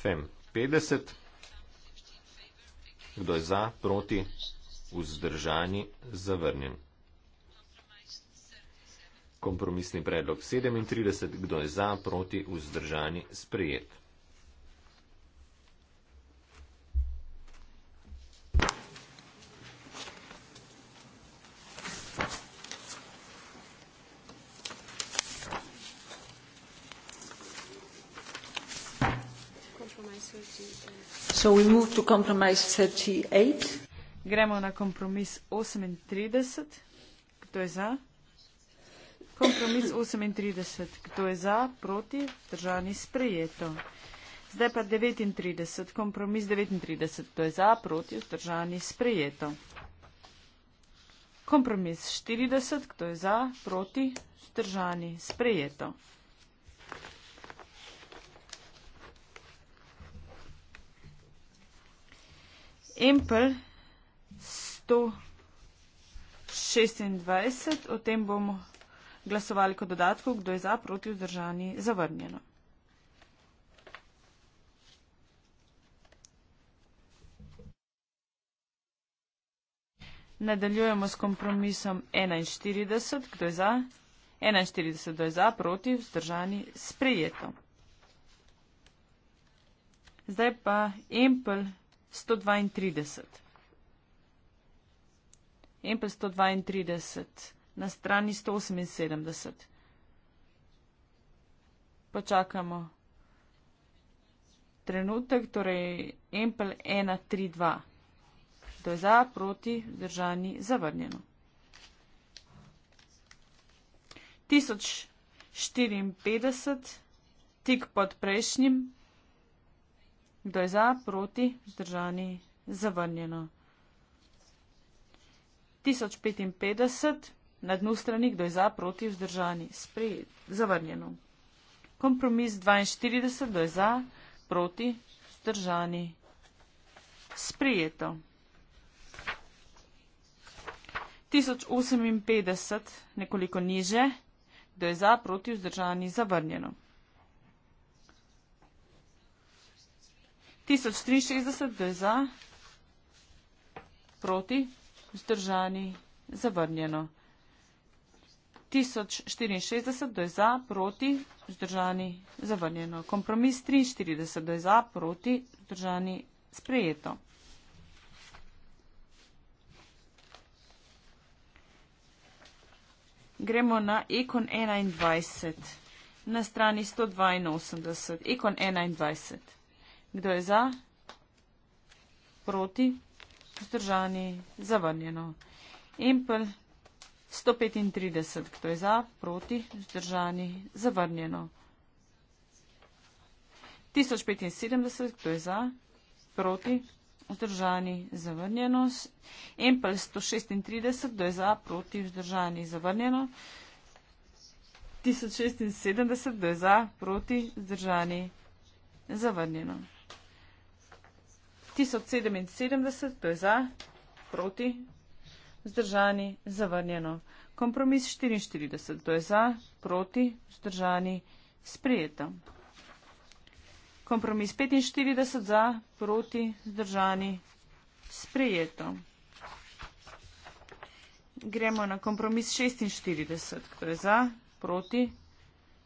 FM 50. Kdo je za, proti, vzdržani, zavrnjen. Kompromisni predlog 37. Kdo je za, proti, vzdržani, sprejet. Gremo na kompromis 38. Kdo je za? Kompromis 38. Kdo je za? Proti? Držani sprejeto. Zdaj pa 39. Kompromis 39. Kdo je za? Proti? Držani sprejeto. Kompromis 40. Kdo je za? Proti? Držani sprejeto. Empl sto šestindvajset, o tem bomo glasovali kot dodatku, kdo je za, proti, vzdržani, zavrnjeno. Nadaljujemo s kompromisom enainštirideset, kdo je za, enainštirideset, kdo je za, proti, vzdržani, sprejeto. Zdaj pa Empl sto dvaintrideset. In pa sto dvaintrideset na strani sto oseminsedemdeset. Počakamo. Trenutek, torej empel 132. To je za, proti, držani, zavrnjeno. 1054, tik pod prejšnjim, Kdo je za, proti, vzdržani, zavrnjeno. 1055 na dnu strani, kdo je za, proti, vzdržani, sprejet, zavrnjeno. Kompromis 42, kdo je za, proti, vzdržani, sprejeto. 1058 nekoliko niže, kdo je za, proti, vzdržani, zavrnjeno. 1063 za, proti, vzdržani, zavrnjeno. 1064 do je za, proti, vzdržani, zavrnjeno. Kompromis 43 do je za, proti, vzdržani, sprejeto. Gremo na ekon 21, na strani 182, ekon 21. Kdo je za? Proti? Vzdržani? Zavrnjeno. Impel 135. Kdo je za? Proti? Vzdržani? Zavrnjeno. 1075. Kdo je za? Proti? Vzdržani? Zavrnjeno. Impel 136. Kdo je za? Proti? Vzdržani? Zavrnjeno. 1076. Kdo je za? Proti? Vzdržani? Zavrnjeno. 1077, to je za, proti, vzdržani, zavrnjeno. Kompromis 44, to je za, proti, vzdržani, sprijeto. Kompromis 45, za, proti, vzdržani, sprijeto. Gremo na kompromis 46, to je za, proti,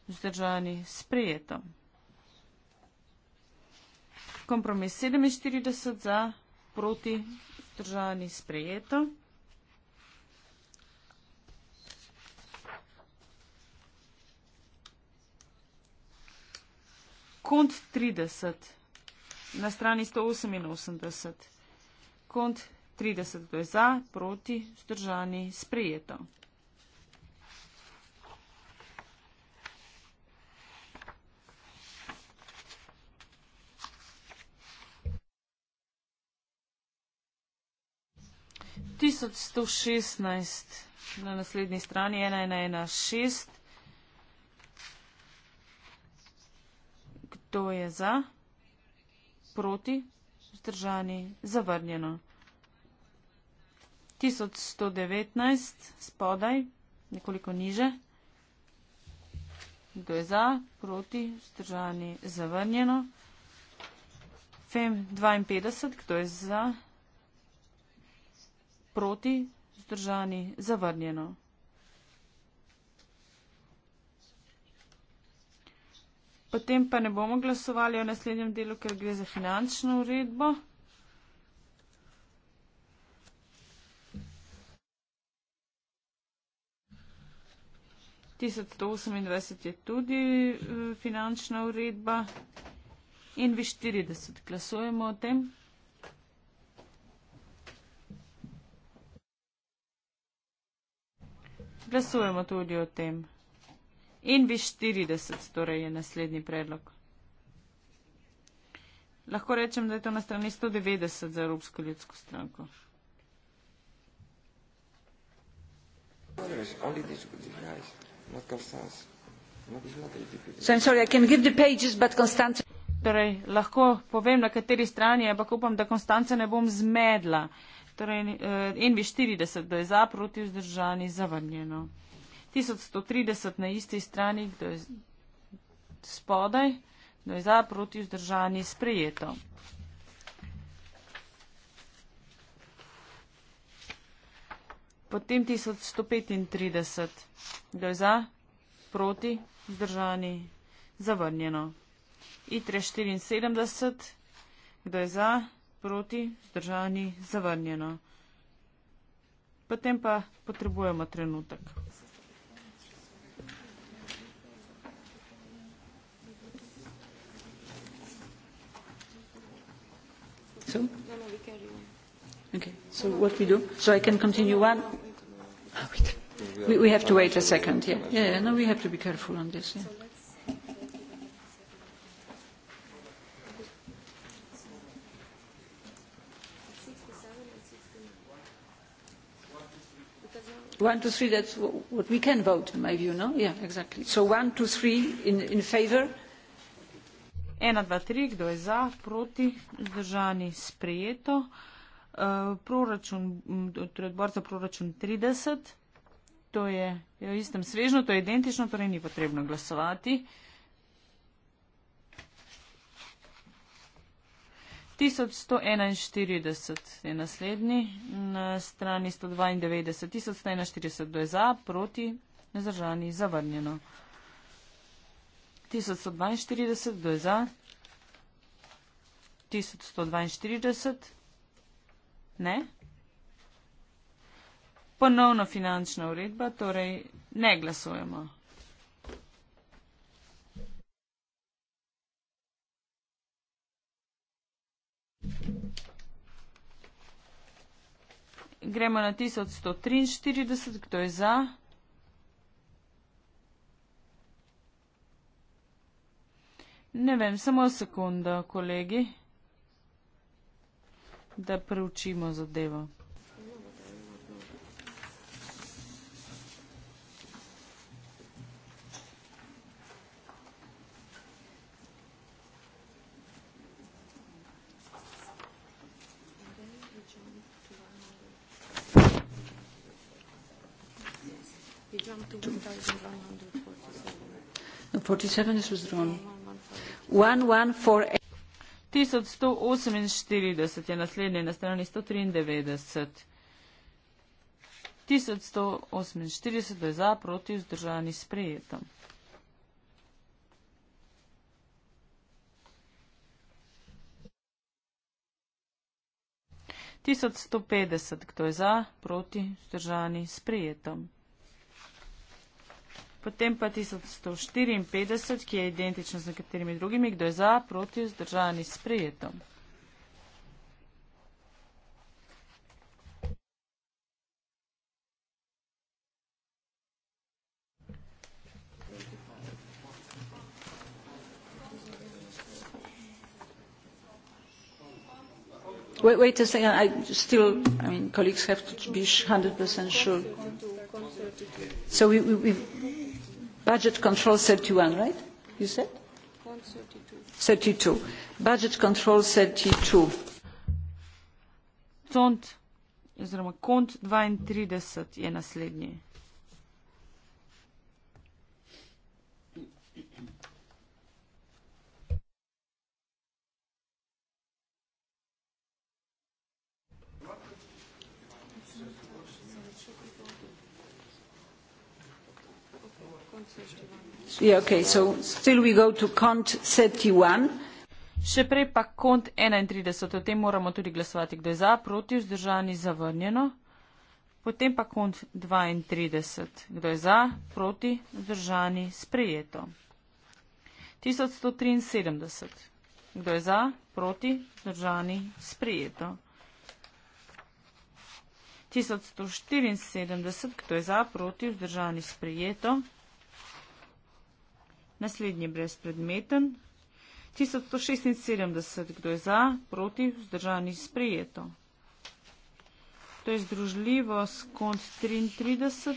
vzdržani, sprijeto kompromis 47 za, proti, vzdržani sprejeto. Kont 30 na strani 188. Kont 30 to je za, proti, vzdržani sprejeto. 1116 na naslednji strani, 1116. Kdo je za? Proti? Zdržani? Zavrnjeno. 1119 spodaj, nekoliko niže. Kdo je za? Proti? Zdržani? Zavrnjeno. 52, kdo je za? Zdržani? proti, zdržani, zavrnjeno. Potem pa ne bomo glasovali o naslednjem delu, ker gre za finančno uredbo. Tisoč sto osemindvajset je tudi eh, finančna uredba in vi štirideset glasujemo o tem. Glasujemo tudi o tem. In bi 40, torej je naslednji predlog. Lahko rečem, da je to na strani 190 za Evropsko ljudsko stranko. Torej, lahko povem, na kateri strani, ampak upam, da Konstance ne bom zmedla. Uh, torej NV40 do je za, proti vzdržani, zavrnjeno. 1130 na isti strani, kdo je spodaj, kdo je za, proti vzdržani, sprejeto. Potem 1135, kdo je za, proti vzdržani, zavrnjeno. ITRE 74, kdo je za, proti vzdržani proti, zdržani, zavrnjeno. Potem pa potrebujemo trenutek. So? No, no, okay. So what we do? So I can continue one? Oh, we, we have to wait a second. Yeah. Yeah. No, we have to be careful on this. Yeah. one two three that's what we can vote in my view no yeah exactly so one two three in in favor ena dva tri kdo je za proti zdržani sprejeto Uh, proračun, torej odbor za proračun 30, to je, je v istem svežnju, to je identično, torej ni potrebno glasovati. Uh, 1141 je naslednji, na strani 192, 1141 je za, proti, nezdržani, zavrnjeno. 1142 je za, 1142 ne. Ponovno finančna uredba, torej ne glasujemo. Gremo na 1143, kdo je za? Ne vem, samo sekunda, kolegi, da preučimo zadevo. 1148 je naslednji na strani 193. 1148 je za, proti, vzdržani, sprejeto. Tisoč sto petdeset, kdo je za, proti, vzdržani, sprejetom. Potem pa 1154, ki je identično z nekaterimi drugimi, kdo je za, proti, vzdržani s prijetom. Wait, wait a second, I still, I mean, colleagues have to be 100% sure. So we, we, we've budget control thirty one right you said thirty two budget control thirty two cont oziroma cont dvaintrideset je naslednji Še prej pa kont 31. O tem moramo tudi glasovati, kdo je za, proti, vzdržani, zavrnjeno. Potem pa kont 32. Kdo je za, proti, vzdržani, sprejeto. 1173. Kdo je za, proti, vzdržani, sprejeto. 1174. Kdo je za, proti, vzdržani, sprejeto. Naslednji je brezpredmeten. 1176, kdo je za, proti, vzdržani sprejeto. To je združljivo s kont 33.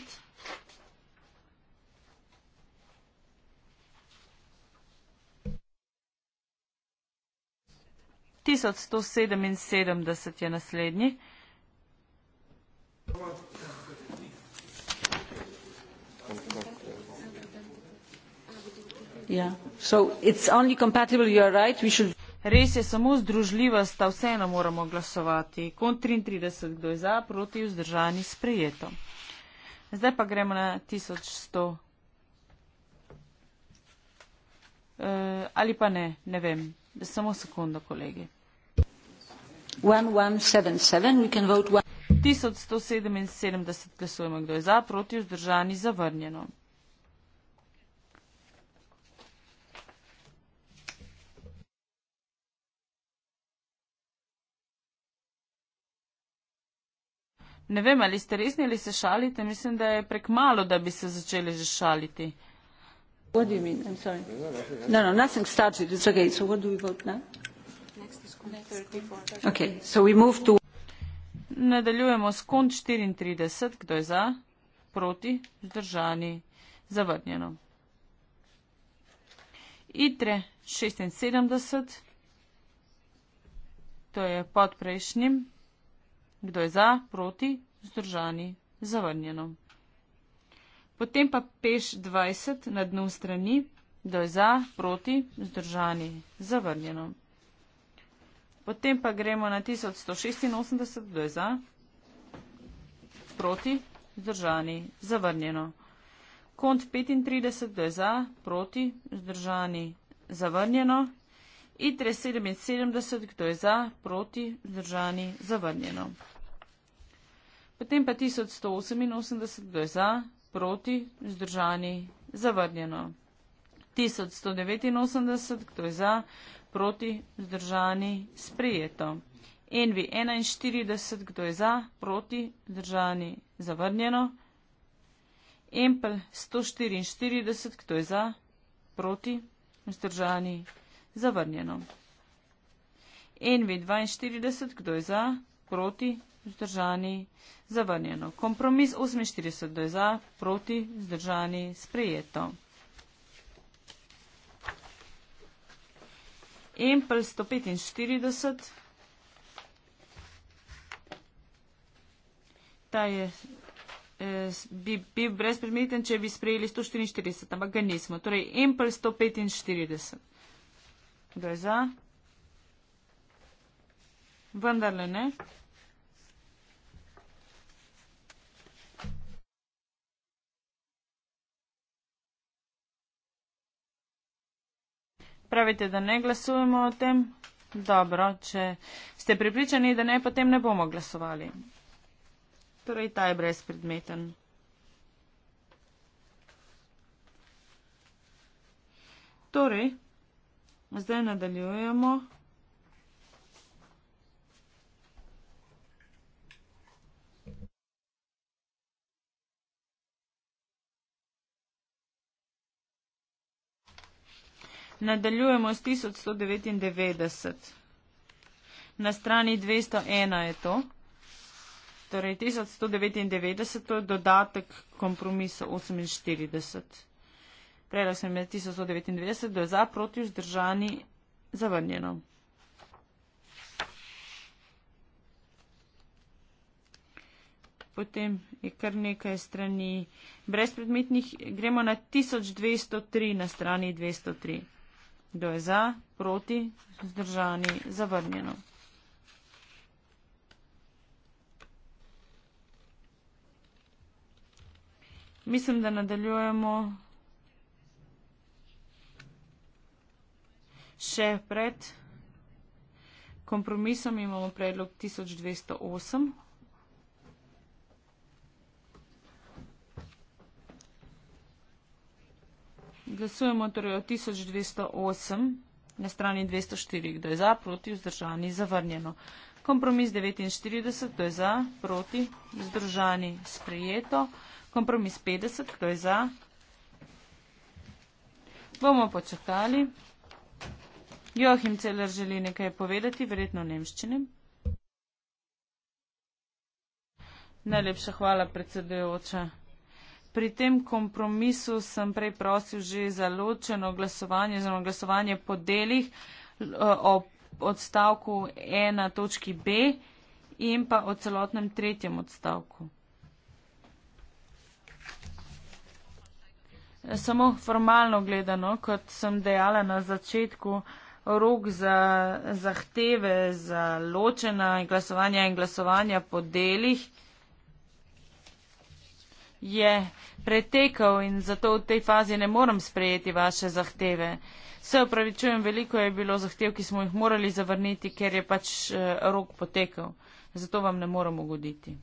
Tisoč sto sedeminsedemdeset je naslednji. Res je, samo združljiva sta vseeno moramo glasovati. Kon 33, kdo je za, proti vzdržani sprejeto. Zdaj pa gremo na 1100. Uh, eh, ali pa ne, ne vem. Samo sekundo, kolegi. 1177, 1177 glasujemo, kdo je za, proti vzdržani zavrnjeno. Ne vem, ali ste resni ali se šalite. Mislim, da je prek malo, da bi se začeli že šaliti. What do you mean? I'm sorry. No, no, nothing started. It's okay. So what do we vote now? Okay, so we move to... Nadaljujemo s kont 34. Kdo je za? Proti? Zdržani? Zavrnjeno. ITRE 76. To je pod prejšnjim. Kdo je za, proti, zdržani, zavrnjeno. Potem pa peš 20 na dnu strani. Kdo je za, proti, zdržani, zavrnjeno. Potem pa gremo na 1186. Kdo je za, proti, zdržani, zavrnjeno. Kont 35. Kdo je za, proti, zdržani, zavrnjeno. ITRE 77, kdo je za, proti, zdržani, zavrnjeno potem pa 1188 glasa proti, vzdržani, zavrnjeno. 1189 kdo je za, proti, vzdržani, sprejeto. NV 41 kdo je za, proti, vzdržani, zavrnjeno. Empel 144 kdo je za, proti, vzdržani, zavrnjeno. NV 42 kdo je za, proti, vzdržani, zavrnjeno. Kompromis 48 do je za, proti, vzdržani, sprejeto. Empel 145. Ta je, eh, bi bil brezpredmeten, če bi sprejeli 144, ampak ga nismo. Torej, Empel 145. Kdo je za? Vendarle ne. pravite, da ne glasujemo o tem? Dobro, če ste pripričani, da ne, potem ne bomo glasovali. Torej, ta je brezpredmeten. Torej, zdaj nadaljujemo. Nadaljujemo s 1199. Na strani 201 je to. Torej 1199 to je dodatek kompromisa 48. Prejela sem je 1199, da je za proti vzdržani zavrnjeno. Potem je kar nekaj strani brezpredmetnih. Gremo na 1203 na strani 203. Kdo je za? Proti? Zdržani? Zavrnjeno. Mislim, da nadaljujemo še pred kompromisom. Imamo predlog 1208. Glasujemo torej o 1208 na strani 204, kdo je za, proti, vzdržani, zavrnjeno. Kompromis 49, kdo je za, proti, vzdržani, sprejeto. Kompromis 50, kdo je za. Bomo počakali. Joachim Celer želi nekaj povedati, verjetno nemščini. Najlepša hvala predsedujoča pri tem kompromisu sem prej prosil že za ločeno glasovanje, za glasovanje po delih eh, o odstavku 1.b in pa o celotnem tretjem odstavku. Samo formalno gledano, kot sem dejala na začetku, rok za zahteve za ločena in glasovanja in glasovanja po delih je pretekel in zato v tej fazi ne morem sprejeti vaše zahteve. Se upravičujem, veliko je bilo zahtev, ki smo jih morali zavrniti, ker je pač eh, rok potekel. Zato vam ne morem ugoditi.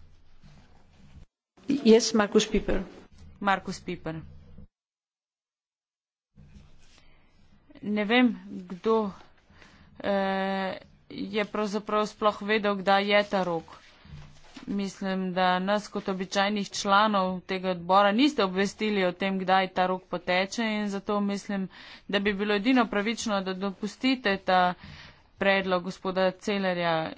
Jaz, yes, Markus Piper. Markus Piper. Ne vem, kdo eh, je pravzaprav sploh vedel, kdaj je ta rok mislim, da nas kot običajnih članov tega odbora niste obvestili o tem, kdaj ta rok poteče in zato mislim, da bi bilo edino pravično, da dopustite ta predlog gospoda Celerja,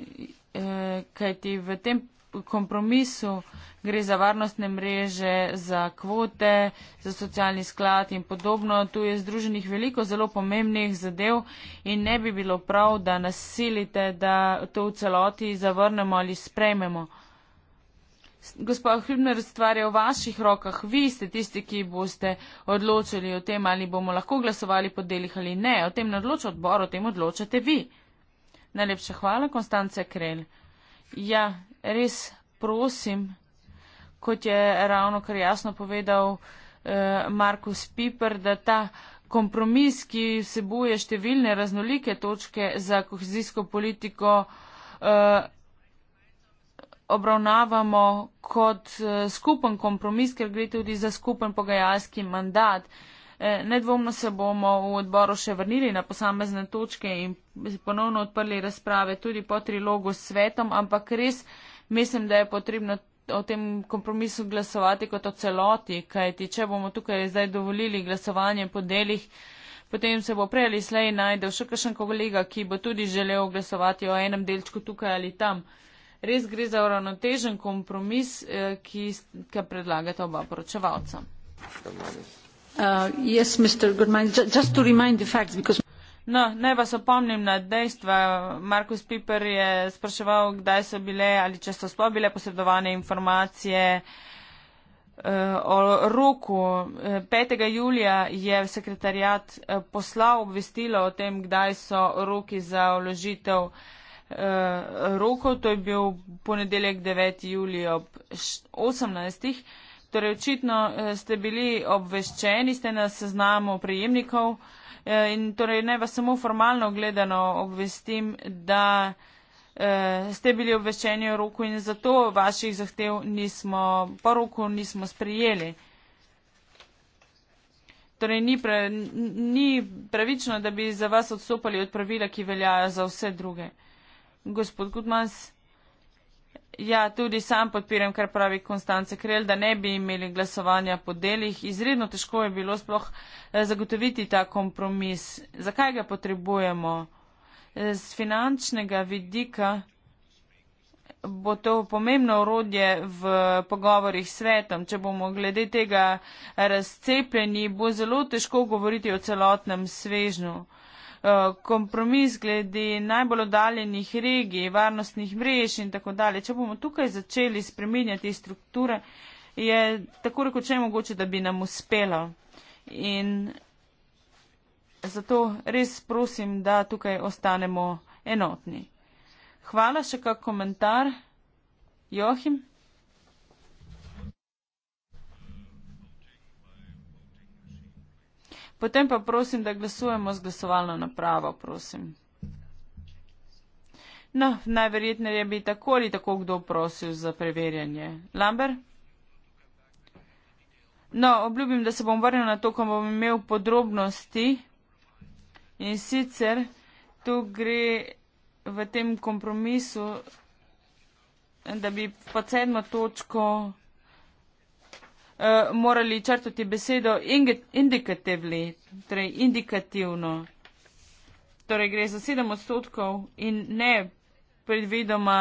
e, kajti v tem kompromisu gre za varnostne mreže, za kvote, za socialni sklad in podobno. Tu je združenih veliko zelo pomembnih zadev in ne bi bilo prav, da nas silite, da to v celoti zavrnemo ali sprejmemo gospod Hübner, stvar je v vaših rokah. Vi ste tisti, ki boste odločili o tem, ali bomo lahko glasovali po delih ali ne. O tem ne odloča odbor, o tem odločate vi. Najlepša hvala, Konstance Krel. Ja, res prosim, kot je ravno kar jasno povedal eh, Markus Piper, da ta kompromis, ki vsebuje številne raznolike točke za kohezijsko politiko, eh, obravnavamo kot eh, skupen kompromis, ker gre tudi za skupen pogajalski mandat. Eh, nedvomno se bomo v odboru še vrnili na posamezne točke in ponovno odprli razprave tudi po trilogu s svetom, ampak res mislim, da je potrebno o tem kompromisu glasovati kot o celoti, kajti če bomo tukaj zdaj dovolili glasovanje po delih, potem se bo prej ali slej najdel še kakšen kolega, ki bo tudi želel glasovati o enem delčku tukaj ali tam res gre za uravnotežen kompromis, eh, ki ga predlagata oba poročevalca. Uh, yes, No, naj vas opomnim na dejstva. Markus Piper je spraševal, kdaj so bile ali če so sploh bile posredovane informacije eh, o roku. 5. Eh, julija je sekretarjat eh, poslal obvestilo o tem, kdaj so roki za vložitev eh, Eh, roko, to je bil ponedeljek 9. julija ob 18. Torej, očitno eh, ste bili obveščeni, ste na seznamu prejemnikov eh, in torej naj vas samo formalno gledano obvestim, da ste bili obveščeni o roku in zato vaših zahtev nismo, po roku nismo sprijeli. Torej, ni, pre, ni pravično, da bi za vas odstopali od pravila, ki veljajo za vse druge. Gospod Gutmans. Ja, tudi sam podpiram, kar pravi Konstance Krel, da ne bi imeli glasovanja po delih. Izredno težko je bilo sploh eh, zagotoviti ta kompromis. Zakaj ga potrebujemo? Eh, z finančnega vidika bo to pomembno urodje v pogovorih s svetom. Če bomo glede tega razcepljeni, bo zelo težko govoriti o celotnem svežnju kompromis glede najbolj oddaljenih regij, varnostnih mrež in tako dalje. Če bomo tukaj začeli spreminjati strukture, je tako rekoče mogoče, da bi nam uspelo. In zato res prosim, da tukaj ostanemo enotni. Hvala še kak komentar. Joachim? Potem pa prosim, da glasujemo z glasovalno napravo, prosim. No, najverjetneje bi tako ali tako kdo prosil za preverjanje. Lambert? No, obljubim, da se bom vrnil na to, ko bom imel podrobnosti. In sicer tu gre v tem kompromisu, da bi pod sedmo točko uh, morali črtati besedo indikativni, torej indikativno. Torej gre za sedem odstotkov in ne predvidoma.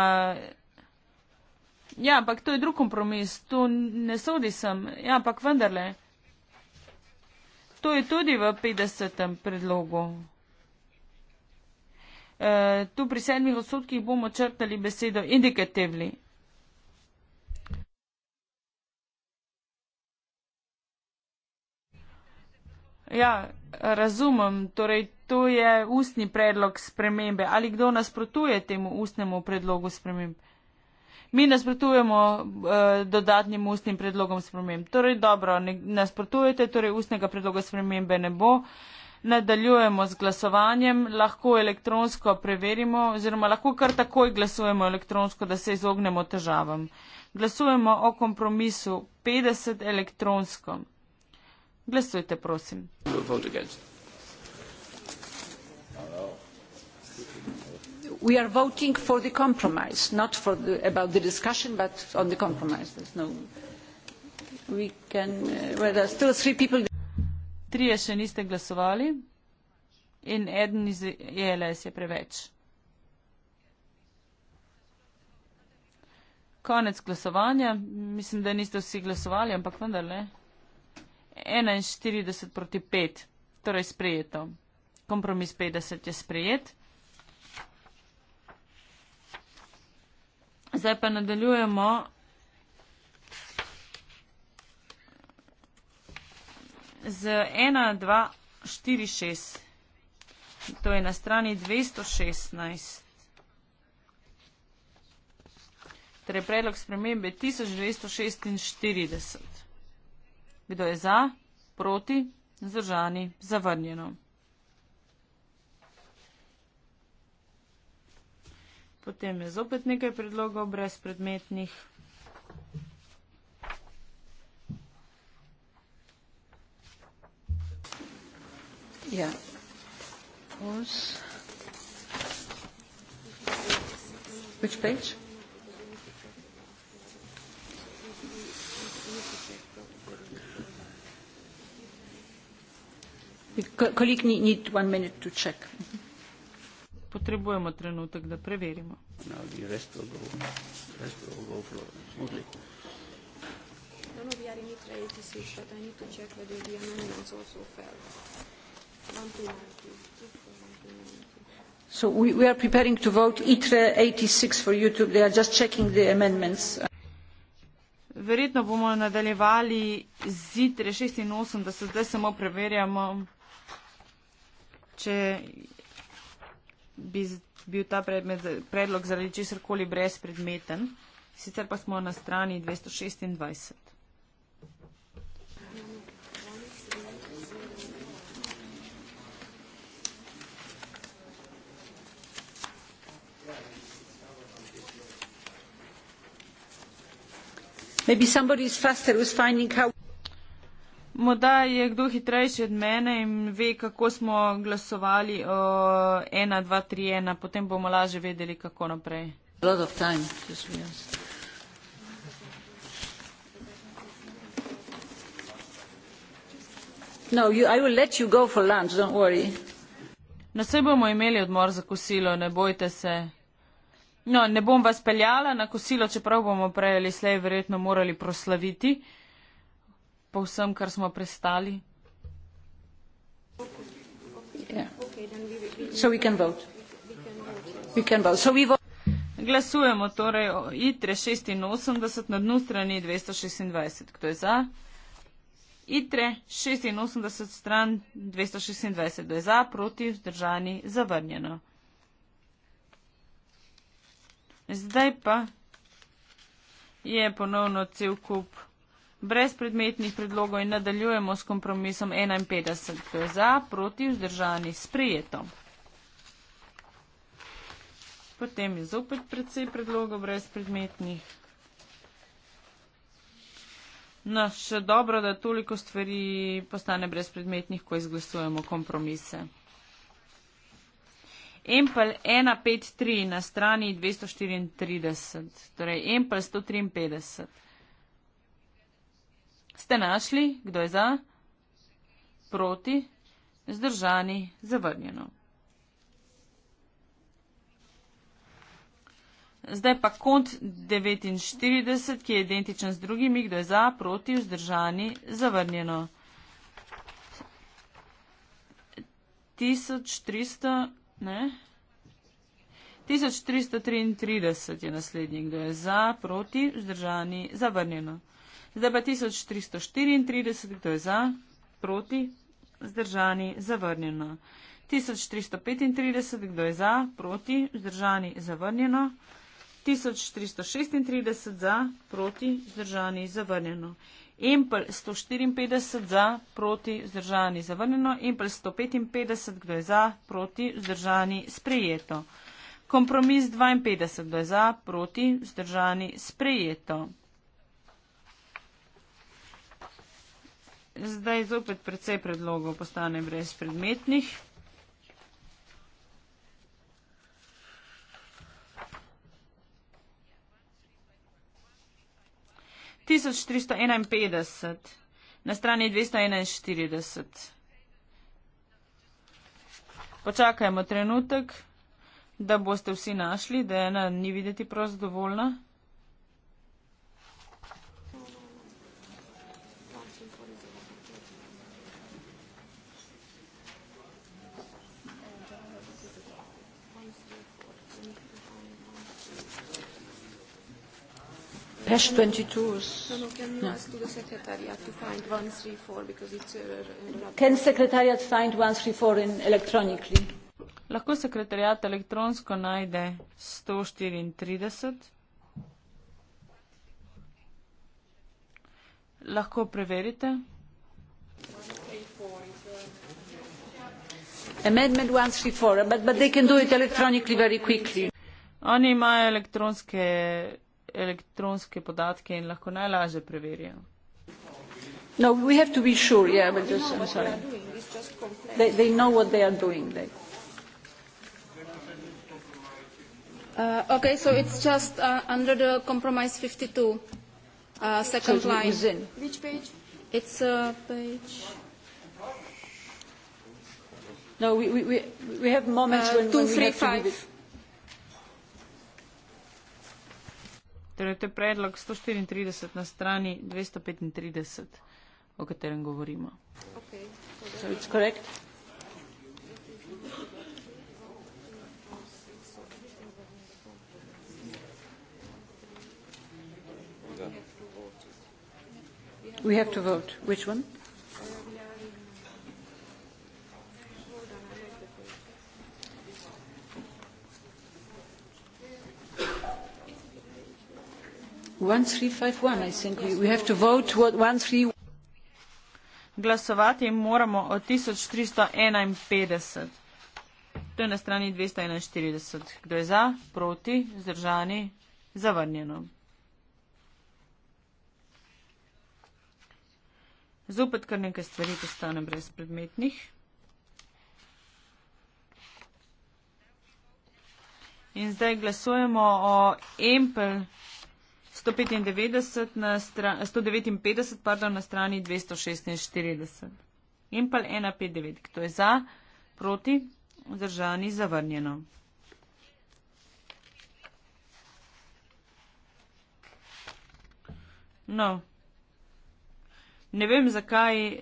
Ja, ampak to je drug kompromis, tu ne sodi sem, ja, ampak vendarle. To je tudi v 50. predlogu. E, tu pri sedmih odstotkih bomo črtali besedo indikativni. Ja, razumem. Torej, to je ustni predlog spremembe. Ali kdo nasprotuje temu ustnemu predlogu sprememb? Mi nasprotujemo uh, dodatnim ustnim predlogom sprememb. Torej, dobro, ne, nasprotujete, torej ustnega predloga spremembe ne bo. Nadaljujemo z glasovanjem, lahko elektronsko preverimo oziroma lahko kar takoj glasujemo elektronsko, da se izognemo težavam. Glasujemo o kompromisu 50 elektronskom. Glasujte, prosim. No, uh, Trije še niste glasovali in eden iz ELS je preveč. Konec glasovanja. Mislim, da niste vsi glasovali, ampak vendar le enainštirideset proti pet, torej sprejeto. Kompromis petdeset je sprejet. Zdaj pa nadaljujemo. Z ena, dva, štiri, šest. To je na strani 216. Torej predlog spremembe 1246. Kdo je za, proti, zdržani, zavrnjeno. Potem je zopet nekaj predlogov brez predmetnih. Ja. Which page? colleague need, need one minute to check. Potrebujemo trenutek, da preverimo. No, no, no, so we, we are preparing to vote ITRE 86 for you to, they are just checking the amendments. Verjetno bomo nadaljevali z ITRE 86, da se zdaj samo preverjamo če bi bil ta predmet, predlog zaradi česar koli brezpredmeten. Sicer pa smo na strani 226. Maybe somebody is faster with finding how. Morda je kdo hitrejši od mene in ve, kako smo glasovali o 1, 2, 3, 1, potem bomo lažje vedeli, kako naprej. No, you, lunch, na vse bomo imeli odmor za kosilo, ne bojte se. No, ne bom vas peljala na kosilo, čeprav bomo prej ali slej verjetno morali proslaviti. Uh, po vsem, kar smo prestali. Glasujemo torej o ITRE 86 na dnu strani 226. Kdo je za? ITRE 86 stran 226. Kdo je za? Proti vzdržani zavrnjeno. Zdaj pa je ponovno cel kup brezpredmetnih predlogov in nadaljujemo s kompromisom 51 za, proti vzdržani sprijeto. Potem je zopet predvsej predlogov brezpredmetnih. No, še dobro, da toliko stvari postane brezpredmetnih, ko izglasujemo kompromise. Empel 153 na strani 234, torej Empel 153. Ste našli, kdo je za? Proti? Zdržani? Zavrnjeno. Zdaj pa kont 49, ki je identičen z drugimi, kdo je za, proti, vzdržani, zavrnjeno. 1300, ne? 1333 je naslednji, kdo je za, proti, vzdržani, zavrnjeno. Zdaj pa 1334, kdo je za, proti, zdržani, zavrnjeno. 1335, kdo je za, proti, zdržani, zavrnjeno. 1336 za, proti, zdržani, zavrnjeno. Empel 154 za, proti, zdržani, zavrnjeno. Empel 155, kdo je za, proti, zdržani, sprejeto. Kompromis 52, kdo je za, proti, zdržani, sprejeto. zdaj zopet precej predlogov postane brezpredmetnih. Tisoč tristo enainpetdeset na strani dvesto enainštirideset. Počakajmo trenutek, da boste vsi našli, da ena ni videti prost dovoljna. PESH 22s. No, no, can you no. ask the Secretariat to find 134 because it's error? Uh, in can Secretariat find 134 in electronically? Lahko sekretarijat elektronsko najde 134. Lahko preverite. Amendment 134, but, but they can do it electronically very quickly. Oni imajo elektronske elektronske podatke in lahko najlaže preverijo. No, we have to be sure, yeah, but just, I'm sorry. They, they know what they are doing. They. Uh, okay, so it's just uh, under the compromise 52, uh, second so it's line. Which page? It's uh, page. No, we, we, we have moments uh, when, when we have to. 235. Torej, to je predlog 134 na strani 235, o katerem govorimo. Okay. We have to vote. Which one? Glasovati moramo o 1351. To je na strani 241. Kdo je za, proti, zdržani, zavrnjeno. Zopet kar nekaj stvari postane brezpredmetnih. In zdaj glasujemo o Empel 195 na, stra, 159, pardon, na strani 246. In pa 159, kdo je za, proti, zdržani, zavrnjeno. No, ne vem, zakaj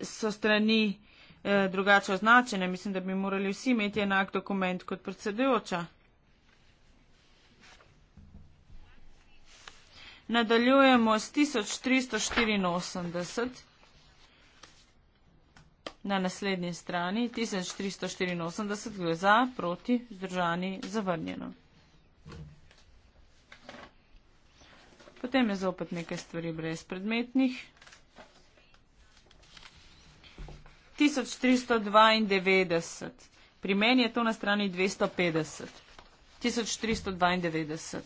so strani eh, drugače označene. Mislim, da bi morali vsi imeti enak dokument kot predsedujoča. Nadaljujemo s 1384 na naslednji strani. 1384 gre za, proti, zdržani, zavrnjeno. Potem je zopet nekaj stvari brezpredmetnih. 1392. Pri meni je to na strani 250. 1392.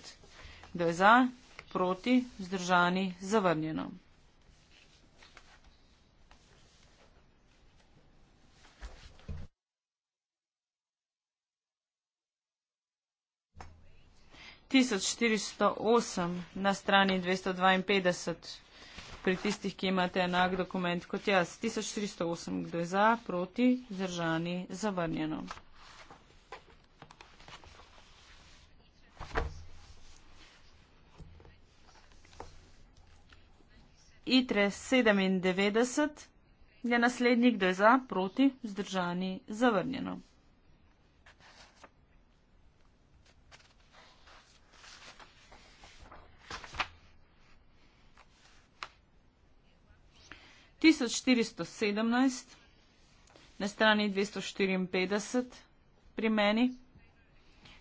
Kdo je za? proti, vzdržani, zavrnjeno. Tisoč štiristo osem na strani dvesto dvainpetdeset pri tistih, ki imate enak dokument kot jaz. Tisoč štiristo osem, kdo je za, proti, vzdržani, zavrnjeno. Itre 97 je naslednik, kdo je za, proti, zdržani, zavrnjeno. Tisoč štiristo sedemnajst na strani dvesto štiriinpetdeset pri meni,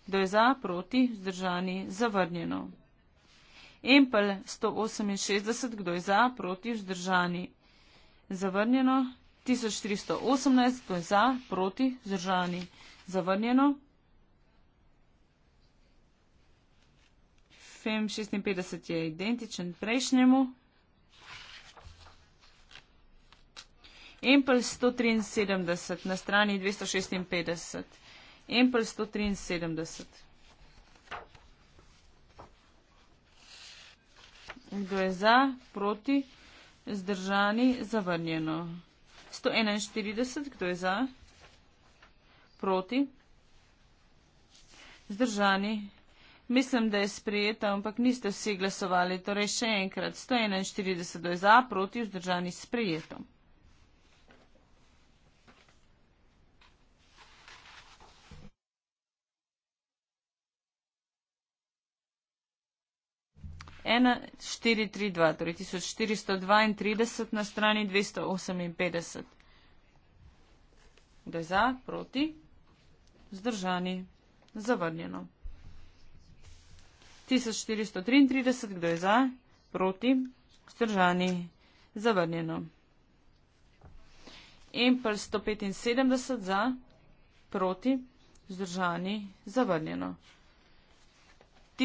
kdo je za, proti, vzdržani, zavrnjeno. Empel 168, kdo je za, proti, vzdržani. Zavrnjeno 1318, kdo je za, proti, vzdržani. Zavrnjeno. FEM 56 je identičen prejšnjemu. Empel 173 na strani 256. Empel 173. Kdo je za, proti, zdržani, zavrnjeno. 141, kdo je za, proti, zdržani. Mislim, da je sprejeta, ampak niste vsi glasovali. Torej še enkrat, 141 do je za, proti, vzdržani, sprejeto. 1432, torej 1432 na strani 258. Kdo je za, proti, zdržani, zavrnjeno. 1433, kdo je za, proti, zdržani, zavrnjeno. Empel 175 za, proti, zdržani, zavrnjeno.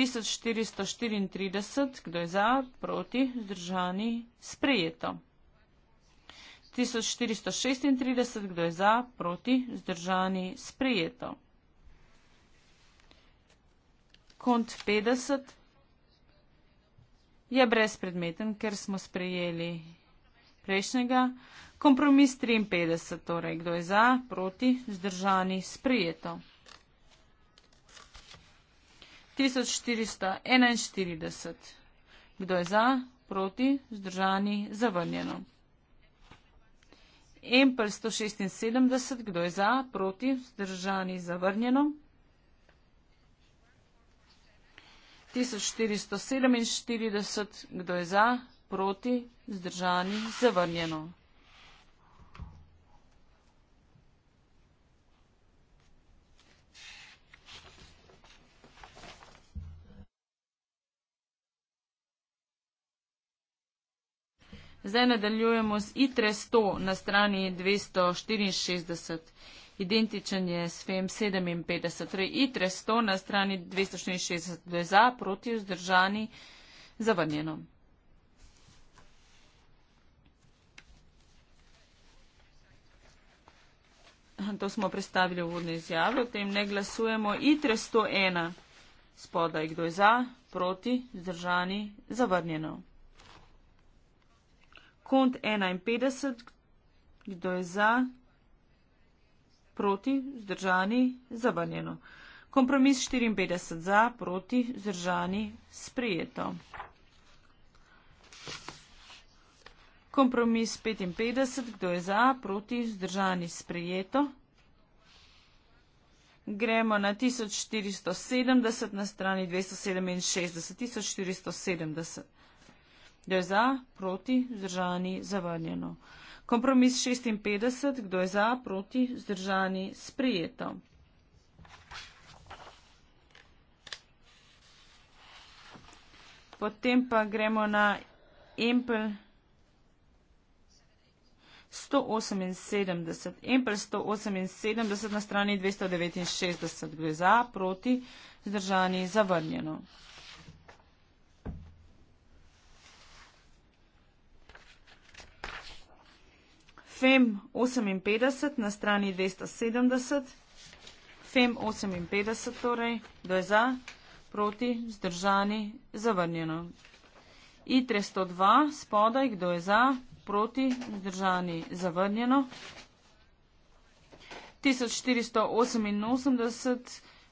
434, kdo je za, proti, vzdržani, sprejeto. 1436, kdo je za, proti, vzdržani, sprejeto. Kont 50 je brezpredmeten, ker smo sprejeli prejšnjega. Kompromis 53, torej, kdo je za, proti, vzdržani, sprejeto. 1441. Kdo je za, proti, zdržani, zavrnjeno. Empel 176. Kdo je za, proti, zdržani, zavrnjeno. 1447. Kdo je za, proti, zdržani, zavrnjeno. Zdaj nadaljujemo z ITRE 100 na strani 264. Identičen je s FEM e 57. Torej ITRE 100 na strani 264 je za, proti vzdržani, zavrnjeno. To smo predstavili v vodni izjavi, o tem ne glasujemo. ITRE 101 spodaj, kdo je za, proti, zdržani, zavrnjeno. Kont 51. Kdo je za? Proti? Zdržani? Zabanjeno. Kompromis 54. Za? Proti? Zdržani? Sprijeto. Kompromis 55. Kdo je za? Proti? Zdržani? Sprijeto. Gremo na 1470 na strani 267. 1470. Kdo je za? Proti? Zdržani? Zavrnjeno. Kompromis 56. Kdo je za? Proti? Zdržani? Sprijeto. Potem pa gremo na Empel 178. Empel 178 na strani 269. Gre za, proti, zdržani, zavrnjeno. FEM 58 na strani 270. FEM 58 torej, kdo je za, proti, zdržani, zavrnjeno. ITRE 102 spodaj, kdo je za, proti, zdržani, zavrnjeno. 1488,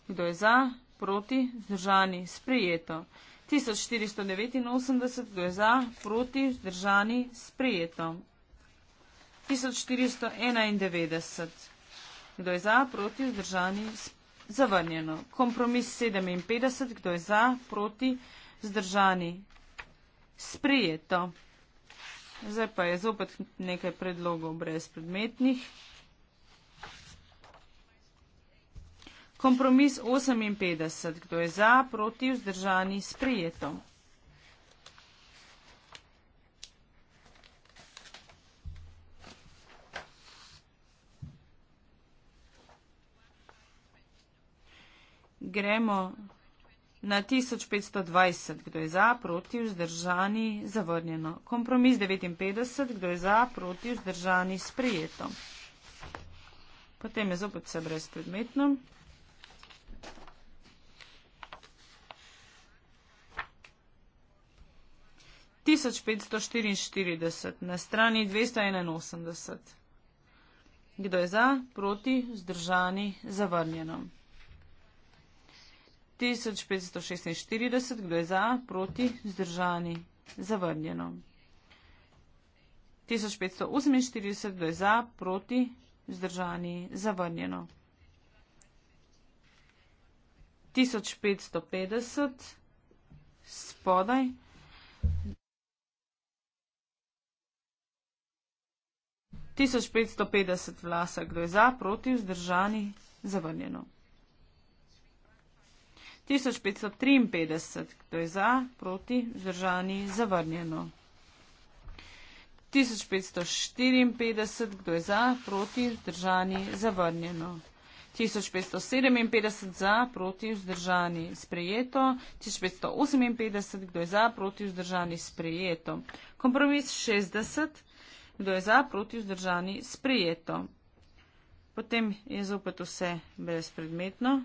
kdo je za, proti, zdržani, sprijeto. 1489, kdo je za, proti, zdržani, sprijeto. 1491. Kdo je za, proti, vzdržani, zavrnjeno. Kompromis 57. Kdo je za, proti, vzdržani, sprijeto. Zdaj pa je zopet nekaj predlogov brezpredmetnih. Kompromis 58. Kdo je za, proti, vzdržani, sprijeto. Gremo na 1520, kdo je za, proti, vzdržani, zavrnjeno. Kompromis 59, kdo je za, proti, vzdržani, sprijeto. Potem je zopet vse brezpredmetno. Tisoč petsto štiriinštirideset na strani dvesto enainosemdeset. Kdo je za, proti, zdržani, zavrnjenom. 1546, kdo je za, proti, zdržani, zavrnjeno. 1548, kdo je za, proti, zdržani, zavrnjeno. 1550, spodaj. Tisoč petsto petdeset vlasa, kdo je za, proti, vzdržani, zavrnjeno. 1553, kdo je za, proti, vzdržani, zavrnjeno. 1554, kdo je za, proti, vzdržani, zavrnjeno. 1557 za, proti, vzdržani, sprejeto. 1558, kdo je za, proti, vzdržani, sprejeto. Kompromis 60, kdo je za, proti, vzdržani, sprejeto. Potem je zopet vse brezpredmetno.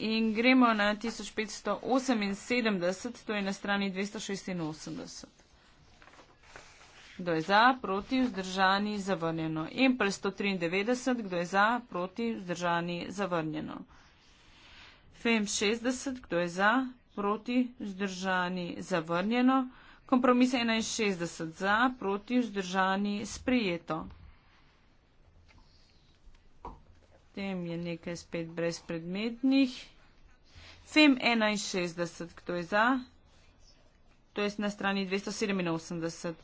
in gremo na 1578, to je na strani 286. Kdo je za, proti, vzdržani, zavrnjeno. In pa 193, kdo je za, proti, vzdržani, zavrnjeno. FEM 60, kdo je za, proti, vzdržani, zavrnjeno. Kompromis 61 za, proti, vzdržani, sprijeto. potem je nekaj spet brezpredmetnih. Fem 61, kdo je za? To je na strani 287.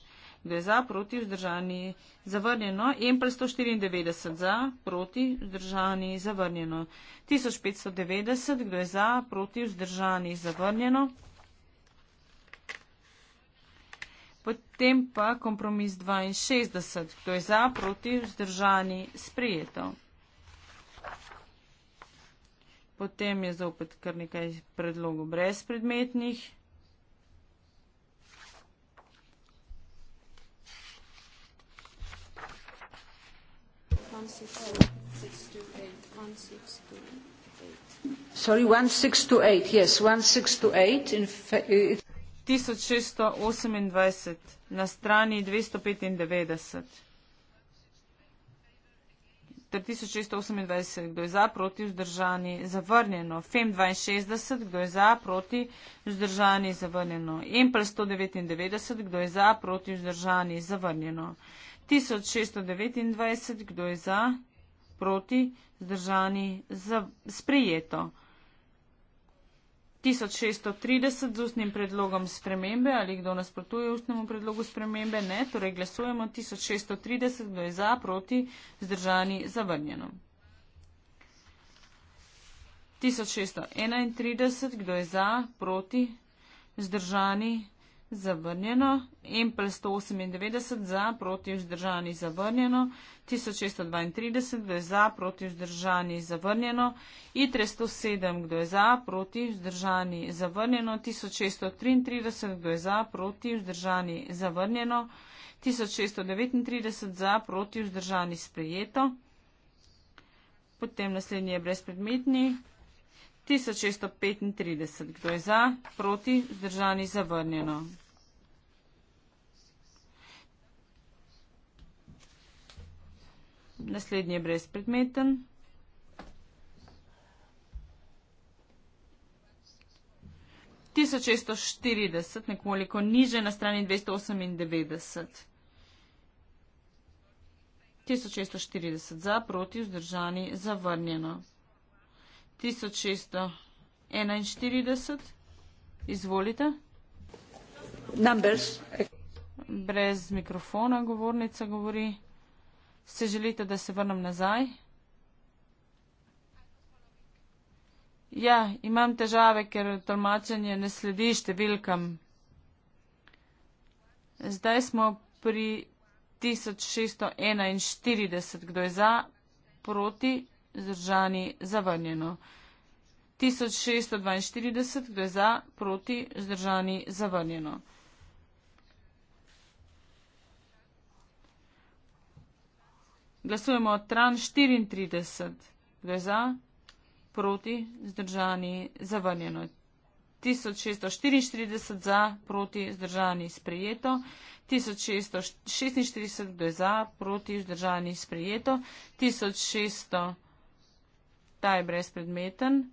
Kdo je za, proti, vzdržani, zavrnjeno. Empel 194 za, proti, vzdržani, zavrnjeno. 1590, kdo je za, proti, vzdržani, zavrnjeno. Potem pa kompromis 62, kdo je za, proti, vzdržani, sprijeto. Potem je zopet kar nekaj predlogov brezpredmetnih. Sorry, one six to eight, yes, one six to eight. In fe, it... 1628 na strani 295. 3628, kdo je za, proti, vzdržani, zavrnjeno. FEM 62, kdo je za, proti, vzdržani, zavrnjeno. EMPL 199, kdo je za, proti, vzdržani, zavrnjeno. 1629, kdo je za, proti, vzdržani, za, sprijeto. 1630 z ustnim predlogom spremembe ali kdo nasprotuje ustnemu predlogu spremembe, ne, torej glasujemo 1630, kdo je za, proti, zdržani, zavrnjeno. 1631, kdo je za, proti, zdržani, zavrnjeno zavrnjeno, Empel 198 za, proti vzdržani zavrnjeno, 1632 kdo je za, proti vzdržani zavrnjeno, ITRE 107 kdo je za, proti vzdržani zavrnjeno, 1633 kdo je za, proti vzdržani zavrnjeno, 1639 za, proti vzdržani sprejeto, potem naslednji je brezpredmetni. 1635. Kdo je za? Proti? Zdržani? Zavrnjeno. Naslednji je brezpredmeten. Tisoč šeststo štirideset, nekoliko niže na strani dvesto osemindevetdeset. Tisoč šeststo štirideset za, proti, vzdržani, zavrnjeno tisoč šeststo enainštirideset. Izvolite. Numbers. Brez mikrofona govornica govori. Se želite, da se vrnem nazaj? Ja, imam težave, ker tolmačenje ne sledi številkam. Zdaj smo pri 1641. Kdo je za? Proti? vzdržani, zavrnjeno. 1642 gre za, proti, vzdržani, zavrnjeno. Glasujemo tran 34 gre za, proti, vzdržani, zavrnjeno. 1644 za, proti, vzdržani, sprejeto. 1646 gre za, proti, vzdržani, sprejeto. 1600 Ta je brezpredmeten.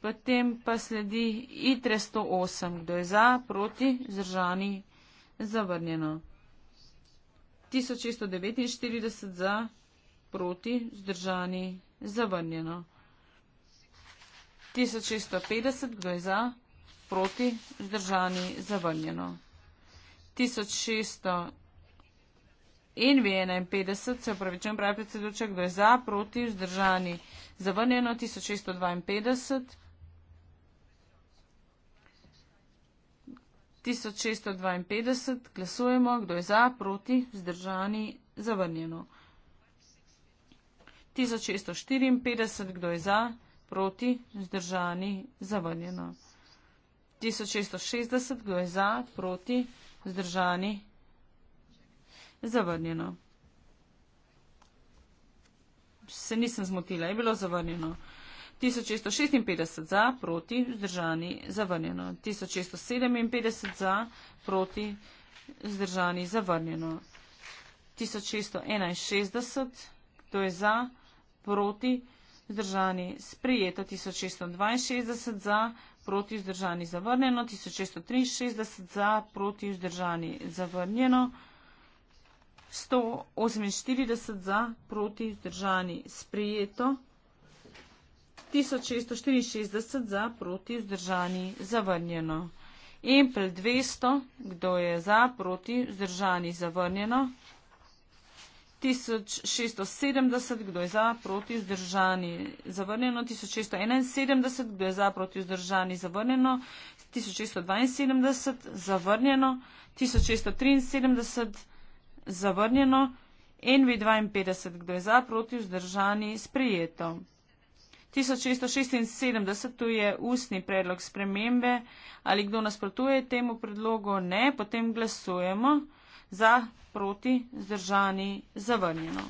Potem pa sledi ITRE 108, kdo je za, proti, zdržani, zavrnjeno. 1649 za, proti, zdržani, zavrnjeno. 1650, kdo je za, proti, zdržani, zavrnjeno. 1600 in v 51, se upravičujem, pravi predsedoček, kdo je za, proti, vzdržani, zavrnjeno 1652. 1652, glasujemo, kdo je za, proti, vzdržani, zavrnjeno. 1654, kdo je za, proti, vzdržani, zavrnjeno. 1660, kdo je za, proti, vzdržani, Zavrnjeno. Se nisem zmotila, je bilo zavrnjeno. 1656 za, proti, zdržani, zavrnjeno. 1657 za, proti, zdržani, zavrnjeno. 1661, to je za, proti, zdržani, sprijeto. 1662 za, proti, zdržani, zavrnjeno. 1663 za, proti, zdržani, zavrnjeno. 148 za, proti vzdržani sprijeto, 1664 za, proti vzdržani zavrnjeno. Empel 200, kdo je za, proti vzdržani zavrnjeno, 1670, kdo je za, proti vzdržani zavrnjeno, 1671, kdo je za, proti vzdržani zavrnjeno, 1672 zavrnjeno, 1673 zavrnjeno zavrnjeno, envi 52, kdo je za, proti, vzdržani, sprijeto. 1676 tu je ustni predlog spremembe, ali kdo nasprotuje temu predlogu, ne, potem glasujemo za, proti, zdržani, zavrnjeno.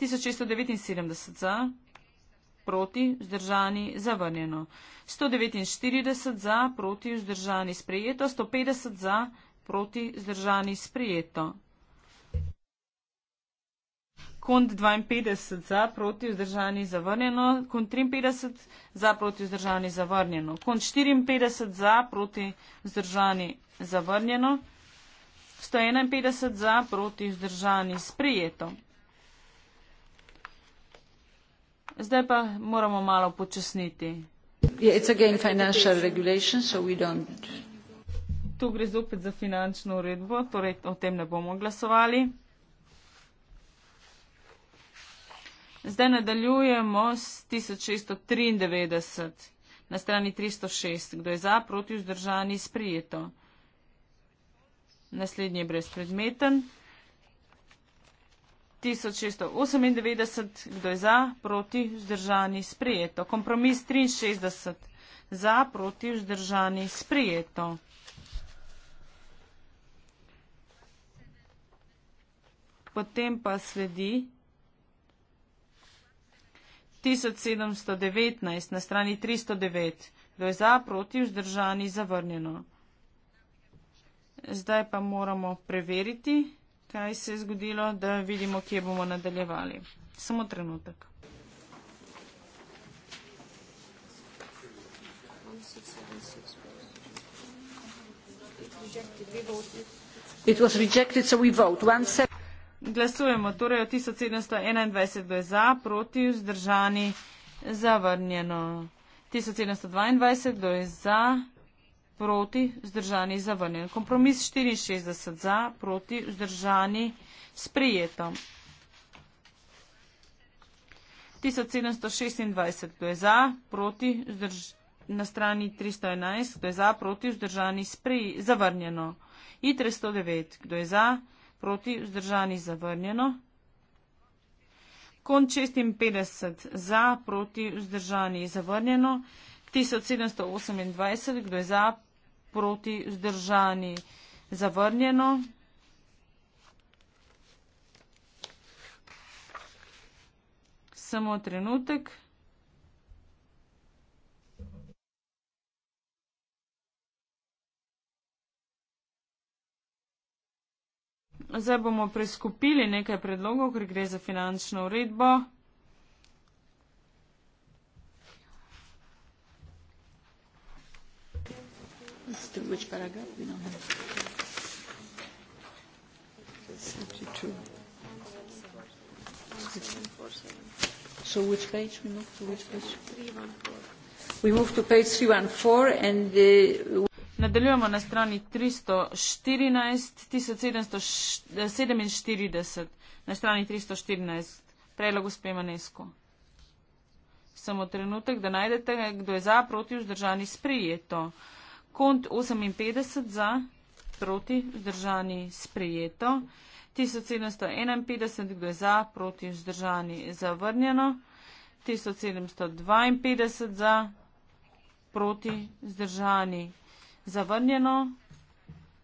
1679 za, proti, vzdržani, zavrnjeno. 149 za, proti, vzdržani, sprejeto. 150 za, proti zdržani sprijeto. Kont 52 za proti vzdržani zavrnjeno, kont 53 za proti vzdržani zavrnjeno, kont 54 za proti vzdržani zavrnjeno, 151 za proti vzdržani sprijeto. Zdaj pa moramo malo počasniti. Yeah, it's again financial regulation, so we don't tu gre zopet za finančno uredbo, torej o tem ne bomo glasovali. Zdaj nadaljujemo s 1693 na strani 306. Kdo je za, proti, vzdržani, sprijeto. Naslednji je brezpredmeten. 1698. Kdo je za, proti, vzdržani, sprijeto. Kompromis 63. Za, proti, vzdržani, sprijeto. potem pa sledi 1719 na strani 309. Kdo je za, proti, vzdržani, zavrnjeno. Zdaj pa moramo preveriti, kaj se je zgodilo, da vidimo, kje bomo nadaljevali. Samo trenutek. It was rejected, so we vote. One second. Glasujemo, torej od 1721 je za, proti, vzdržani, zavrnjeno. 1722 je za, proti, vzdržani, zavrnjeno. Kompromis 64 za, proti, vzdržani, sprijeto. 1726 je za, proti, vzdrž... na strani 311 je za, proti, vzdržani, spri... zavrnjeno. I 309 je za, proti, vzdržani zavrnjeno. Konč 56 za, proti, vzdržani zavrnjeno. 1728, kdo je za, proti, vzdržani zavrnjeno. Samo trenutek. Zdaj bomo preskupili nekaj predlogov, ker gre za finančno uredbo. So which page we move to which page? 314. We move to page 314 and the uh, Nadaljujemo na strani 314, 1747, na strani 314, predlog gospe Manesko. Samo trenutek, da najdete, kdo je za, proti, vzdržani, sprijeto. Kont 58 za, proti, vzdržani, sprijeto. 1751, kdo je za, proti, vzdržani, zavrnjeno. 1752 za, proti, vzdržani, sprijeto zavrnjeno.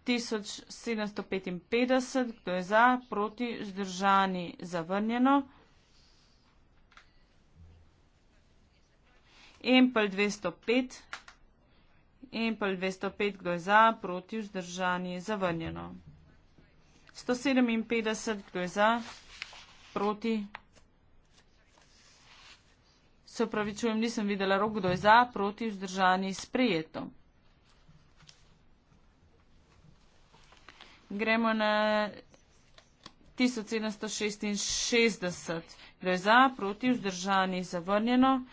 1755, kdo je za, proti, zdržani, zavrnjeno. Empel 205, empel 205, kdo je za, proti, zdržani, zavrnjeno. 157, kdo je za, proti. Se upravičujem, nisem videla rok, kdo je za, proti, vzdržani, sprejeto. gremo na 1766, gre za, proti, vzdržani, zavrnjeno,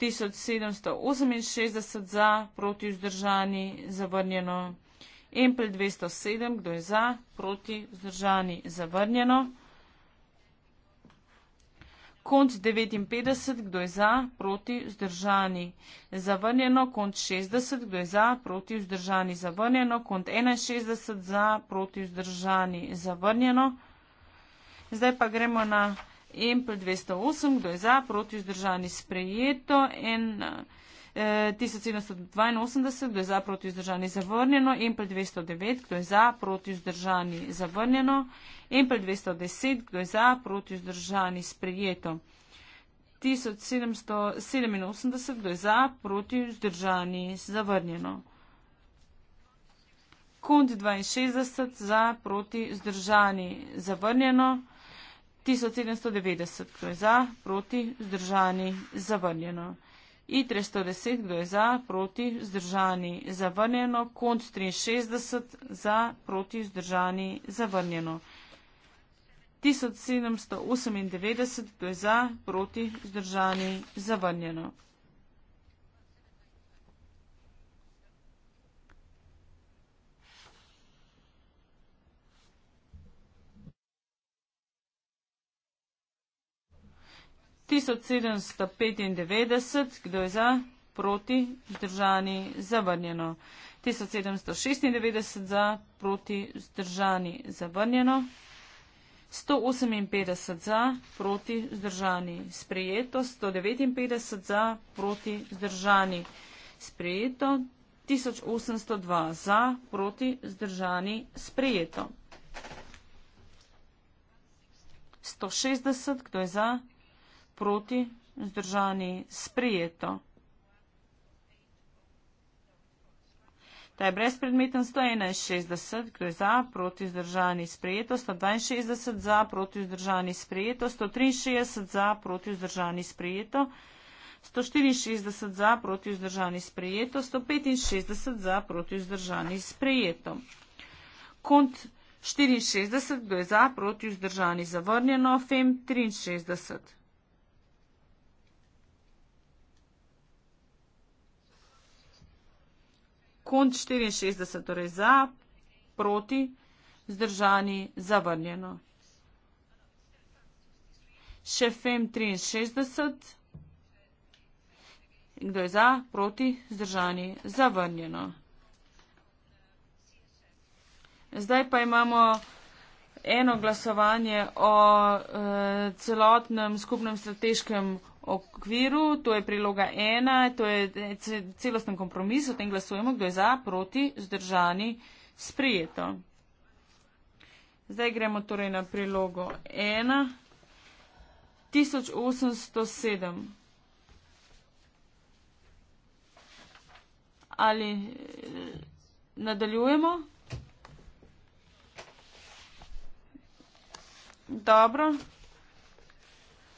1768 za, proti, vzdržani, zavrnjeno, Empel 207, kdo je za, proti, vzdržani, zavrnjeno. Konc 59, kdo je za, proti, vzdržani, zavrnjeno. Konc 60, kdo je za, proti, vzdržani, zavrnjeno. Konc 61, za, proti, vzdržani, zavrnjeno. Zdaj pa gremo na Empl 208, kdo je za, proti, vzdržani, sprejeto. En, uh, 1782, kdo je za, proti vzdržani, zavrnjeno in pri 209, kdo je za, proti vzdržani, zavrnjeno in pri 210, kdo je za, proti vzdržani, sprejeto. 1787, kdo je za, proti vzdržani, zavrnjeno. Kund 62, za, proti vzdržani, zavrnjeno. 1790, kdo je za, proti vzdržani, zavrnjeno. I tristo deset, kdo je za, proti, vzdržani, zavrnjeno, konc 63, za, proti, vzdržani, zavrnjeno. 1798, kdo je za, proti, vzdržani, zavrnjeno. 1795, kdo je za, proti, vzdržani, zavrnjeno. 1796 za, proti, vzdržani, zavrnjeno. 158 za, proti, vzdržani, sprejeto. 159 za, proti, vzdržani, sprejeto. 1802 za, proti, vzdržani, sprejeto. 160, kdo je za, proti, vzdržani, sprijeto. Ta je brezpredmeten 161, gre za, proti vzdržani sprejeto, 162 za, proti vzdržani sprejeto, 163 za, proti vzdržani sprejeto, 164 za, proti vzdržani sprejeto, 165 za, proti vzdržani sprejeto. Kont 64, gre za, proti vzdržani zavrnjeno, FEM 63. Kont 64, torej za, proti, zdržani, zavrnjeno. Še fem 63. Kdo je za, proti, zdržani, zavrnjeno. Zdaj pa imamo eno glasovanje o e, celotnem skupnem strateškem okviru, to je priloga ena, to je celosten kompromis, o tem glasujemo, kdo je za, proti, zdržani, sprijeto. Zdaj gremo torej na prilogo ena, 1807. Ali eh, nadaljujemo? Dobro.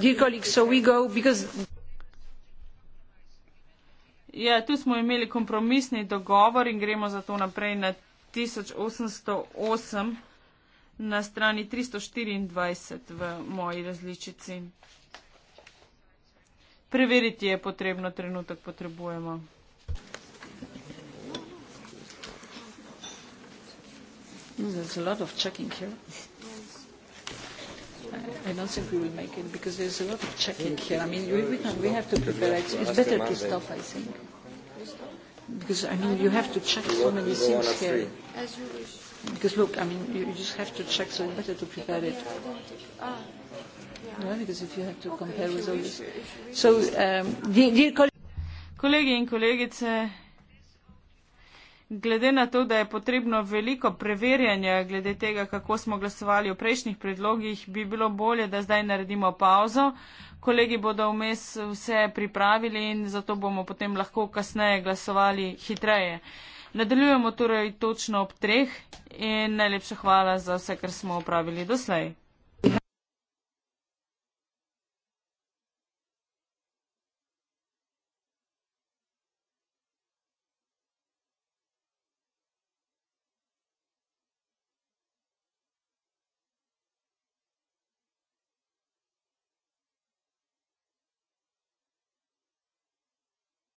Dear colleagues, so we go because. Ja, tu smo imeli kompromisni dogovor in gremo zato naprej na 1808 na strani 324 v moji različici. Preveriti je potrebno, trenutek potrebujemo. There's a lot of checking here. I don't think we will make it because there's a lot of checking here. I mean, we, we, can, we have to prepare. It's, it's better to stop, I think. Because, I mean, you have to check so many things here. As you wish. Because, look, I mean, you, you just have to check, so it's better to prepare it. Ah, yeah, because if you have to compare with all this. So, um, dear colleagues. Kolegi in kolegice, glede na to, da je potrebno veliko preverjanja glede tega, kako smo glasovali v prejšnjih predlogih, bi bilo bolje, da zdaj naredimo pauzo. Kolegi bodo vmes vse pripravili in zato bomo potem lahko kasneje glasovali hitreje. Nadaljujemo torej točno ob treh in najlepša hvala za vse, kar smo upravili doslej.